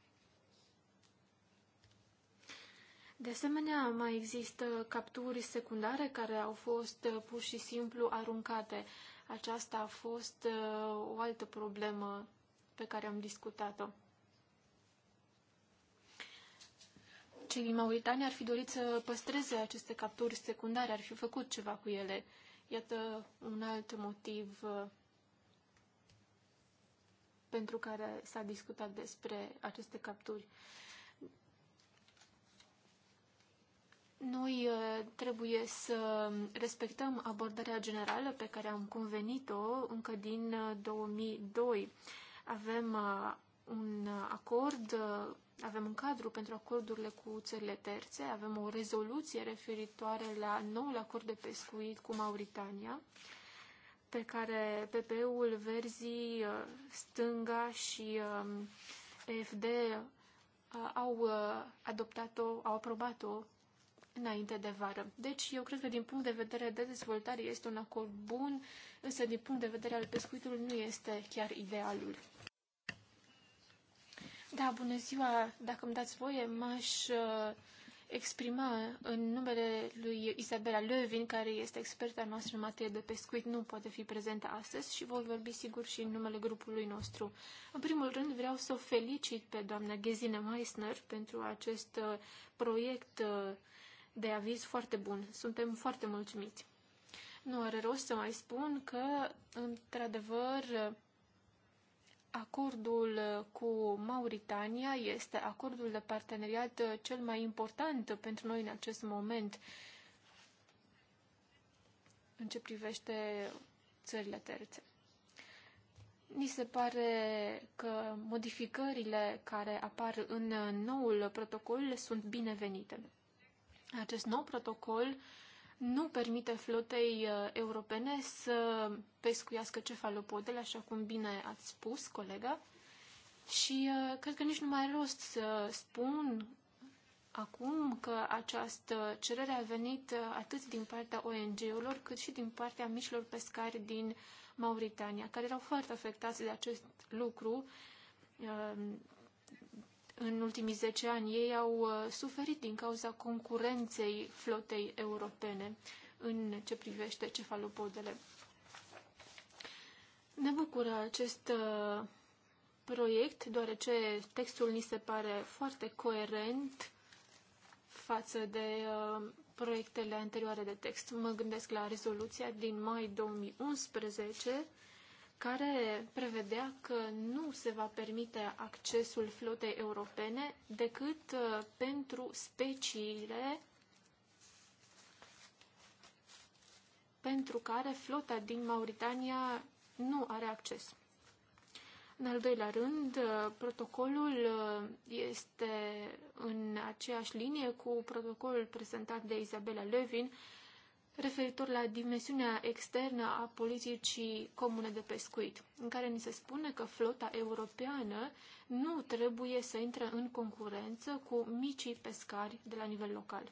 De asemenea, mai există capturi secundare care au fost uh, pur și simplu aruncate. Aceasta a fost uh, o altă problemă pe care am discutat-o. cei din Mauritania ar fi dorit să păstreze aceste capturi secundare, ar fi făcut ceva cu ele. Iată un alt motiv uh, pentru care s-a discutat despre aceste capturi. Noi uh, trebuie să respectăm abordarea generală pe care am convenit-o încă din 2002. Uh, Avem un acord avem un cadru pentru acordurile cu țările terțe, avem o rezoluție referitoare la noul acord de pescuit cu Mauritania, pe care PP-ul, Verzii, uh, Stânga și um, EFD uh, au uh, adoptat-o, au aprobat-o înainte de vară. Deci, eu cred că din punct de vedere de dezvoltare este un acord bun, însă din punct de vedere al pescuitului nu este chiar idealul. Da, bună ziua. Dacă îmi dați voie, m-aș uh, exprima în numele lui Isabela Lövin, care este experta noastră în materie de pescuit, nu poate fi prezentă astăzi și voi vorbi sigur și în numele grupului nostru. În primul rând vreau să o felicit pe doamna Gesine Meissner pentru acest uh, proiect uh, de aviz foarte bun. Suntem foarte mulțumiți. Nu are rost să mai spun că, într-adevăr, Acordul uh, cu Mauritania este acordul de parteneriat uh, cel mai important pentru noi în acest moment în ce privește țările terțe. Ni se pare că modificările care apar în noul protocol sunt binevenite. Acest nou protocol nu permite flotei uh, europene să pescuiască cefalopodele, așa cum bine ați spus, colega. Și uh, cred că nici nu mai rost să spun acum că această cerere a venit uh, atât din partea ONG-urilor, cât și din partea mișilor pescari din Mauritania, care erau foarte afectați de acest lucru în ultimii 10 ani ei au uh, suferit din cauza concurenței flotei europene în ce privește cefalopodele. Ne bucură acest uh, proiect, deoarece textul ni se pare foarte coerent față de uh, proiectele anterioare de text. Mă gândesc la rezoluția din mai 2011 care prevedea că nu se va permite accesul flotei europene decât uh, pentru speciile pentru care flota din Mauritania nu are acces. În al doilea rând, uh, protocolul uh, este în aceeași linie cu protocolul prezentat de Isabela Levin referitor la dimensiunea externă a politicii comune de pescuit, în care ni se spune că flota europeană nu trebuie să intre în concurență cu micii pescari de la nivel local.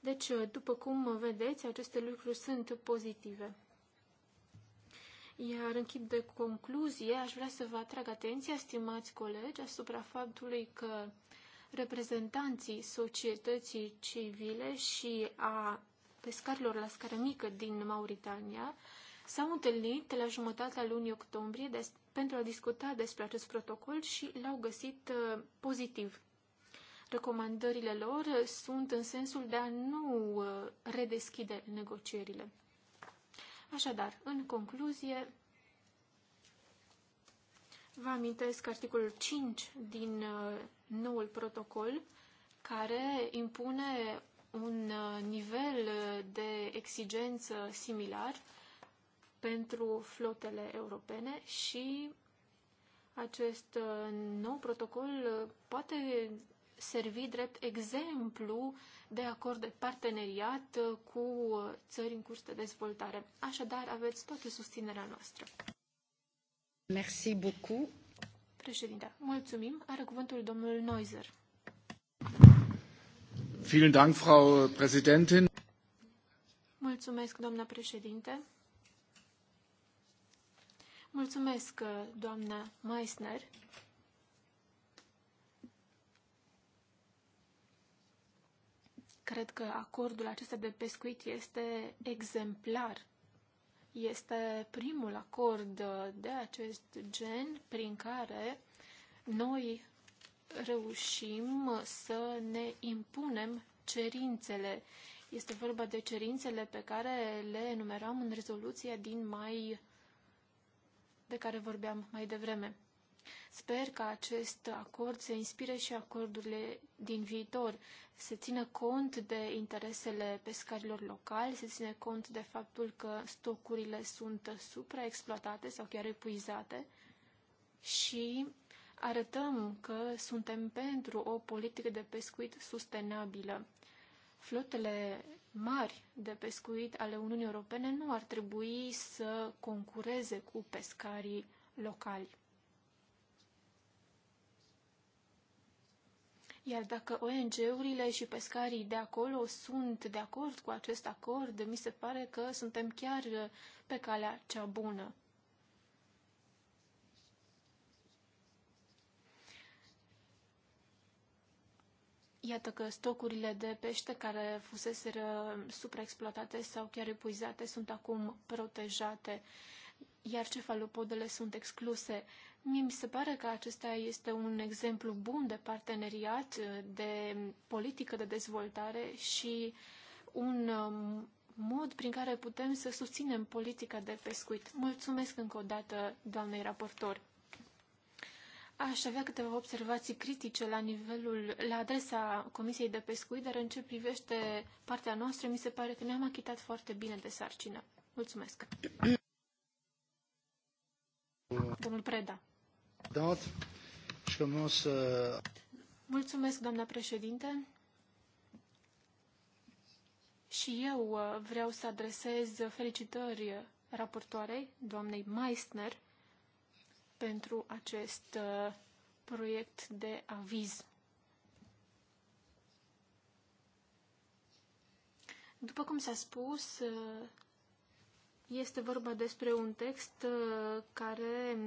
Deci, după cum vedeți, aceste lucruri sunt pozitive. Iar în chip de concluzie, aș vrea să vă atrag atenția, stimați colegi, asupra faptului că reprezentanții societății civile și a pescarilor la scară mică din Mauritania s-au întâlnit la jumătatea lunii octombrie des- pentru a discuta despre acest protocol și l-au găsit uh, pozitiv. Recomandările lor sunt în sensul de a nu uh, redeschide negocierile. Așadar, în concluzie, Vă amintesc articolul 5 din uh, noul protocol care impune un uh, nivel uh, de exigență similar pentru flotele europene și acest nou protocol poate servi drept exemplu de acord de parteneriat cu țări în curs de dezvoltare. Așadar, aveți toată susținerea noastră. Merci beaucoup. Președinte, mulțumim. Are cuvântul domnul Neuser. Vielen Dank, Frau Präsidentin. Mulțumesc, doamna președinte. Mulțumesc, doamna Meissner. Cred că acordul acesta de pescuit este exemplar este primul acord uh, de acest gen prin care noi reușim să ne impunem cerințele. Este vorba de cerințele pe care le enumeram în rezoluția din mai de care vorbeam mai devreme. Sper că acest acord să inspire și acordurile din viitor, să țină cont de interesele pescarilor locali, să țină cont de faptul că stocurile sunt supraexploatate sau chiar epuizate și arătăm că suntem pentru o politică de pescuit sustenabilă. Flotele mari de pescuit ale Uniunii Europene nu ar trebui să concureze cu pescarii locali. Iar dacă ONG-urile și pescarii de acolo sunt de acord cu acest acord, mi se pare că suntem chiar pe calea cea bună. Iată că stocurile de pește care fuseseră supraexploatate sau chiar epuizate sunt acum protejate, iar cefalopodele sunt excluse. Mie mi se pare că acesta este un exemplu bun de parteneriat, de politică de dezvoltare și un um, mod prin care putem să susținem politica de pescuit. Mulțumesc încă o dată, doamnei raportor. Aș avea câteva observații critice la nivelul, la adresa Comisiei de Pescuit, dar în ce privește partea noastră, mi se pare că ne-am achitat foarte bine de sarcină. Mulțumesc! Domnul Preda. Dat. Și uh, Mulțumesc, doamna președinte. Și eu uh, vreau să adresez felicitări raportoarei, doamnei Meissner, pentru acest uh, proiect de aviz. După cum s-a spus, este vorba despre un text uh, care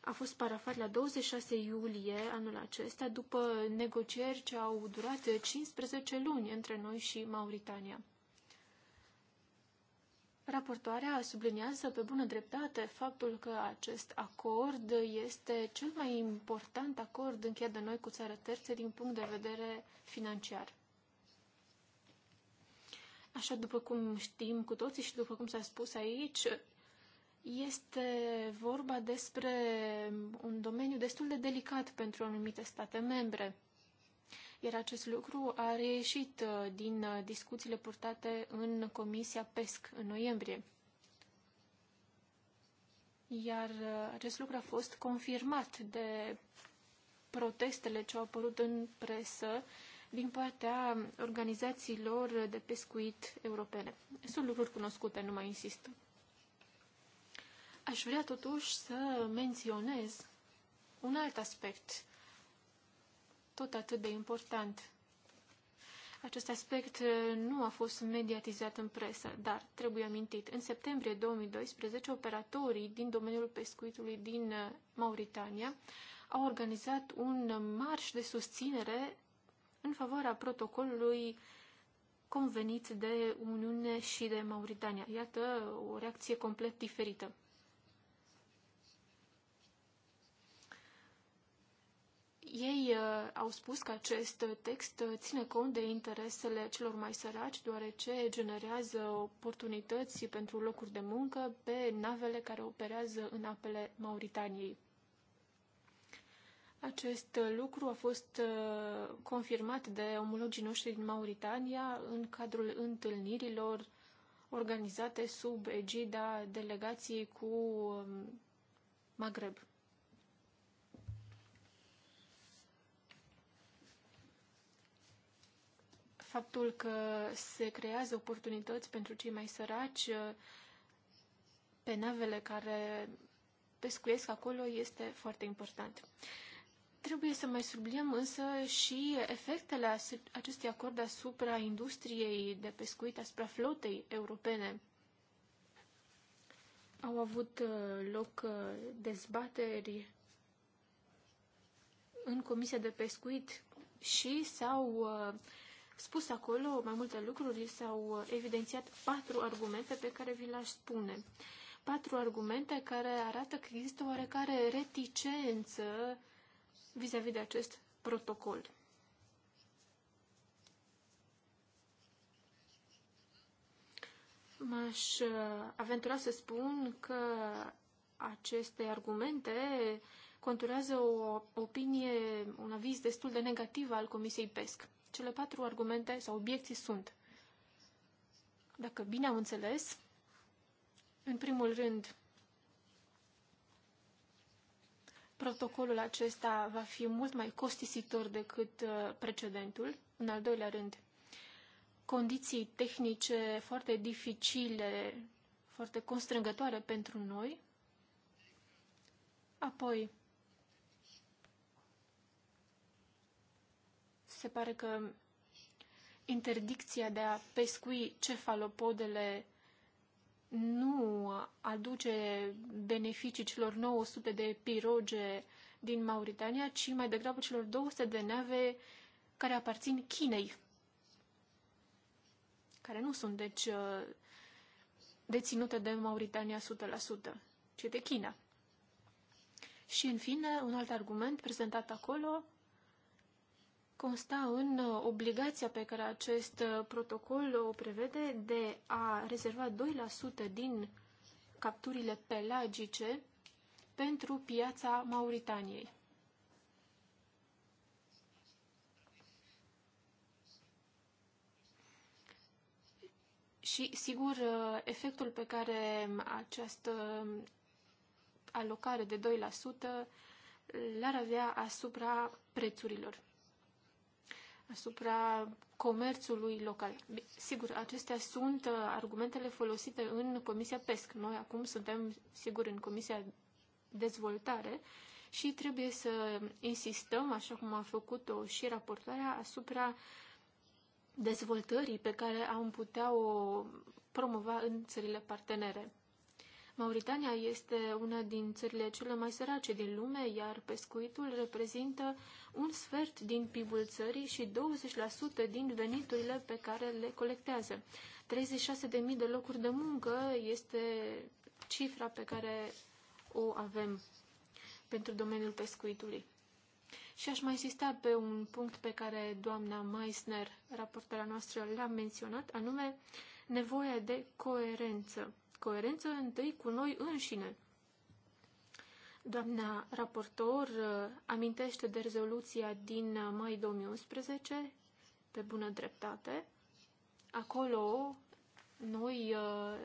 a fost parafat la 26 iulie anul acesta, după negocieri ce au durat 15 luni între noi și Mauritania. Raportoarea subliniază pe bună dreptate faptul că acest acord este cel mai important acord încheiat de noi cu țară terțe din punct de vedere financiar. Așa după cum știm cu toții și după cum s-a spus aici, este vorba despre un domeniu destul de delicat pentru anumite state membre. Iar acest lucru a reieșit uh, din uh, discuțiile purtate în Comisia PESC în noiembrie. Iar uh, acest lucru a fost confirmat de protestele ce au apărut în presă din partea organizațiilor de pescuit europene. Sunt lucruri cunoscute, nu mai insist. Aș vrea totuși să menționez un alt aspect tot atât de important. Acest aspect uh, nu a fost mediatizat în presă, dar trebuie amintit. În septembrie 2012, operatorii din domeniul pescuitului din uh, Mauritania au organizat un marș de susținere în favoarea protocolului convenit de Uniune și de Mauritania. Iată o reacție complet diferită. Ei uh, au spus că acest text ține cont de interesele celor mai săraci, deoarece generează oportunități pentru locuri de muncă pe navele care operează în apele Mauritaniei. Acest uh, lucru a fost uh, confirmat de omologii noștri din Mauritania în cadrul întâlnirilor organizate sub egida delegației cu um, Maghreb. Faptul că se creează oportunități pentru cei mai săraci uh, pe navele care pescuiesc acolo este foarte important. Trebuie să mai subliniem însă și efectele acestui acord asupra industriei de pescuit, asupra flotei europene. Au avut uh, loc uh, dezbateri în Comisia de Pescuit și s-au uh, spus acolo mai multe lucruri, s-au evidențiat patru argumente pe care vi le-aș spune. Patru argumente care arată că există oarecare reticență vis-a-vis -vis de acest protocol. M-aș uh, aventura să spun că aceste argumente conturează o opinie, un aviz destul de negativ al Comisiei PESC. Cele patru argumente sau obiecții sunt, dacă bine am înțeles, în primul rând, protocolul acesta va fi mult mai costisitor decât uh, precedentul. În al doilea rând, condiții tehnice foarte dificile, foarte constrângătoare pentru noi. Apoi, se pare că interdicția de a pescui cefalopodele nu aduce beneficii celor 900 de piroge din Mauritania, ci mai degrabă celor 200 de nave care aparțin Chinei, care nu sunt, deci, uh, deținute de Mauritania 100%, ci de China. Și, în fine, un alt argument prezentat acolo consta în uh, obligația pe care acest uh, protocol o prevede de a rezerva 2% din capturile pelagice pentru piața Mauritaniei. Și, sigur, uh, efectul pe care um, această um, alocare de 2% l-ar avea asupra prețurilor asupra comerțului local. Sigur, acestea sunt uh, argumentele folosite în Comisia PESC. Noi acum suntem, sigur, în Comisia Dezvoltare și trebuie să insistăm, așa cum a făcut-o și raportarea, asupra dezvoltării pe care am putea o promova în țările partenere. Mauritania este una din țările cele mai sărace din lume, iar pescuitul reprezintă un sfert din PIB-ul țării și 20% din veniturile pe care le colectează. 36.000 de locuri de muncă este cifra pe care o avem pentru domeniul pescuitului. Și aș mai insista pe un punct pe care doamna Meissner, raportarea noastră, l-a menționat, anume nevoia de coerență coerență întâi cu noi înșine. Doamna raportor uh, amintește de rezoluția din mai 2011, pe bună dreptate. Acolo noi uh,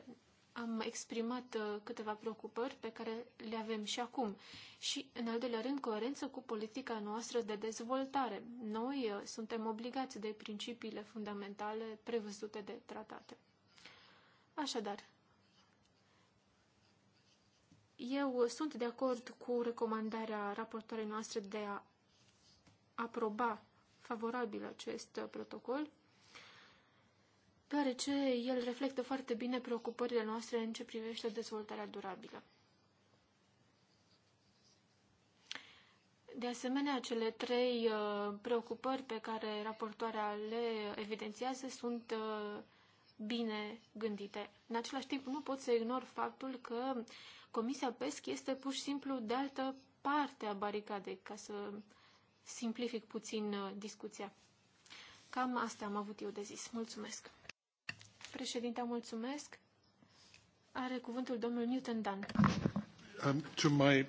am exprimat uh, câteva preocupări pe care le avem și acum. Și, în al doilea rând, coerență cu politica noastră de dezvoltare. Noi suntem obligați de principiile fundamentale prevăzute de tratate. Așadar, eu sunt de acord cu recomandarea raportoarei noastre de a aproba favorabil acest protocol, deoarece el reflectă foarte bine preocupările noastre în ce privește dezvoltarea durabilă. De asemenea, cele trei uh, preocupări pe care raportoarea le evidențiază sunt uh, bine gândite. În același timp, nu pot să ignor faptul că Comisia PESC este pur și simplu de altă parte a baricadei, ca să simplific puțin uh, discuția. Cam asta am avut eu de zis. Mulțumesc. Președinte, mulțumesc. Are cuvântul domnul Newton Dan. Um, to my...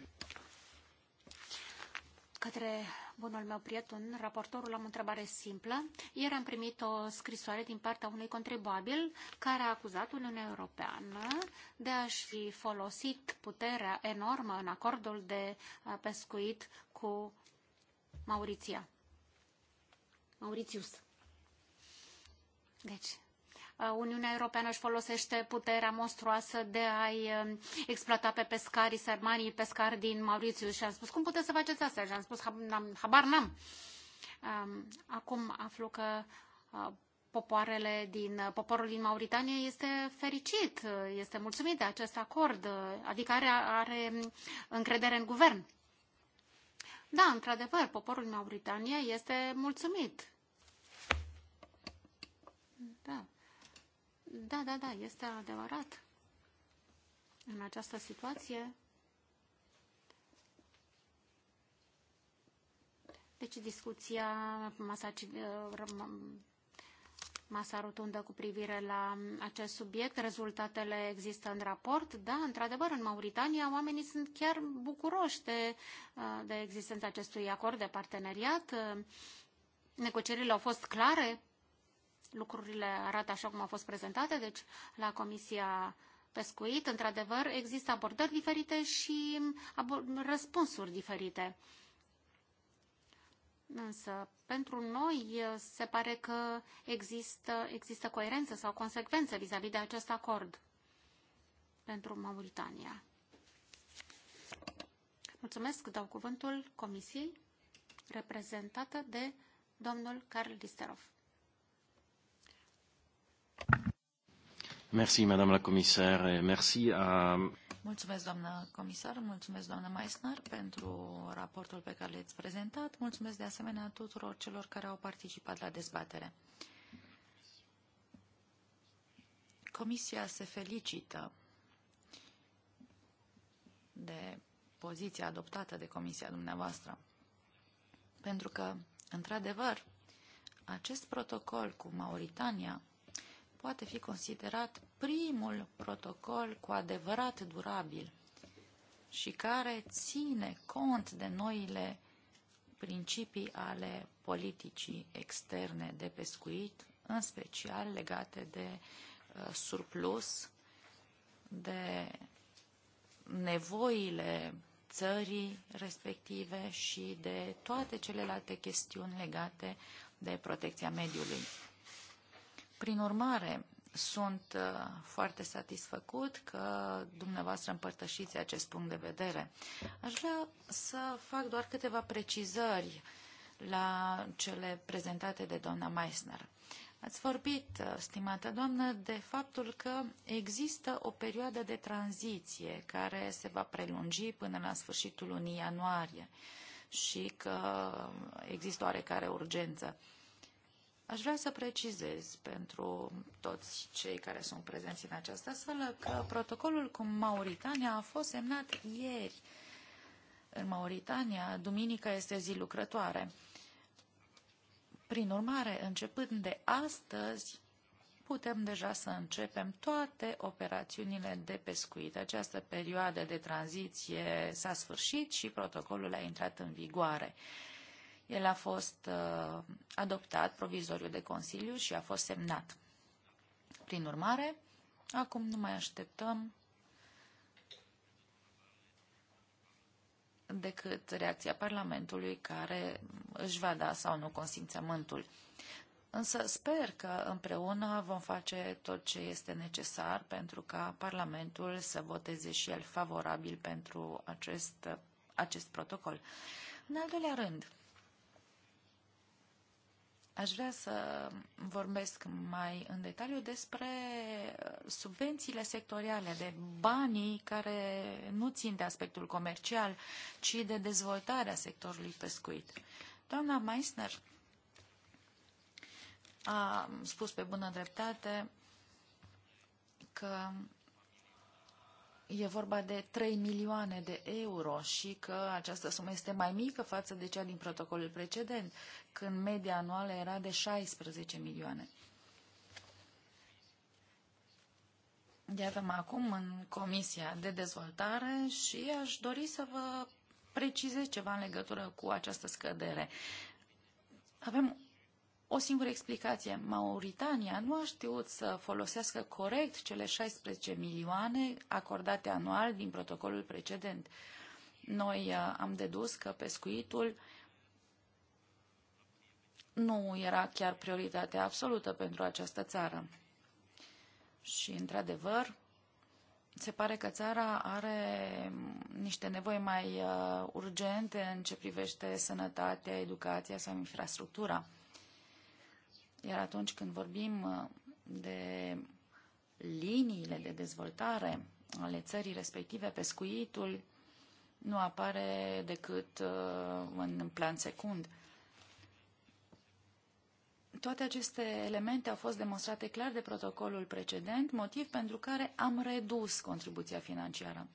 Către bunul meu prieten, raportorul, am o întrebare simplă. Ieri am primit o scrisoare din partea unui contribuabil care a acuzat Uniunea Europeană de a-și fi folosit puterea enormă în acordul de pescuit cu Mauriția. Mauritius. Deci, Uh, Uniunea Europeană își folosește puterea monstruoasă de a-i um, exploata pe pescarii, sărmanii pescari din Mauritius. Și am spus, cum puteți să faceți asta? Și am spus, habar n-am. Um, acum aflu că uh, popoarele din, uh, poporul din Mauritania este fericit, este mulțumit de acest acord, adică are, are um, încredere în guvern. Da, într-adevăr, poporul din Mauritania este mulțumit Da, da, da, este adevărat. În această situație, deci discuția masa, masa rotundă cu privire la acest subiect, rezultatele există în raport. Da, într-adevăr, în Mauritania oamenii sunt chiar bucuroși de, de existența acestui acord de parteneriat. Negocierile au fost clare, lucrurile arată așa cum au fost prezentate, deci la Comisia Pescuit, într-adevăr, există abordări diferite și răspunsuri diferite. Însă, pentru noi se pare că există, există coerență sau consecvență vis-a-vis -vis de acest acord pentru Mauritania. Mulțumesc, dau cuvântul Comisiei, reprezentată de domnul Carl Listerov. Merci, Madame la Commissaire, merci à... Mulțumesc, doamnă comisar, mulțumesc, doamnă Meissner, pentru raportul pe care l-ați prezentat. Mulțumesc, de asemenea, tuturor celor care au participat la dezbatere. Comisia se felicită de poziția adoptată de comisia dumneavoastră, pentru că, într-adevăr, acest protocol cu Mauritania poate fi considerat primul protocol cu adevărat durabil și care ține cont de noile principii ale politicii externe de pescuit, în special legate de uh, surplus, de nevoile țării respective și de toate celelalte chestiuni legate de protecția mediului. Prin urmare, sunt uh, foarte satisfăcut că dumneavoastră împărtășiți acest punct de vedere. Aș vrea să fac doar câteva precizări la cele prezentate de doamna Meissner. Ați vorbit, uh, stimată doamnă, de faptul că există o perioadă de tranziție care se va prelungi până la sfârșitul lunii ianuarie și că există oarecare urgență. Aș vrea să precizez pentru toți cei care sunt prezenți în această sală că protocolul cu Mauritania a fost semnat ieri. În Mauritania, duminica este zi lucrătoare. Prin urmare, începând de astăzi, putem deja să începem toate operațiunile de pescuit. Această perioadă de tranziție s-a sfârșit și protocolul a intrat în vigoare. El a fost uh, adoptat provizoriu de Consiliu și a fost semnat. Prin urmare, acum nu mai așteptăm decât reacția Parlamentului care își va da sau nu consimțământul. Însă sper că împreună vom face tot ce este necesar pentru ca Parlamentul să voteze și el favorabil pentru acest, acest protocol. În al doilea rând, Aș vrea să vorbesc mai în detaliu despre uh, subvențiile sectoriale, de banii care nu țin de aspectul comercial, ci de dezvoltarea sectorului pescuit. Doamna Meissner a spus pe bună dreptate că e vorba de 3 milioane de euro și că această sumă este mai mică față de cea din protocolul precedent, când media anuală era de 16 milioane. Iată-mă acum în Comisia de Dezvoltare și aș dori să vă precizez ceva în legătură cu această scădere. Avem o singură explicație. Mauritania nu a știut să folosească corect cele 16 milioane acordate anual din protocolul precedent. Noi uh, am dedus că pescuitul nu era chiar prioritatea absolută pentru această țară. Și, într-adevăr, se pare că țara are niște nevoi mai uh, urgente în ce privește sănătatea, educația sau infrastructura. Iar atunci când vorbim uh, de liniile de dezvoltare ale țării respective, pescuitul nu apare decât uh, în plan secund. Toate aceste elemente au fost demonstrate clar de protocolul precedent, motiv pentru care am redus contribuția financiară.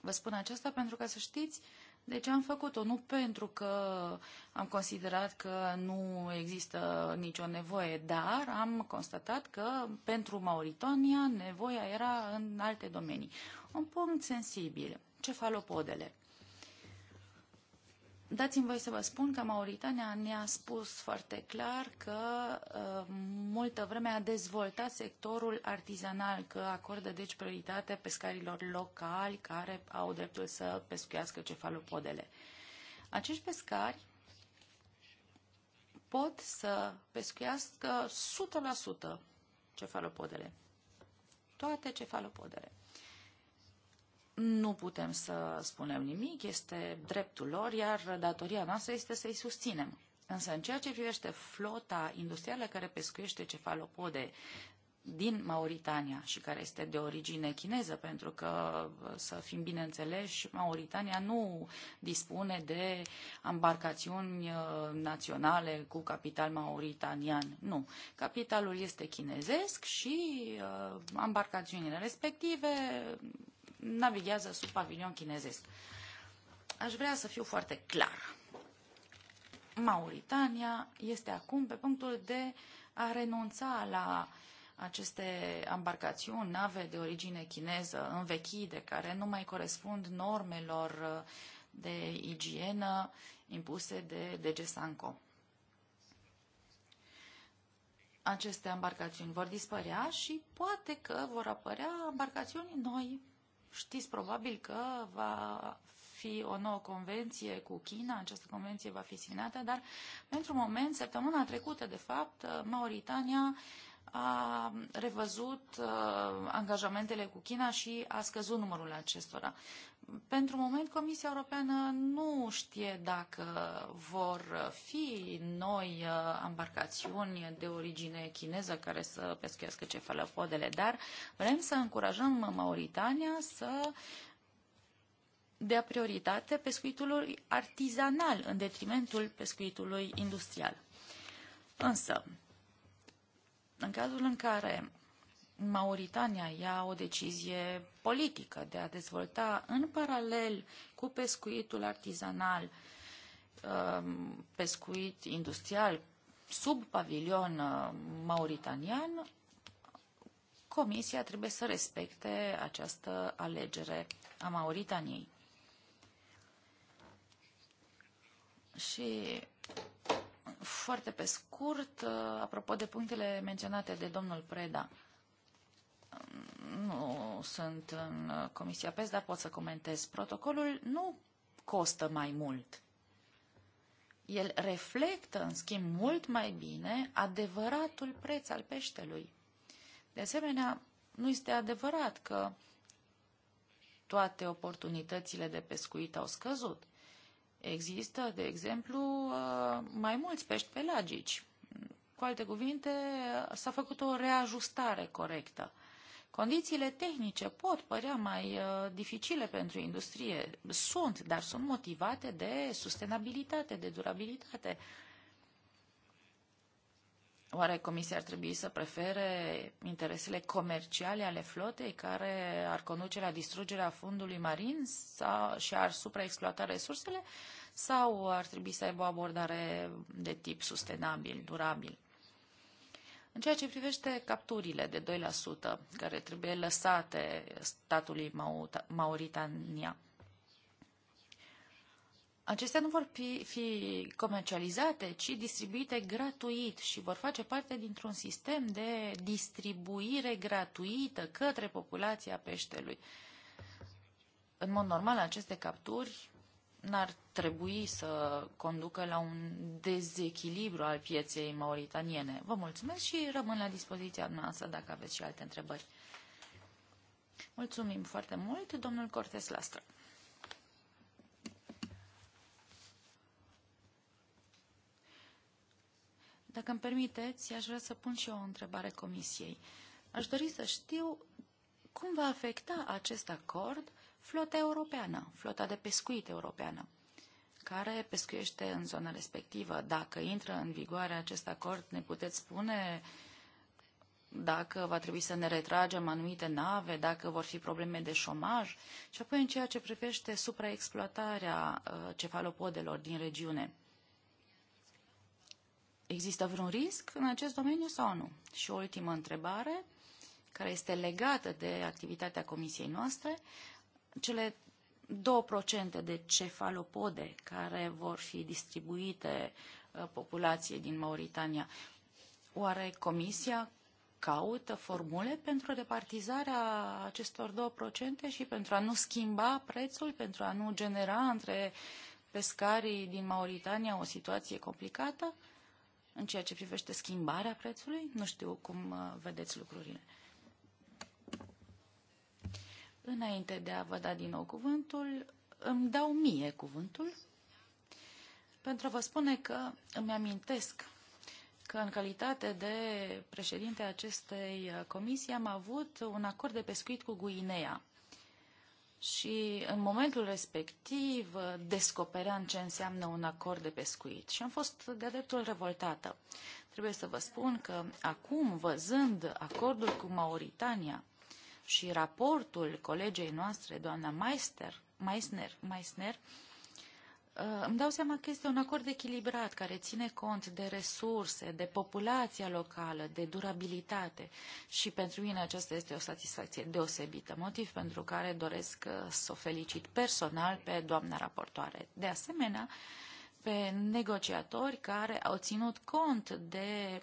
Vă spun aceasta pentru ca să știți uh, deci am făcut-o nu pentru că am considerat că nu există nicio nevoie, dar am constatat că pentru Mauritania nevoia era în alte domenii. Un punct sensibil, cefalopodele. Dați-mi voi să vă spun că Mauritania ne-a spus foarte clar că uh, multă vreme a dezvoltat sectorul artizanal, că acordă deci prioritate pescarilor locali care au dreptul să pescuiască cefalopodele. Acești pescari pot să pescuiască 100% cefalopodele. Toate cefalopodele nu putem să spunem nimic, este dreptul lor, iar datoria noastră este să-i susținem. Însă, în ceea ce privește flota industrială care pescuiește cefalopode din Mauritania și care este de origine chineză, pentru că, să fim bineînțeleși, Mauritania nu dispune de embarcațiuni uh, naționale cu capital mauritanian. Nu. Capitalul este chinezesc și uh, embarcațiunile respective navighează sub pavilion chinezesc. Aș vrea să fiu foarte clar. Mauritania este acum pe punctul de a renunța la aceste embarcațiuni, nave de origine chineză, învechide, care nu mai corespund normelor de igienă impuse de DG Sanco. Aceste embarcațiuni vor dispărea și poate că vor apărea embarcațiuni noi Știți probabil că va fi o nouă convenție cu China, această convenție va fi semnată, dar pentru moment, săptămâna trecută, de fapt, Mauritania a revăzut uh, angajamentele cu China și a scăzut numărul acestora. Pentru moment, Comisia Europeană nu știe dacă vor fi noi uh, embarcațiuni de origine chineză care să pescuiască cefalopodele, dar vrem să încurajăm Mauritania să dea prioritate pescuitului artizanal în detrimentul pescuitului industrial. Însă, în cazul în care Mauritania ia o decizie politică de a dezvolta în paralel cu pescuitul artizanal, um, pescuit industrial, sub pavilion uh, mauritanian, Comisia trebuie să respecte această alegere a Mauritaniei. Și foarte pe scurt, uh, apropo de punctele menționate de domnul Preda, nu sunt în uh, Comisia PES, dar pot să comentez. Protocolul nu costă mai mult. El reflectă, în schimb, mult mai bine adevăratul preț al peștelui. De asemenea, nu este adevărat că toate oportunitățile de pescuit au scăzut. Există, de exemplu, uh, mai mulți pești pelagici. Cu alte cuvinte, s-a făcut o reajustare corectă. Condițiile tehnice pot părea mai uh, dificile pentru industrie. Sunt, dar sunt motivate de sustenabilitate, de durabilitate. Oare Comisia ar trebui să prefere interesele comerciale ale flotei care ar conduce la distrugerea fundului marin sau, și ar supraexploata resursele sau ar trebui să aibă o abordare de tip sustenabil, durabil? În ceea ce privește capturile de 2% care trebuie lăsate statului Mauritania, acestea nu vor fi, fi comercializate, ci distribuite gratuit și vor face parte dintr-un sistem de distribuire gratuită către populația peștelui. În mod normal, aceste capturi n-ar trebui să conducă la un dezechilibru al pieței mauritaniene. Vă mulțumesc și rămân la dispoziția noastră dacă aveți și alte întrebări. Mulțumim foarte mult, domnul Cortes Lastră. Dacă îmi permiteți, aș vrea să pun și eu o întrebare comisiei. Aș dori să știu cum va afecta acest acord flota europeană, flota de pescuit europeană, care pescuiește în zona respectivă. Dacă intră în vigoare acest acord, ne puteți spune dacă va trebui să ne retragem anumite nave, dacă vor fi probleme de șomaj și apoi în ceea ce privește supraexploatarea uh, cefalopodelor din regiune. Există vreun risc în acest domeniu sau nu? Și o ultimă întrebare, care este legată de activitatea comisiei noastre cele 2% de cefalopode care vor fi distribuite uh, populației din Mauritania. Oare Comisia caută formule pentru repartizarea acestor 2% și pentru a nu schimba prețul, pentru a nu genera între pescarii din Mauritania o situație complicată în ceea ce privește schimbarea prețului? Nu știu cum uh, vedeți lucrurile. Înainte de a vă da din nou cuvântul, îmi dau mie cuvântul pentru a vă spune că îmi amintesc că în calitate de președinte acestei comisii am avut un acord de pescuit cu Guinea. Și în momentul respectiv descopeream ce înseamnă un acord de pescuit și am fost de-a dreptul revoltată. Trebuie să vă spun că acum, văzând acordul cu Mauritania, și raportul colegei noastre, doamna Meister, Meissner, Meissner uh, îmi dau seama că este un acord echilibrat care ține cont de resurse, de populația locală, de durabilitate și pentru mine aceasta este o satisfacție deosebită, motiv pentru care doresc uh, să o felicit personal pe doamna raportoare. De asemenea, pe negociatori care au ținut cont de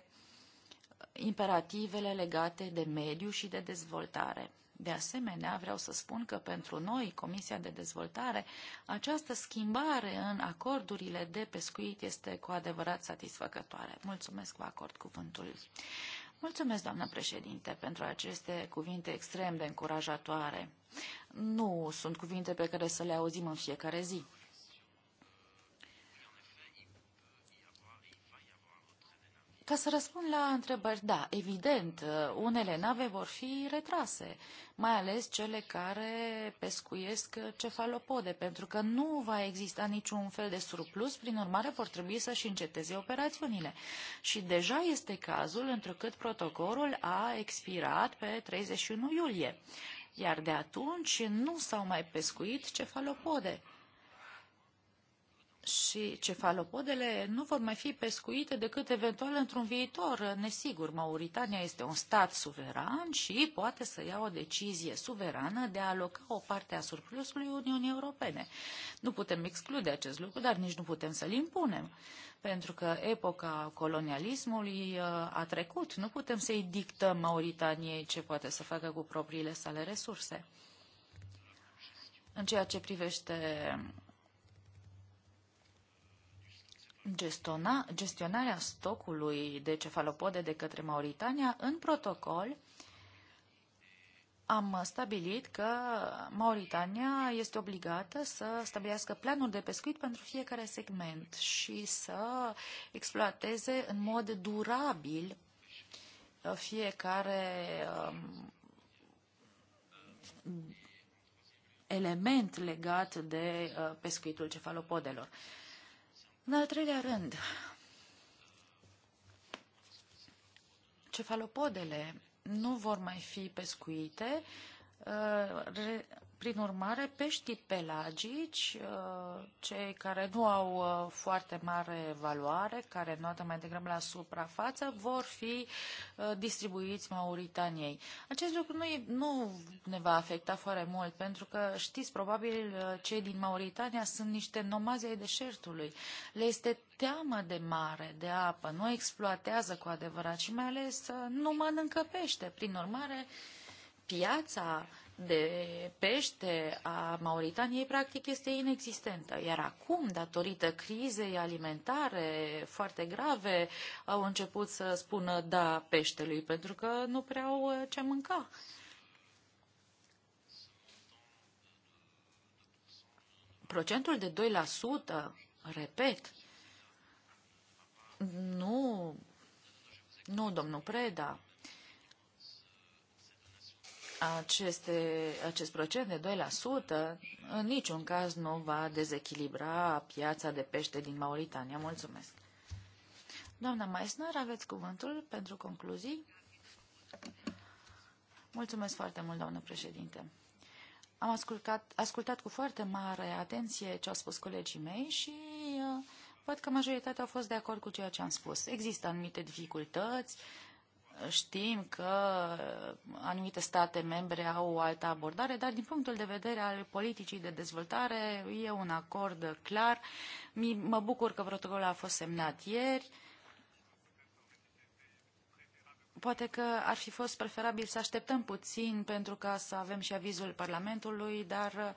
imperativele legate de mediu și de dezvoltare. De asemenea, vreau să spun că pentru noi, Comisia de Dezvoltare, această schimbare în acordurile de pescuit este cu adevărat satisfăcătoare. Mulțumesc, vă acord cuvântul. Mulțumesc, doamnă președinte, pentru aceste cuvinte extrem de încurajatoare. Nu sunt cuvinte pe care să le auzim în fiecare zi. Ca să răspund la întrebări, da, evident, uh, unele nave vor fi retrase, mai ales cele care pescuiesc cefalopode, pentru că nu va exista niciun fel de surplus, prin urmare vor trebui să-și înceteze operațiunile. Și deja este cazul, întrucât protocolul a expirat pe 31 iulie, iar de atunci nu s-au mai pescuit cefalopode și cefalopodele nu vor mai fi pescuite decât eventual într-un viitor nesigur. Mauritania este un stat suveran și poate să ia o decizie suverană de a aloca o parte a surplusului Uniunii Europene. Nu putem exclude acest lucru, dar nici nu putem să-l impunem, pentru că epoca colonialismului uh, a trecut. Nu putem să-i dictăm Mauritaniei ce poate să facă cu propriile sale resurse. În ceea ce privește gestiona, gestionarea stocului de cefalopode de către Mauritania, în protocol am stabilit că Mauritania este obligată să stabilească planuri de pescuit pentru fiecare segment și să exploateze în mod durabil uh, fiecare um, element legat de uh, pescuitul cefalopodelor. În al treilea rând, cefalopodele nu vor mai fi pescuite uh, prin urmare, peștii pelagici, uh, cei care nu au uh, foarte mare valoare, care nu mai degrabă la suprafață, vor fi uh, distribuiți Mauritaniei. Acest lucru nu, e, nu ne va afecta foarte mult, pentru că știți, probabil cei din Mauritania sunt niște nomazi ai deșertului. Le este teamă de mare, de apă, nu exploatează cu adevărat și mai ales nu mănâncă pește. Prin urmare, piața de pește a Mauritaniei practic este inexistentă. Iar acum, datorită crizei alimentare foarte grave, au început să spună da peștelui, pentru că nu prea au uh, ce mânca. Procentul de 2%, repet, nu, nu, domnul Preda, aceste, acest procent de 2% în niciun caz nu va dezechilibra piața de pește din Mauritania. Mulțumesc. Doamna Meissner, aveți cuvântul pentru concluzii? Mulțumesc foarte mult, doamnă președinte. Am ascultat, ascultat cu foarte mare atenție ce au spus colegii mei și uh, văd că majoritatea au fost de acord cu ceea ce am spus. Există anumite dificultăți, Știm că uh, anumite state membre au o altă abordare, dar din punctul de vedere al politicii de dezvoltare e un acord clar. Mă bucur că protocolul a fost semnat ieri. Poate că ar fi fost preferabil să așteptăm puțin pentru ca să avem și avizul Parlamentului, dar uh,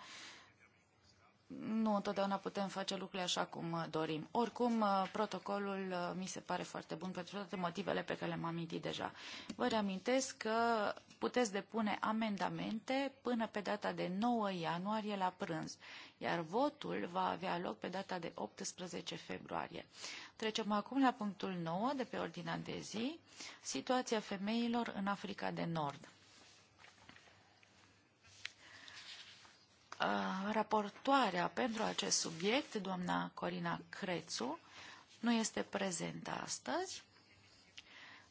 nu întotdeauna putem face lucrurile așa cum uh, dorim. Oricum, uh, protocolul uh, mi se pare foarte bun pentru toate motivele pe care le-am amintit deja. Vă reamintesc că puteți depune amendamente până pe data de 9 ianuarie la prânz, iar votul va avea loc pe data de 18 februarie. Trecem acum la punctul 9 de pe ordinea de zi, situația femeilor în Africa de Nord. raportoarea pentru acest subiect, doamna Corina Crețu, nu este prezentă astăzi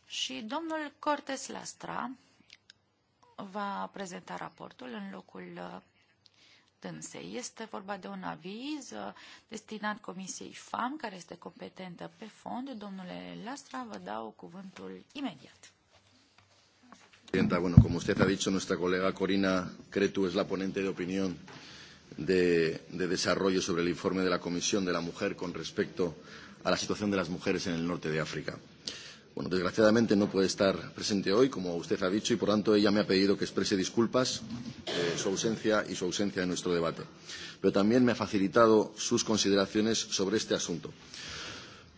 și domnul Cortes Lastra va prezenta raportul în locul dânsei. Este vorba de un aviz destinat Comisiei FAM, care este competentă pe fond. Domnule Lastra, vă dau cuvântul imediat. Presidenta, bueno, como usted ha dicho, nuestra colega Corina Cretu es la ponente de opinión de, de desarrollo sobre el informe de la Comisión de la Mujer con respecto a la situación de las mujeres en el norte de África. Bueno, desgraciadamente no puede estar presente hoy, como usted ha dicho, y por tanto ella me ha pedido que exprese disculpas eh, su ausencia y su ausencia en nuestro debate. Pero también me ha facilitado sus consideraciones sobre este asunto.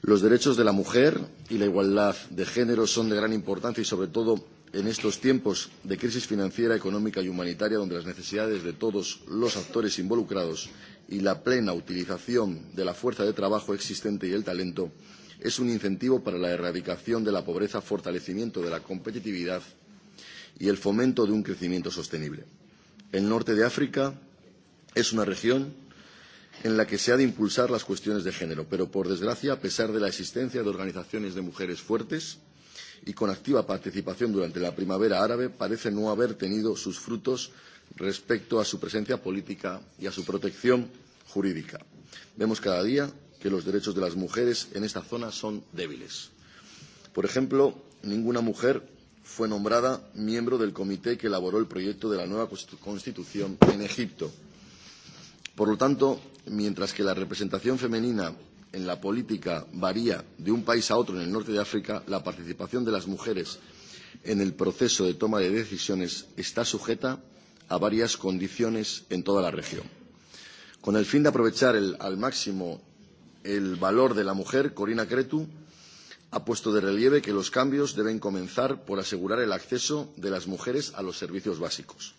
Los derechos de la mujer y la igualdad de género son de gran importancia y, sobre todo, en estos tiempos de crisis financiera, económica y humanitaria, donde las necesidades de todos los actores involucrados y la plena utilización de la fuerza de trabajo existente y el talento es un incentivo para la erradicación de la pobreza, fortalecimiento de la competitividad y el fomento de un crecimiento sostenible. El norte de África es una región en la que se ha de impulsar las cuestiones de género, pero por desgracia, a pesar de la existencia de organizaciones de mujeres fuertes, y con activa participación durante la primavera árabe parece no haber tenido sus frutos respecto a su presencia política y a su protección jurídica. Vemos cada día que los derechos de las mujeres en esta zona son débiles. Por ejemplo, ninguna mujer fue nombrada miembro del comité que elaboró el proyecto de la nueva Constitución en Egipto. Por lo tanto, mientras que la representación femenina en la política varía de un país a otro en el norte de África, la participación de las mujeres en el proceso de toma de decisiones está sujeta a varias condiciones en toda la región. Con el fin de aprovechar el, al máximo el valor de la mujer, Corina Cretu ha puesto de relieve que los cambios deben comenzar por asegurar el acceso de las mujeres a los servicios básicos.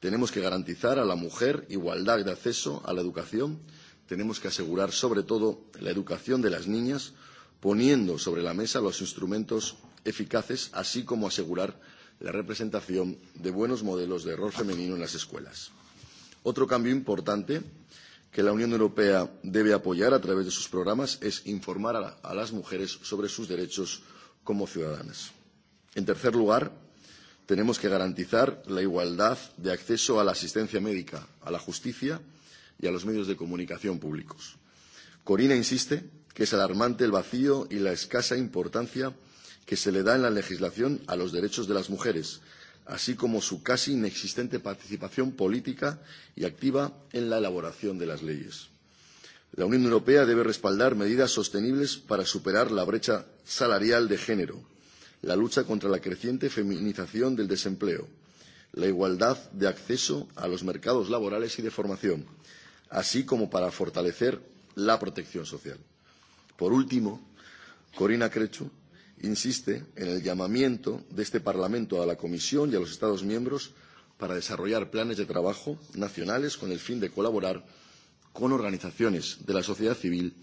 Tenemos que garantizar a la mujer igualdad de acceso a la educación, tenemos que asegurar sobre todo la educación de las niñas, poniendo sobre la mesa los instrumentos eficaces, así como asegurar la representación de buenos modelos de rol femenino en las escuelas. Otro cambio importante que la Unión Europea debe apoyar a través de sus programas es informar a, la, a las mujeres sobre sus derechos como ciudadanas. En tercer lugar, tenemos que garantizar la igualdad de acceso a la asistencia médica, a la justicia y a los medios de comunicación públicos. Corina insiste que es alarmante el vacío y la escasa importancia que se le da en la legislación a los derechos de las mujeres, así como su casi inexistente participación política y activa en la elaboración de las leyes. La Unión Europea debe respaldar medidas sostenibles para superar la brecha salarial de género, la lucha contra la creciente feminización del desempleo, la igualdad de acceso a los mercados laborales y de formación, así como para fortalecer la protección social. Por último, Corina Crechu insiste en el llamamiento de este Parlamento a la Comisión y a los Estados miembros para desarrollar planes de trabajo nacionales con el fin de colaborar con organizaciones de la sociedad civil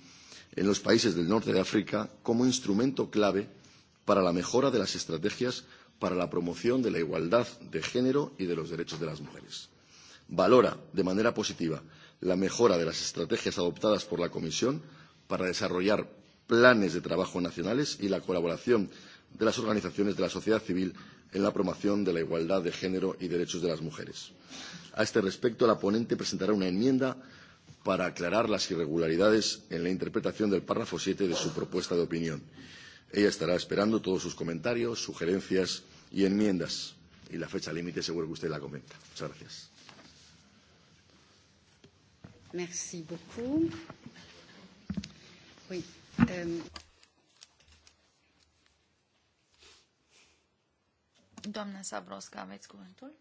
en los países del norte de África como instrumento clave para la mejora de las estrategias para la promoción de la igualdad de género y de los derechos de las mujeres. Valora de manera positiva la mejora de las estrategias adoptadas por la Comisión para desarrollar planes de trabajo nacionales y la colaboración de las organizaciones de la sociedad civil en la promoción de la igualdad de género y derechos de las mujeres. A este respecto, la ponente presentará una enmienda para aclarar las irregularidades en la interpretación del párrafo 7 de su propuesta de opinión. Ella estará esperando todos sus comentarios, sugerencias y enmiendas. Y la fecha límite seguro que usted la comenta. Muchas gracias. Merci beaucoup. Oui. Euh... Doamna Sabrosca, aveți cuvântul?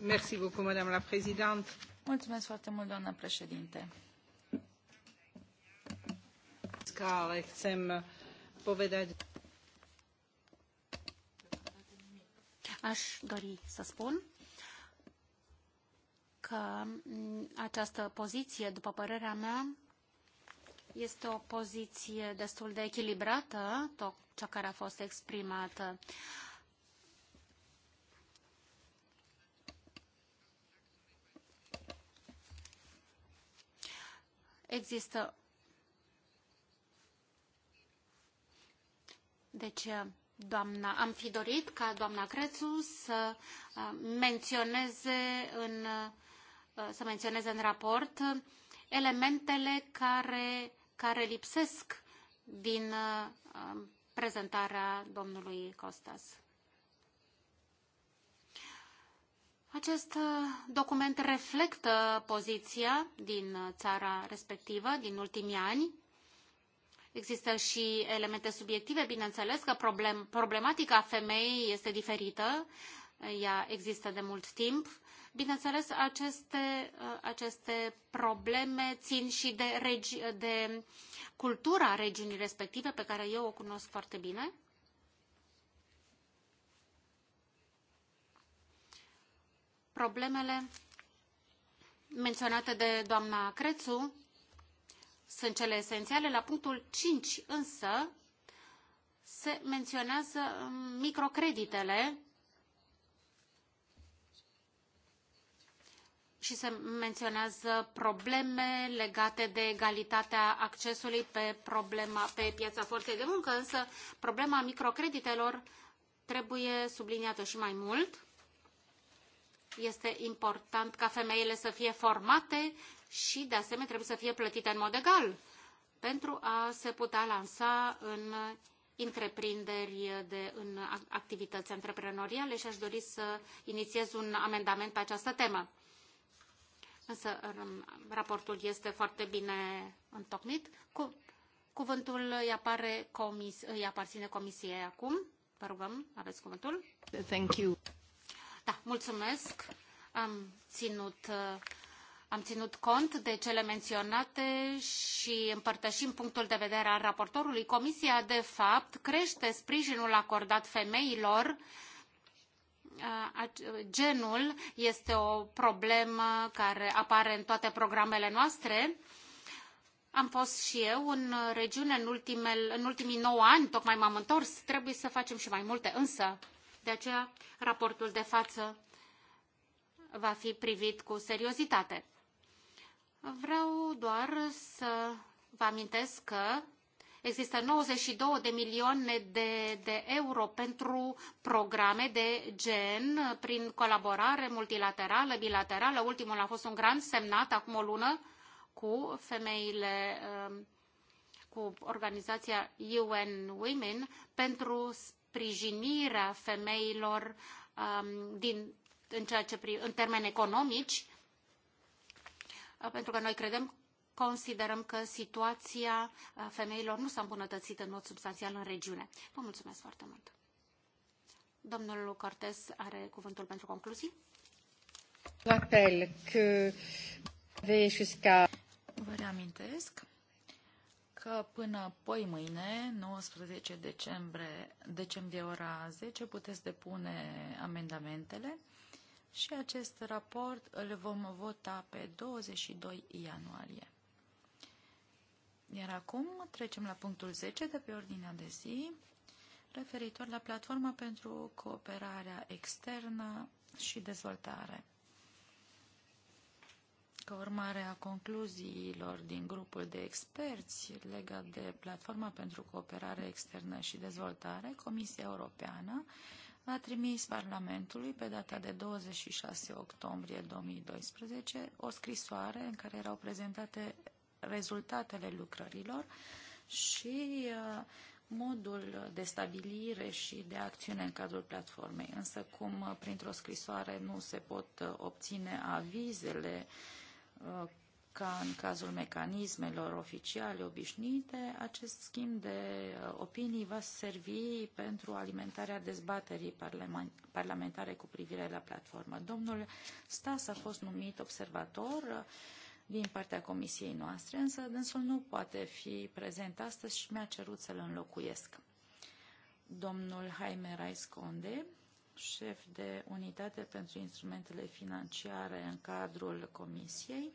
Merci beaucoup, Madame la Présidente. Mulțumesc foarte mult, doamna președinte. Care chcem povedať. Aș dori să spun că mm, această poziție, după părerea mea, este o poziție destul de echilibrată, tot cea care a fost exprimată. Există. Deci, doamna, am fi dorit ca doamna Crețu să uh, menționeze în uh, Uh, să menționeze în raport uh, elementele care, care lipsesc din uh, prezentarea domnului Costas. Acest document reflectă poziția din țara respectivă din ultimii ani. Există și elemente subiective, bineînțeles că problem, problematica femeii este diferită, ea există de mult timp. Bineînțeles, aceste, uh, aceste probleme țin și de, regi, de cultura regiunii respective, pe care eu o cunosc foarte bine. Problemele menționate de doamna Crețu sunt cele esențiale. La punctul 5 însă se menționează microcreditele și se menționează probleme legate de egalitatea accesului pe, problema, pe piața forței de muncă, însă problema microcreditelor trebuie subliniată și mai mult. Este important ca femeile să fie formate și, de asemenea, trebuie să fie plătite în mod egal pentru a se putea lansa în întreprinderi de, în activități antreprenoriale și aș dori să inițiez un amendament pe această temă însă raportul este foarte bine întocmit. Cu, cuvântul îi, apare comis, îi aparține comisiei acum. Vă rugăm, aveți cuvântul. Thank you. Da, mulțumesc. Am ținut am ținut cont de cele menționate și împărtășim punctul de vedere al raportorului. Comisia, de fapt, crește sprijinul acordat femeilor genul este o problemă care apare în toate programele noastre. Am fost și eu în regiune în, ultimel, în ultimii 9 ani, tocmai m-am întors, trebuie să facem și mai multe, însă de aceea raportul de față va fi privit cu seriozitate. Vreau doar să vă amintesc că Există 92 de milioane de, de euro pentru programe de gen prin colaborare multilaterală, bilaterală. Ultimul a fost un grant semnat acum o lună cu femeile um, cu organizația UN Women pentru sprijinirea femeilor um, din, în, ceea ce, în termeni economici, pentru că noi credem considerăm că situația uh, femeilor nu s-a îmbunătățit în mod substanțial în regiune. Vă mulțumesc foarte mult. Domnul Cortes are cuvântul pentru concluzii. Rappel că Vă reamintesc că până poi mâine, 19 decembrie, decembrie ora 10, puteți depune amendamentele și acest raport îl vom vota pe 22 ianuarie. Iar acum trecem la punctul 10 de pe ordinea de zi, referitor la platforma pentru cooperarea externă și dezvoltare. Ca urmare a concluziilor din grupul de experți legat de platforma pentru cooperare externă și dezvoltare, Comisia Europeană a trimis Parlamentului pe data de 26 octombrie 2012 o scrisoare în care erau prezentate rezultatele lucrărilor și uh, modul de stabilire și de acțiune în cadrul platformei. Însă cum uh, printr-o scrisoare nu se pot uh, obține avizele ca în cazul mecanismelor oficiale obișnuite, acest schimb de opinii va servi pentru alimentarea dezbaterii parlamentare cu privire la platformă. Domnul Stas a fost numit observator din partea comisiei noastre, însă dânsul nu poate fi prezent astăzi și mi-a cerut să-l înlocuiesc. Domnul Jaime Raisconde, șef de unitate pentru instrumentele financiare în cadrul comisiei,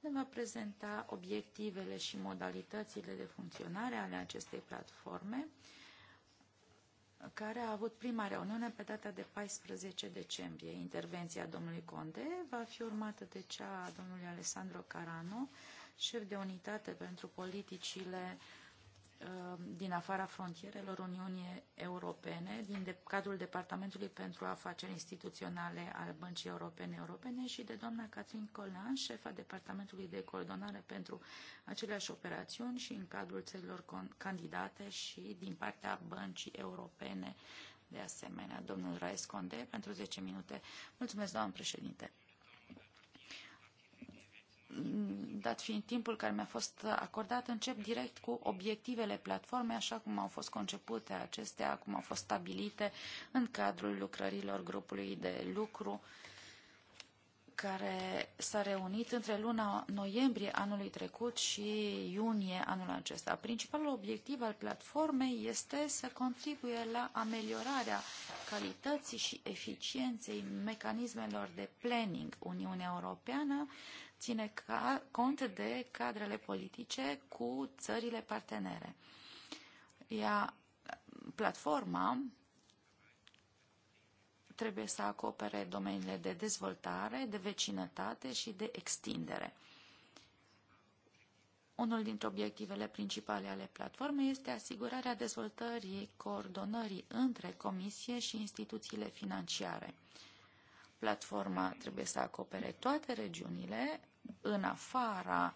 ne va prezenta obiectivele și modalitățile de funcționare ale acestei platforme, care a avut prima reuniune pe data de 14 decembrie. Intervenția domnului Conde va fi urmată de cea a domnului Alessandro Carano, șef de unitate pentru politicile uh, Uh, din afara frontierelor Uniunii Europene, din de, cadrul Departamentului pentru Afaceri Instituționale al Băncii Europene Europene și de doamna Catherine Colan, șefa Departamentului de Coordonare pentru aceleași operațiuni și în cadrul țărilor candidate și din partea Băncii Europene de asemenea. Domnul Raes Conde, pentru 10 minute. Mulțumesc, doamnă președinte dat fiind timpul care mi-a fost acordat, încep direct cu obiectivele platformei, așa cum au fost concepute acestea, cum au fost stabilite în cadrul lucrărilor grupului de lucru care s-a reunit între luna noiembrie anului trecut și iunie anul acesta. Principalul obiectiv al platformei este să contribuie la ameliorarea calității și eficienței mecanismelor de planning Uniunea Europeană ține ca, cont de cadrele politice cu țările partenere. Ea, platforma trebuie să acopere domeniile de dezvoltare, de vecinătate și de extindere. Unul dintre obiectivele principale ale platformei este asigurarea dezvoltării coordonării între Comisie și instituțiile financiare. Platforma trebuie să acopere toate regiunile în afara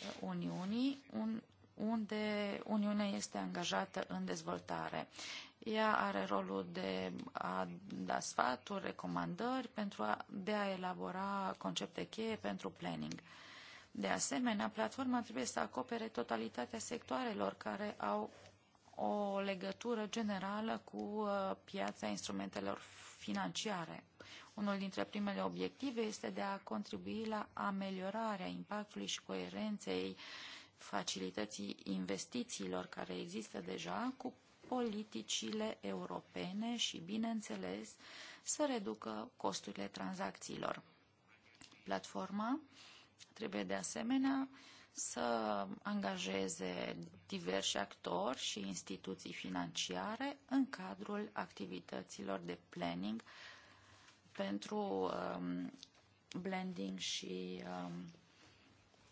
uh, Uniunii, un, unde Uniunea este angajată în dezvoltare. Ea are rolul de a da sfaturi, recomandări pentru a, de a elabora concepte cheie pentru planning. De asemenea, platforma trebuie să acopere totalitatea sectoarelor care au o legătură generală cu uh, piața instrumentelor financiare. Unul dintre primele obiective este de a contribui la ameliorarea impactului și coerenței facilității investițiilor care există deja cu politicile europene și, bineînțeles, să reducă costurile tranzacțiilor. Platforma trebuie de asemenea să angajeze diversi actori și instituții financiare în cadrul activităților de planning pentru um, blending și um,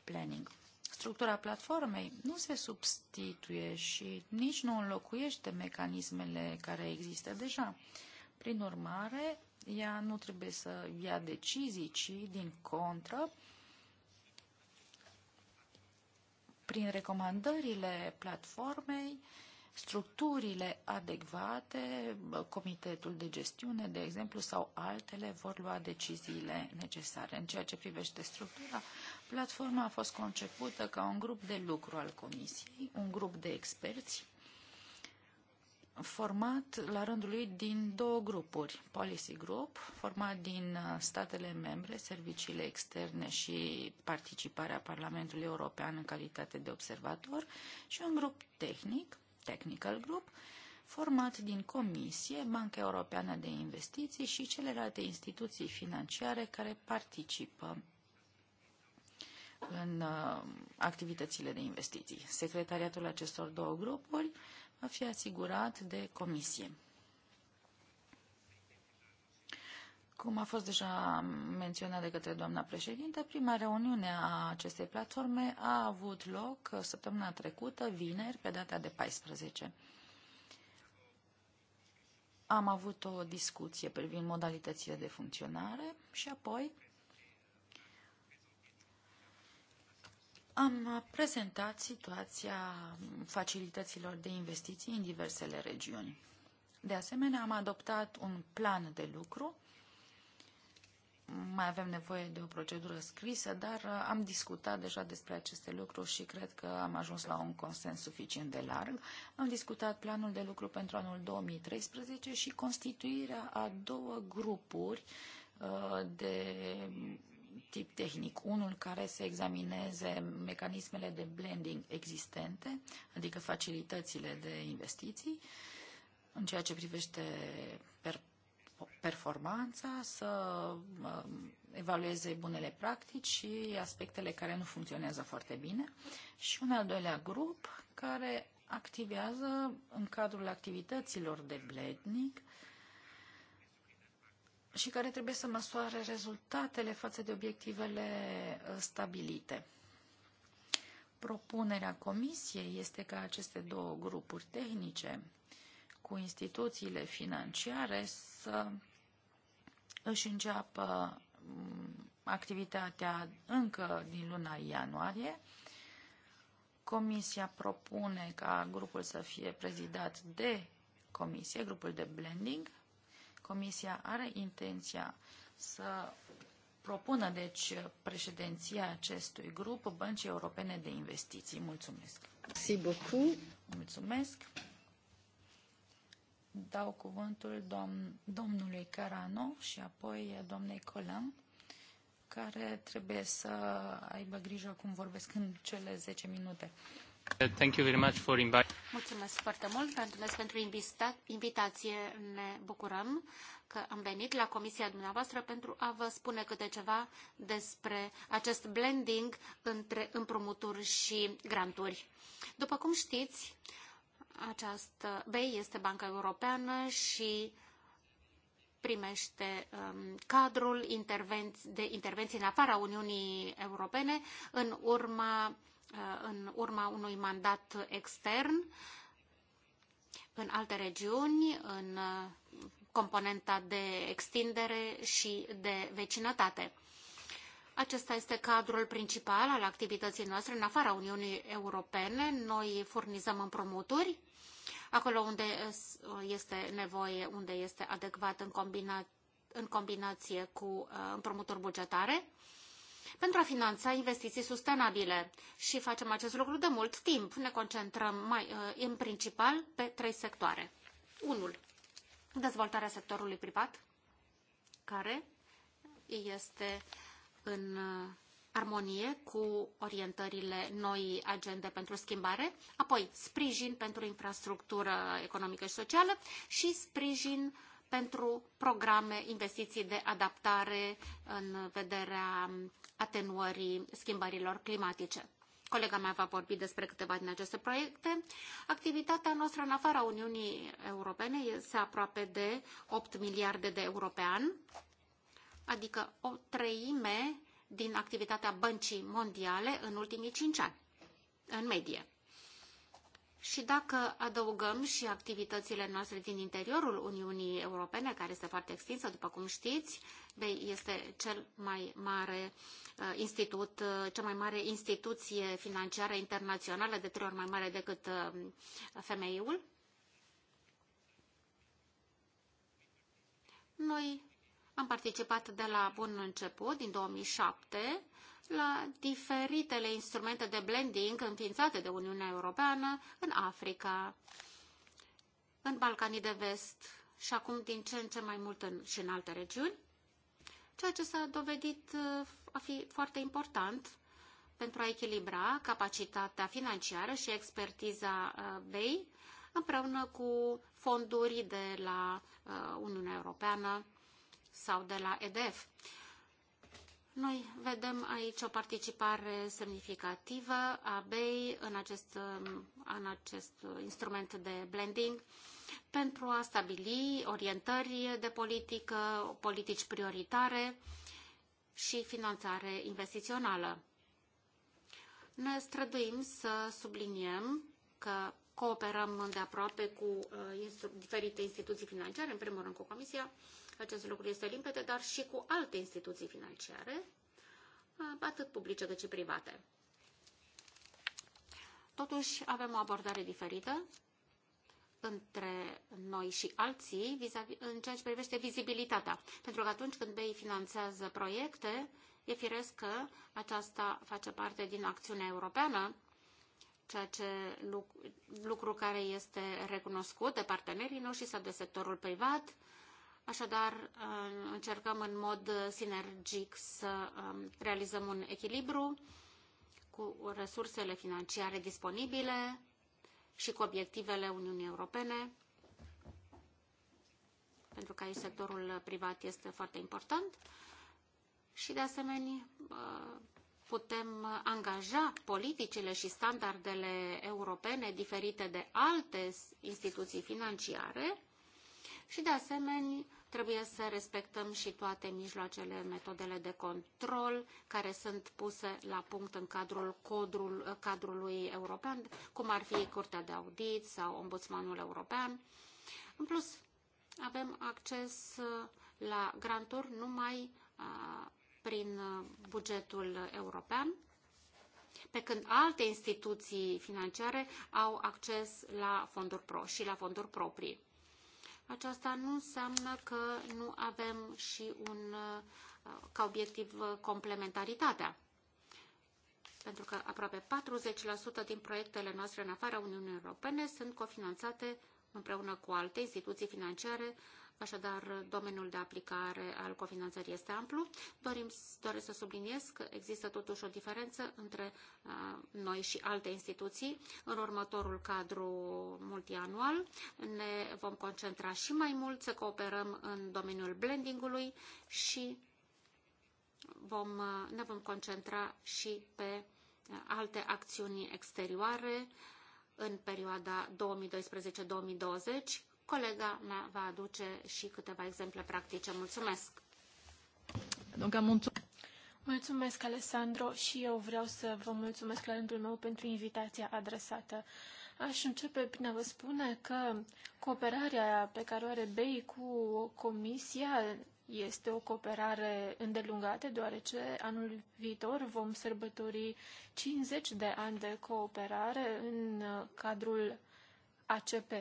planning. Structura platformei nu se substituie și nici nu înlocuiește mecanismele care există deja. Prin urmare, ea nu trebuie să ia decizii, ci din contră, prin recomandările platformei, uh, structurile adecvate, comitetul de gestiune, de exemplu, sau altele vor lua deciziile necesare. În ceea ce privește structura, platforma a fost concepută ca un grup de lucru al Comisiei, un grup de experți format la rândul lui din două grupuri. Policy Group, format din uh, statele membre, serviciile externe și participarea Parlamentului European în calitate de observator și un grup tehnic Technical Group, format din Comisie, Banca Europeană de Investiții și celelalte instituții financiare care participă în uh, activitățile de investiții. Secretariatul acestor două grupuri va fi asigurat de Comisie. Cum a fost deja menționat de către doamna președinte, prima reuniune a acestei platforme a avut loc săptămâna trecută, vineri, pe data de 14. Am avut o discuție privind modalitățile de funcționare și apoi am prezentat situația facilităților de investiții în diversele regiuni. De asemenea, am adoptat un plan de lucru mai avem nevoie de o procedură scrisă, dar uh, am discutat deja despre aceste lucruri și cred că am ajuns la un consens suficient de larg. Am discutat planul de lucru pentru anul 2013 și constituirea a două grupuri uh, de tip tehnic. Unul care să examineze mecanismele de blending existente, adică facilitățile de investiții, în ceea ce privește per performanța, să um, evalueze bunele practici și aspectele care nu funcționează foarte bine. Și un al doilea grup care activează în cadrul activităților de blednic și care trebuie să măsoare rezultatele față de obiectivele uh, stabilite. Propunerea comisiei este ca aceste două grupuri tehnice cu instituțiile financiare să își înceapă mm, activitatea încă din luna ianuarie. Comisia propune ca grupul să fie prezidat de comisie, grupul de blending. Comisia are intenția să propună, deci, președinția acestui grup Băncii Europene de Investiții. Mulțumesc! Merci beaucoup. Mulțumesc! dau cuvântul domn, domnului Carano și apoi domnei Colan, care trebuie să aibă grijă cum vorbesc în cele 10 minute. Thank you very much for Mulțumesc foarte mult, mulțumesc pentru invitație. Ne bucurăm că am venit la comisia dumneavoastră pentru a vă spune câte ceva despre acest blending între împrumuturi și granturi. După cum știți, această BEI este banca europeană și primește um, cadrul intervenți, de intervenții în afara Uniunii Europene în urma, uh, în urma unui mandat extern în alte regiuni, în uh, componenta de extindere și de vecinătate. Acesta este cadrul principal al activității noastre în afara Uniunii Europene. Noi furnizăm împrumuturi acolo unde este nevoie, unde este adecvat în, combina, în combinație cu uh, împrumuturi bugetare pentru a finanța investiții sustenabile și facem acest lucru de mult timp. Ne concentrăm mai, uh, în principal pe trei sectoare. Unul, dezvoltarea sectorului privat, care este în uh, armonie cu orientările noii agende pentru schimbare, apoi sprijin pentru infrastructură economică și socială și sprijin pentru programe, investiții de adaptare în vederea atenuării schimbărilor climatice. Colega mea va vorbi despre câteva din aceste proiecte. Activitatea noastră în afara Uniunii Europene este aproape de 8 miliarde de euro pe an, adică o treime din activitatea băncii mondiale în ultimii 5 ani, în medie. Și dacă adăugăm și activitățile noastre din interiorul Uniunii Europene, care este foarte extinsă, după cum știți, BEI este cel mai mare uh, institut, uh, cea mai mare instituție financiară internațională, de trei ori mai mare decât uh, femeiul. Noi am participat de la bun început, din 2007, la diferitele instrumente de blending înființate de Uniunea Europeană în Africa, în Balcanii de Vest și acum din ce în ce mai mult în, și în alte regiuni, ceea ce s-a dovedit uh, a fi foarte important pentru a echilibra capacitatea financiară și expertiza uh, BEI împreună cu fonduri de la uh, Uniunea Europeană sau de la EDF. Noi vedem aici o participare semnificativă a BEI în acest, în acest instrument de blending pentru a stabili orientări de politică, politici prioritare și finanțare investițională. Ne străduim să subliniem că cooperăm îndeaproape cu uh, diferite instituții financiare, în primul rând cu Comisia, acest lucru este limpede, dar și cu alte instituții financiare, uh, atât publice cât și private. Totuși, avem o abordare diferită între noi și alții vis -vis, în ceea ce privește vizibilitatea. Pentru că atunci când BEI finanțează proiecte, e firesc că aceasta face parte din acțiunea europeană, ceea ce lucru, lucru care este recunoscut de partenerii noștri sau de sectorul privat Așadar, încercăm în mod sinergic să um, realizăm un echilibru cu resursele financiare disponibile și cu obiectivele Uniunii Europene, pentru că aici sectorul privat este foarte important și, de asemenea, uh, putem angaja politicile și standardele europene diferite de alte instituții financiare și, de asemenea, Trebuie să respectăm și toate mijloacele, metodele de control care sunt puse la punct în cadrul codrul, cadrului european, cum ar fi Curtea de Audit sau Ombudsmanul European. În plus, avem acces la granturi numai prin bugetul european, pe când alte instituții financiare au acces la fonduri pro și la fonduri proprii aceasta nu înseamnă că nu avem și un, uh, ca obiectiv uh, complementaritatea. Pentru că aproape 40% din proiectele noastre în afara Uniunii Europene sunt cofinanțate împreună cu alte instituții financiare Așadar, domeniul de aplicare al cofinanțării este amplu. Dorim, doresc să subliniez că există totuși o diferență între noi și alte instituții. În următorul cadru multianual ne vom concentra și mai mult să cooperăm în domeniul blendingului și vom, ne vom concentra și pe alte acțiuni exterioare în perioada 2012-2020 Colega mea va aduce și câteva exemple practice. Mulțumesc! Mulțumesc, Alessandro, și eu vreau să vă mulțumesc la rândul meu pentru invitația adresată. Aș începe prin a vă spune că cooperarea pe care o are BEI cu Comisia este o cooperare îndelungată, deoarece anul viitor vom sărbători 50 de ani de cooperare în uh, cadrul ACP.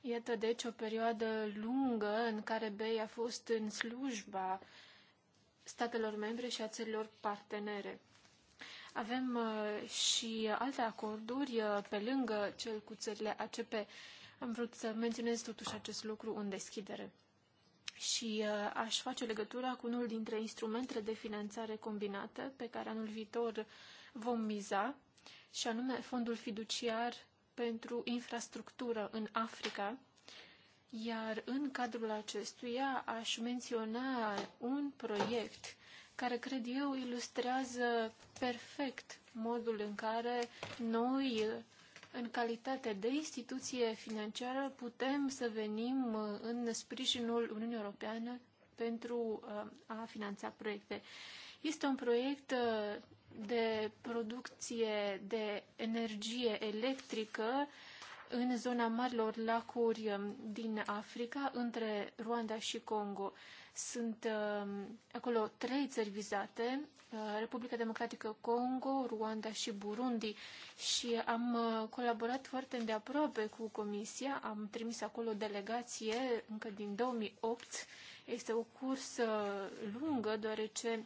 Iată deci o perioadă lungă în care BEI a fost în slujba statelor membre și a țărilor partenere. Avem uh, și alte acorduri uh, pe lângă cel cu țările ACP. Am vrut să menționez totuși acest lucru în deschidere. Și uh, aș face legătura cu unul dintre instrumentele de finanțare combinată pe care anul viitor vom miza, și anume Fondul Fiduciar pentru infrastructură în Africa, iar în cadrul acestuia aș menționa un proiect care, cred eu, ilustrează perfect modul în care noi, în calitate de instituție financiară, putem să venim în sprijinul Uniunii Europeană pentru uh, a finanța proiecte. Este un proiect uh, de producție de energie electrică în zona marilor lacuri um, din Africa, între Rwanda și Congo. Sunt um, acolo trei țări vizate, uh, Republica Democratică Congo, Rwanda și Burundi. Și am uh, colaborat foarte îndeaproape cu Comisia, am trimis acolo o delegație încă din 2008. Este o cursă lungă, deoarece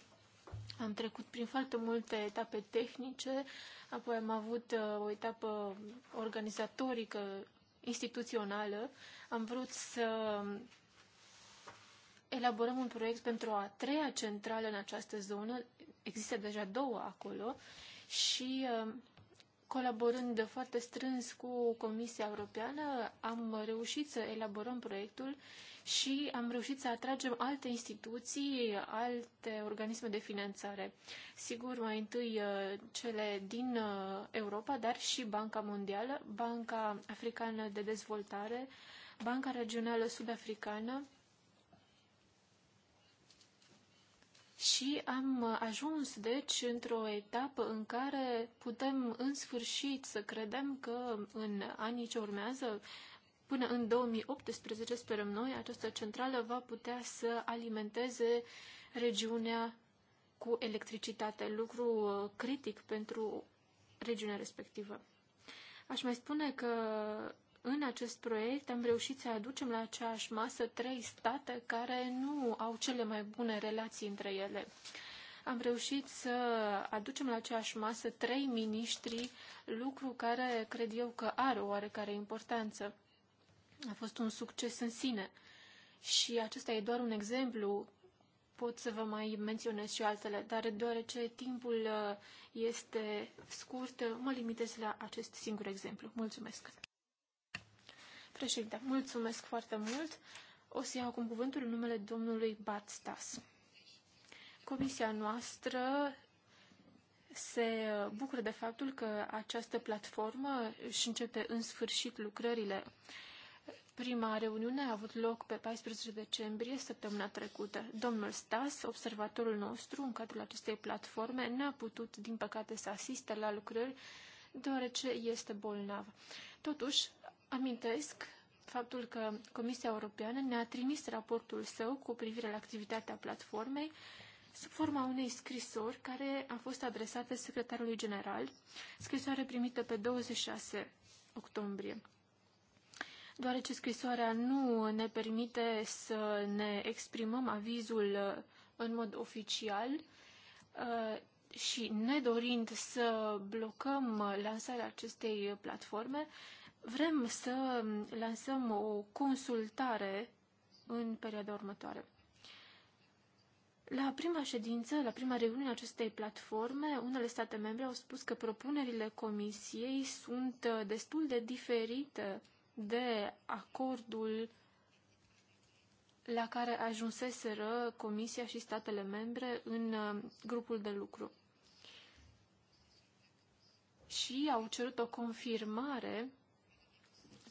am trecut prin foarte multe etape tehnice, apoi am avut uh, o etapă organizatorică, instituțională. Am vrut să elaborăm un proiect pentru a treia centrală în această zonă. Există deja două acolo și uh, Colaborând foarte strâns cu Comisia Europeană, am reușit să elaborăm proiectul și am reușit să atragem alte instituții, alte organisme de finanțare. Sigur, mai întâi uh, cele din uh, Europa, dar și Banca Mondială, Banca Africană de Dezvoltare, Banca Regională Sud-Africană, Și am ajuns, deci, într-o etapă în care putem, în sfârșit, să credem că în anii ce urmează, până în 2018, sperăm noi, această centrală va putea să alimenteze regiunea cu electricitate, lucru uh, critic pentru regiunea respectivă. Aș mai spune că în acest proiect am reușit să aducem la aceeași masă trei state care nu au cele mai bune relații între ele. Am reușit să aducem la aceeași masă trei miniștri, lucru care cred eu că are o oarecare importanță. A fost un succes în sine. Și acesta e doar un exemplu pot să vă mai menționez și altele, dar deoarece timpul uh, este scurt, mă limitez la acest singur exemplu. Mulțumesc! Președinte, mulțumesc foarte mult. O să iau acum cuvântul în numele domnului Bart Stas. Comisia noastră se bucură de faptul că această platformă își începe în sfârșit lucrările. Prima reuniune a avut loc pe 14 decembrie, săptămâna trecută. Domnul Stas, observatorul nostru în cadrul acestei platforme, n-a putut, din păcate, să asiste la lucrări, deoarece este bolnav. Totuși, amintesc faptul că Comisia Europeană ne-a trimis raportul său cu privire la activitatea platformei sub forma unei scrisori care a fost adresată secretarului general, scrisoare primită pe 26 octombrie. Deoarece scrisoarea nu ne permite să ne exprimăm avizul uh, în mod oficial uh, și nedorind să blocăm uh, lansarea acestei platforme, Vrem să lansăm o consultare în perioada următoare. La prima ședință, la prima reuniune acestei platforme, unele state membre au spus că propunerile Comisiei sunt uh, destul de diferite de acordul la care ajunseseră Comisia și statele membre în uh, grupul de lucru. Și au cerut o confirmare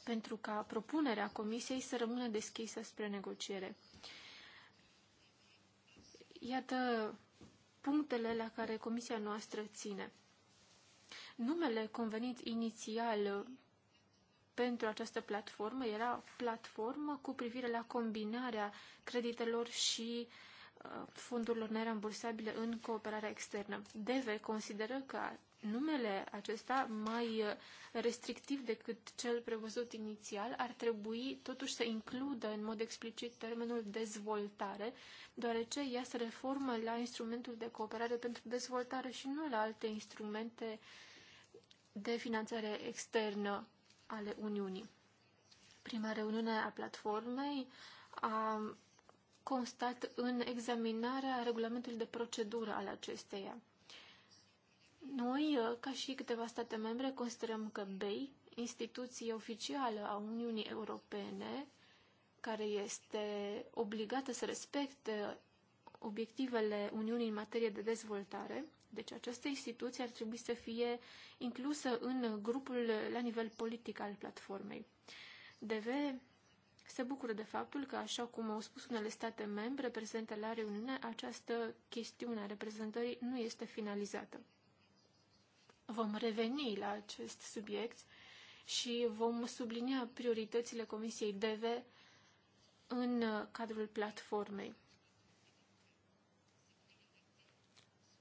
pentru ca propunerea Comisiei să rămână deschisă spre negociere. Iată punctele la care Comisia noastră ține. Numele convenit inițial pentru această platformă era platformă cu privire la combinarea creditelor și uh, fondurilor nerambursabile în cooperarea externă. DEVE consideră că numele acesta mai uh, restrictiv decât cel prevăzut inițial ar trebui totuși să includă în mod explicit termenul dezvoltare, deoarece ea se reformă la instrumentul de cooperare pentru dezvoltare și nu la alte instrumente de finanțare externă ale Uniunii. Prima reuniune a platformei a constat în examinarea regulamentului de procedură al acesteia. Noi, uh, ca și câteva state membre, considerăm că BEI, instituție oficială a Uniunii Europene, care este obligată să respecte obiectivele Uniunii în materie de dezvoltare, deci această instituție ar trebui să fie inclusă în grupul la nivel politic al platformei. DV se bucură de faptul că, așa cum au spus unele state membre prezente la reuniune, această chestiune a reprezentării nu este finalizată. Vom reveni la acest subiect și vom sublinia prioritățile Comisiei DEVE în cadrul platformei.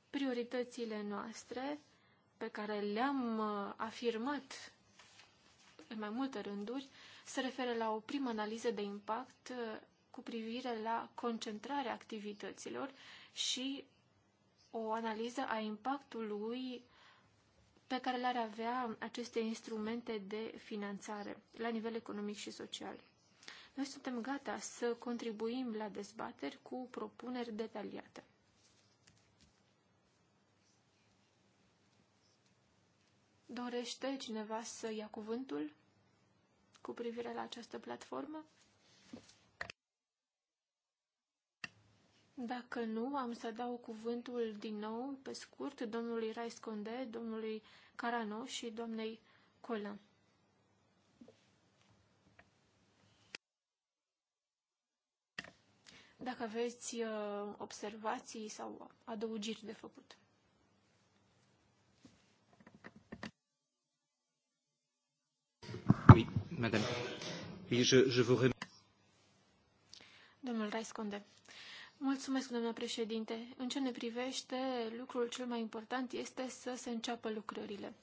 Prioritățile noastre pe care le-am uh, afirmat în mai multe rânduri se referă la o primă analiză de impact uh, cu privire la concentrarea activităților și o analiză a impactului pe care le-ar avea aceste instrumente de finanțare la nivel economic și social. Noi suntem gata să contribuim la dezbateri cu propuneri detaliate. Dorește cineva să ia cuvântul cu privire la această platformă? Dacă nu, am să dau cuvântul din nou, pe scurt, domnului Raisconde, domnului Carano și doamnei Colan. Dacă aveți uh, observații sau adăugiri de făcut. Oui, madame. Oui, je, je vous rem... Domnul Raisconde. Mulțumesc, doamna președinte. În ce ne privește, lucrul cel mai important este să se înceapă lucrările.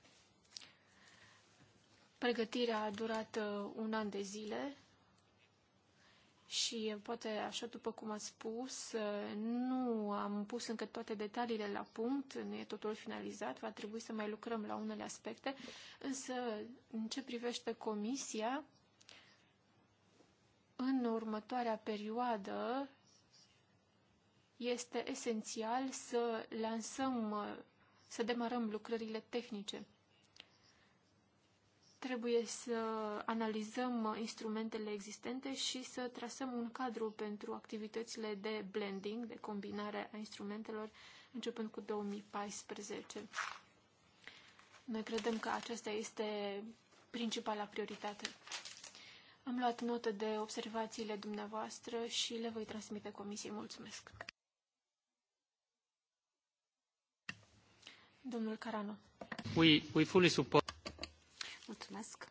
Pregătirea a durat uh, un an de zile și uh, poate, așa după cum ați spus, uh, nu am pus încă toate detaliile la punct, nu e totul finalizat, va trebui să mai lucrăm la unele aspecte, însă în ce privește comisia, în următoarea perioadă este esențial să lansăm, să demarăm lucrările tehnice. Trebuie să analizăm instrumentele existente și să trasăm un cadru pentru activitățile de blending, de combinare a instrumentelor, începând cu 2014. Noi credem că aceasta este principala prioritate. Am luat notă de observațiile dumneavoastră și le voi transmite comisiei. Mulțumesc! Domnule Carano. We, we fully support... Mulțumesc.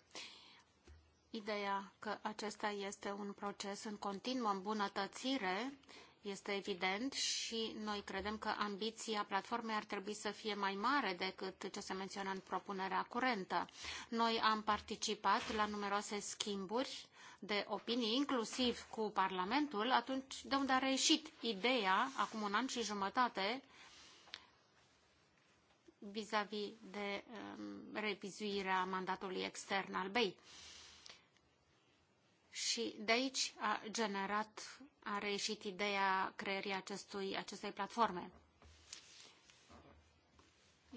Ideea că acesta este un proces în continuă îmbunătățire este evident și noi credem că ambiția platformei ar trebui să fie mai mare decât ce se menționează în propunerea curentă. Noi am participat la numeroase schimburi de opinii, inclusiv cu Parlamentul, atunci de unde a reieșit ideea, acum un an și jumătate, vis-a-vis -vis de um, revizuirea mandatului extern al BEI. Și de aici a generat, a reieșit ideea creării acestui, acestei platforme.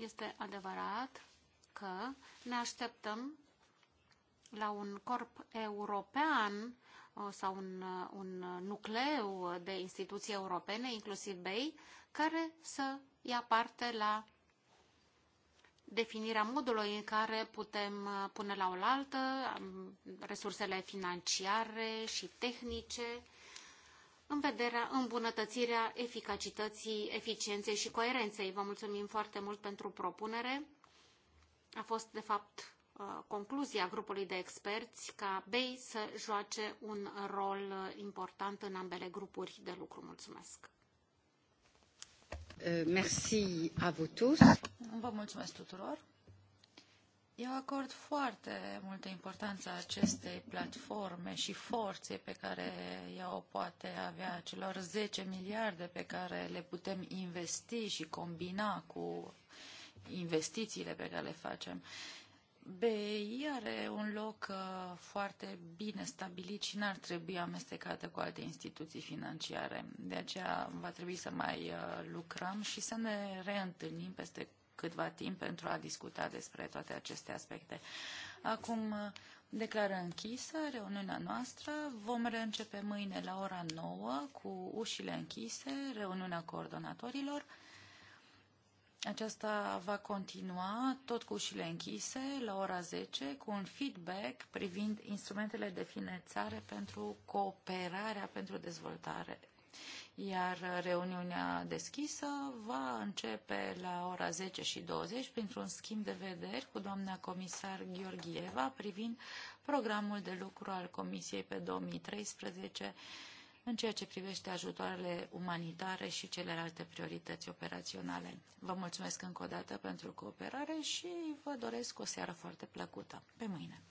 Este adevărat că ne așteptăm la un corp european uh, sau un, uh, un nucleu de instituții europene, inclusiv BEI, care să ia parte la definirea modului în care putem uh, pune la oaltă um, resursele financiare și tehnice în vederea îmbunătățirea eficacității, eficienței și coerenței. Vă mulțumim foarte mult pentru propunere. A fost, de fapt, uh, concluzia grupului de experți ca BEI să joace un rol uh, important în ambele grupuri de lucru. Mulțumesc! Euh, merci à vous tous. Vă mulțumesc tuturor. Eu acord foarte multă importanță acestei platforme și forței pe care ea o poate avea, celor 10 miliarde pe care le putem investi și combina cu investițiile pe care le facem. Uh, BEI are un loc uh, foarte bine stabilit și n-ar trebui amestecată cu alte instituții financiare. De aceea va trebui să mai uh, lucrăm și să ne reîntâlnim peste câtva timp pentru a discuta despre toate aceste aspecte. Acum uh, declară închisă reuniunea noastră. Vom reîncepe mâine la ora 9 cu ușile închise, reuniunea coordonatorilor. Aceasta va continua tot cu ușile închise la ora 10 cu un feedback privind instrumentele de finanțare pentru cooperarea pentru dezvoltare. Iar reuniunea deschisă va începe la ora 10 și 20 printr-un schimb de vederi cu doamna comisar Gheorgheva privind programul de lucru al Comisiei pe 2013 în ceea ce privește ajutoarele umanitare și celelalte priorități operaționale. Vă mulțumesc încă o dată pentru cooperare și vă doresc o seară foarte plăcută. Pe mâine!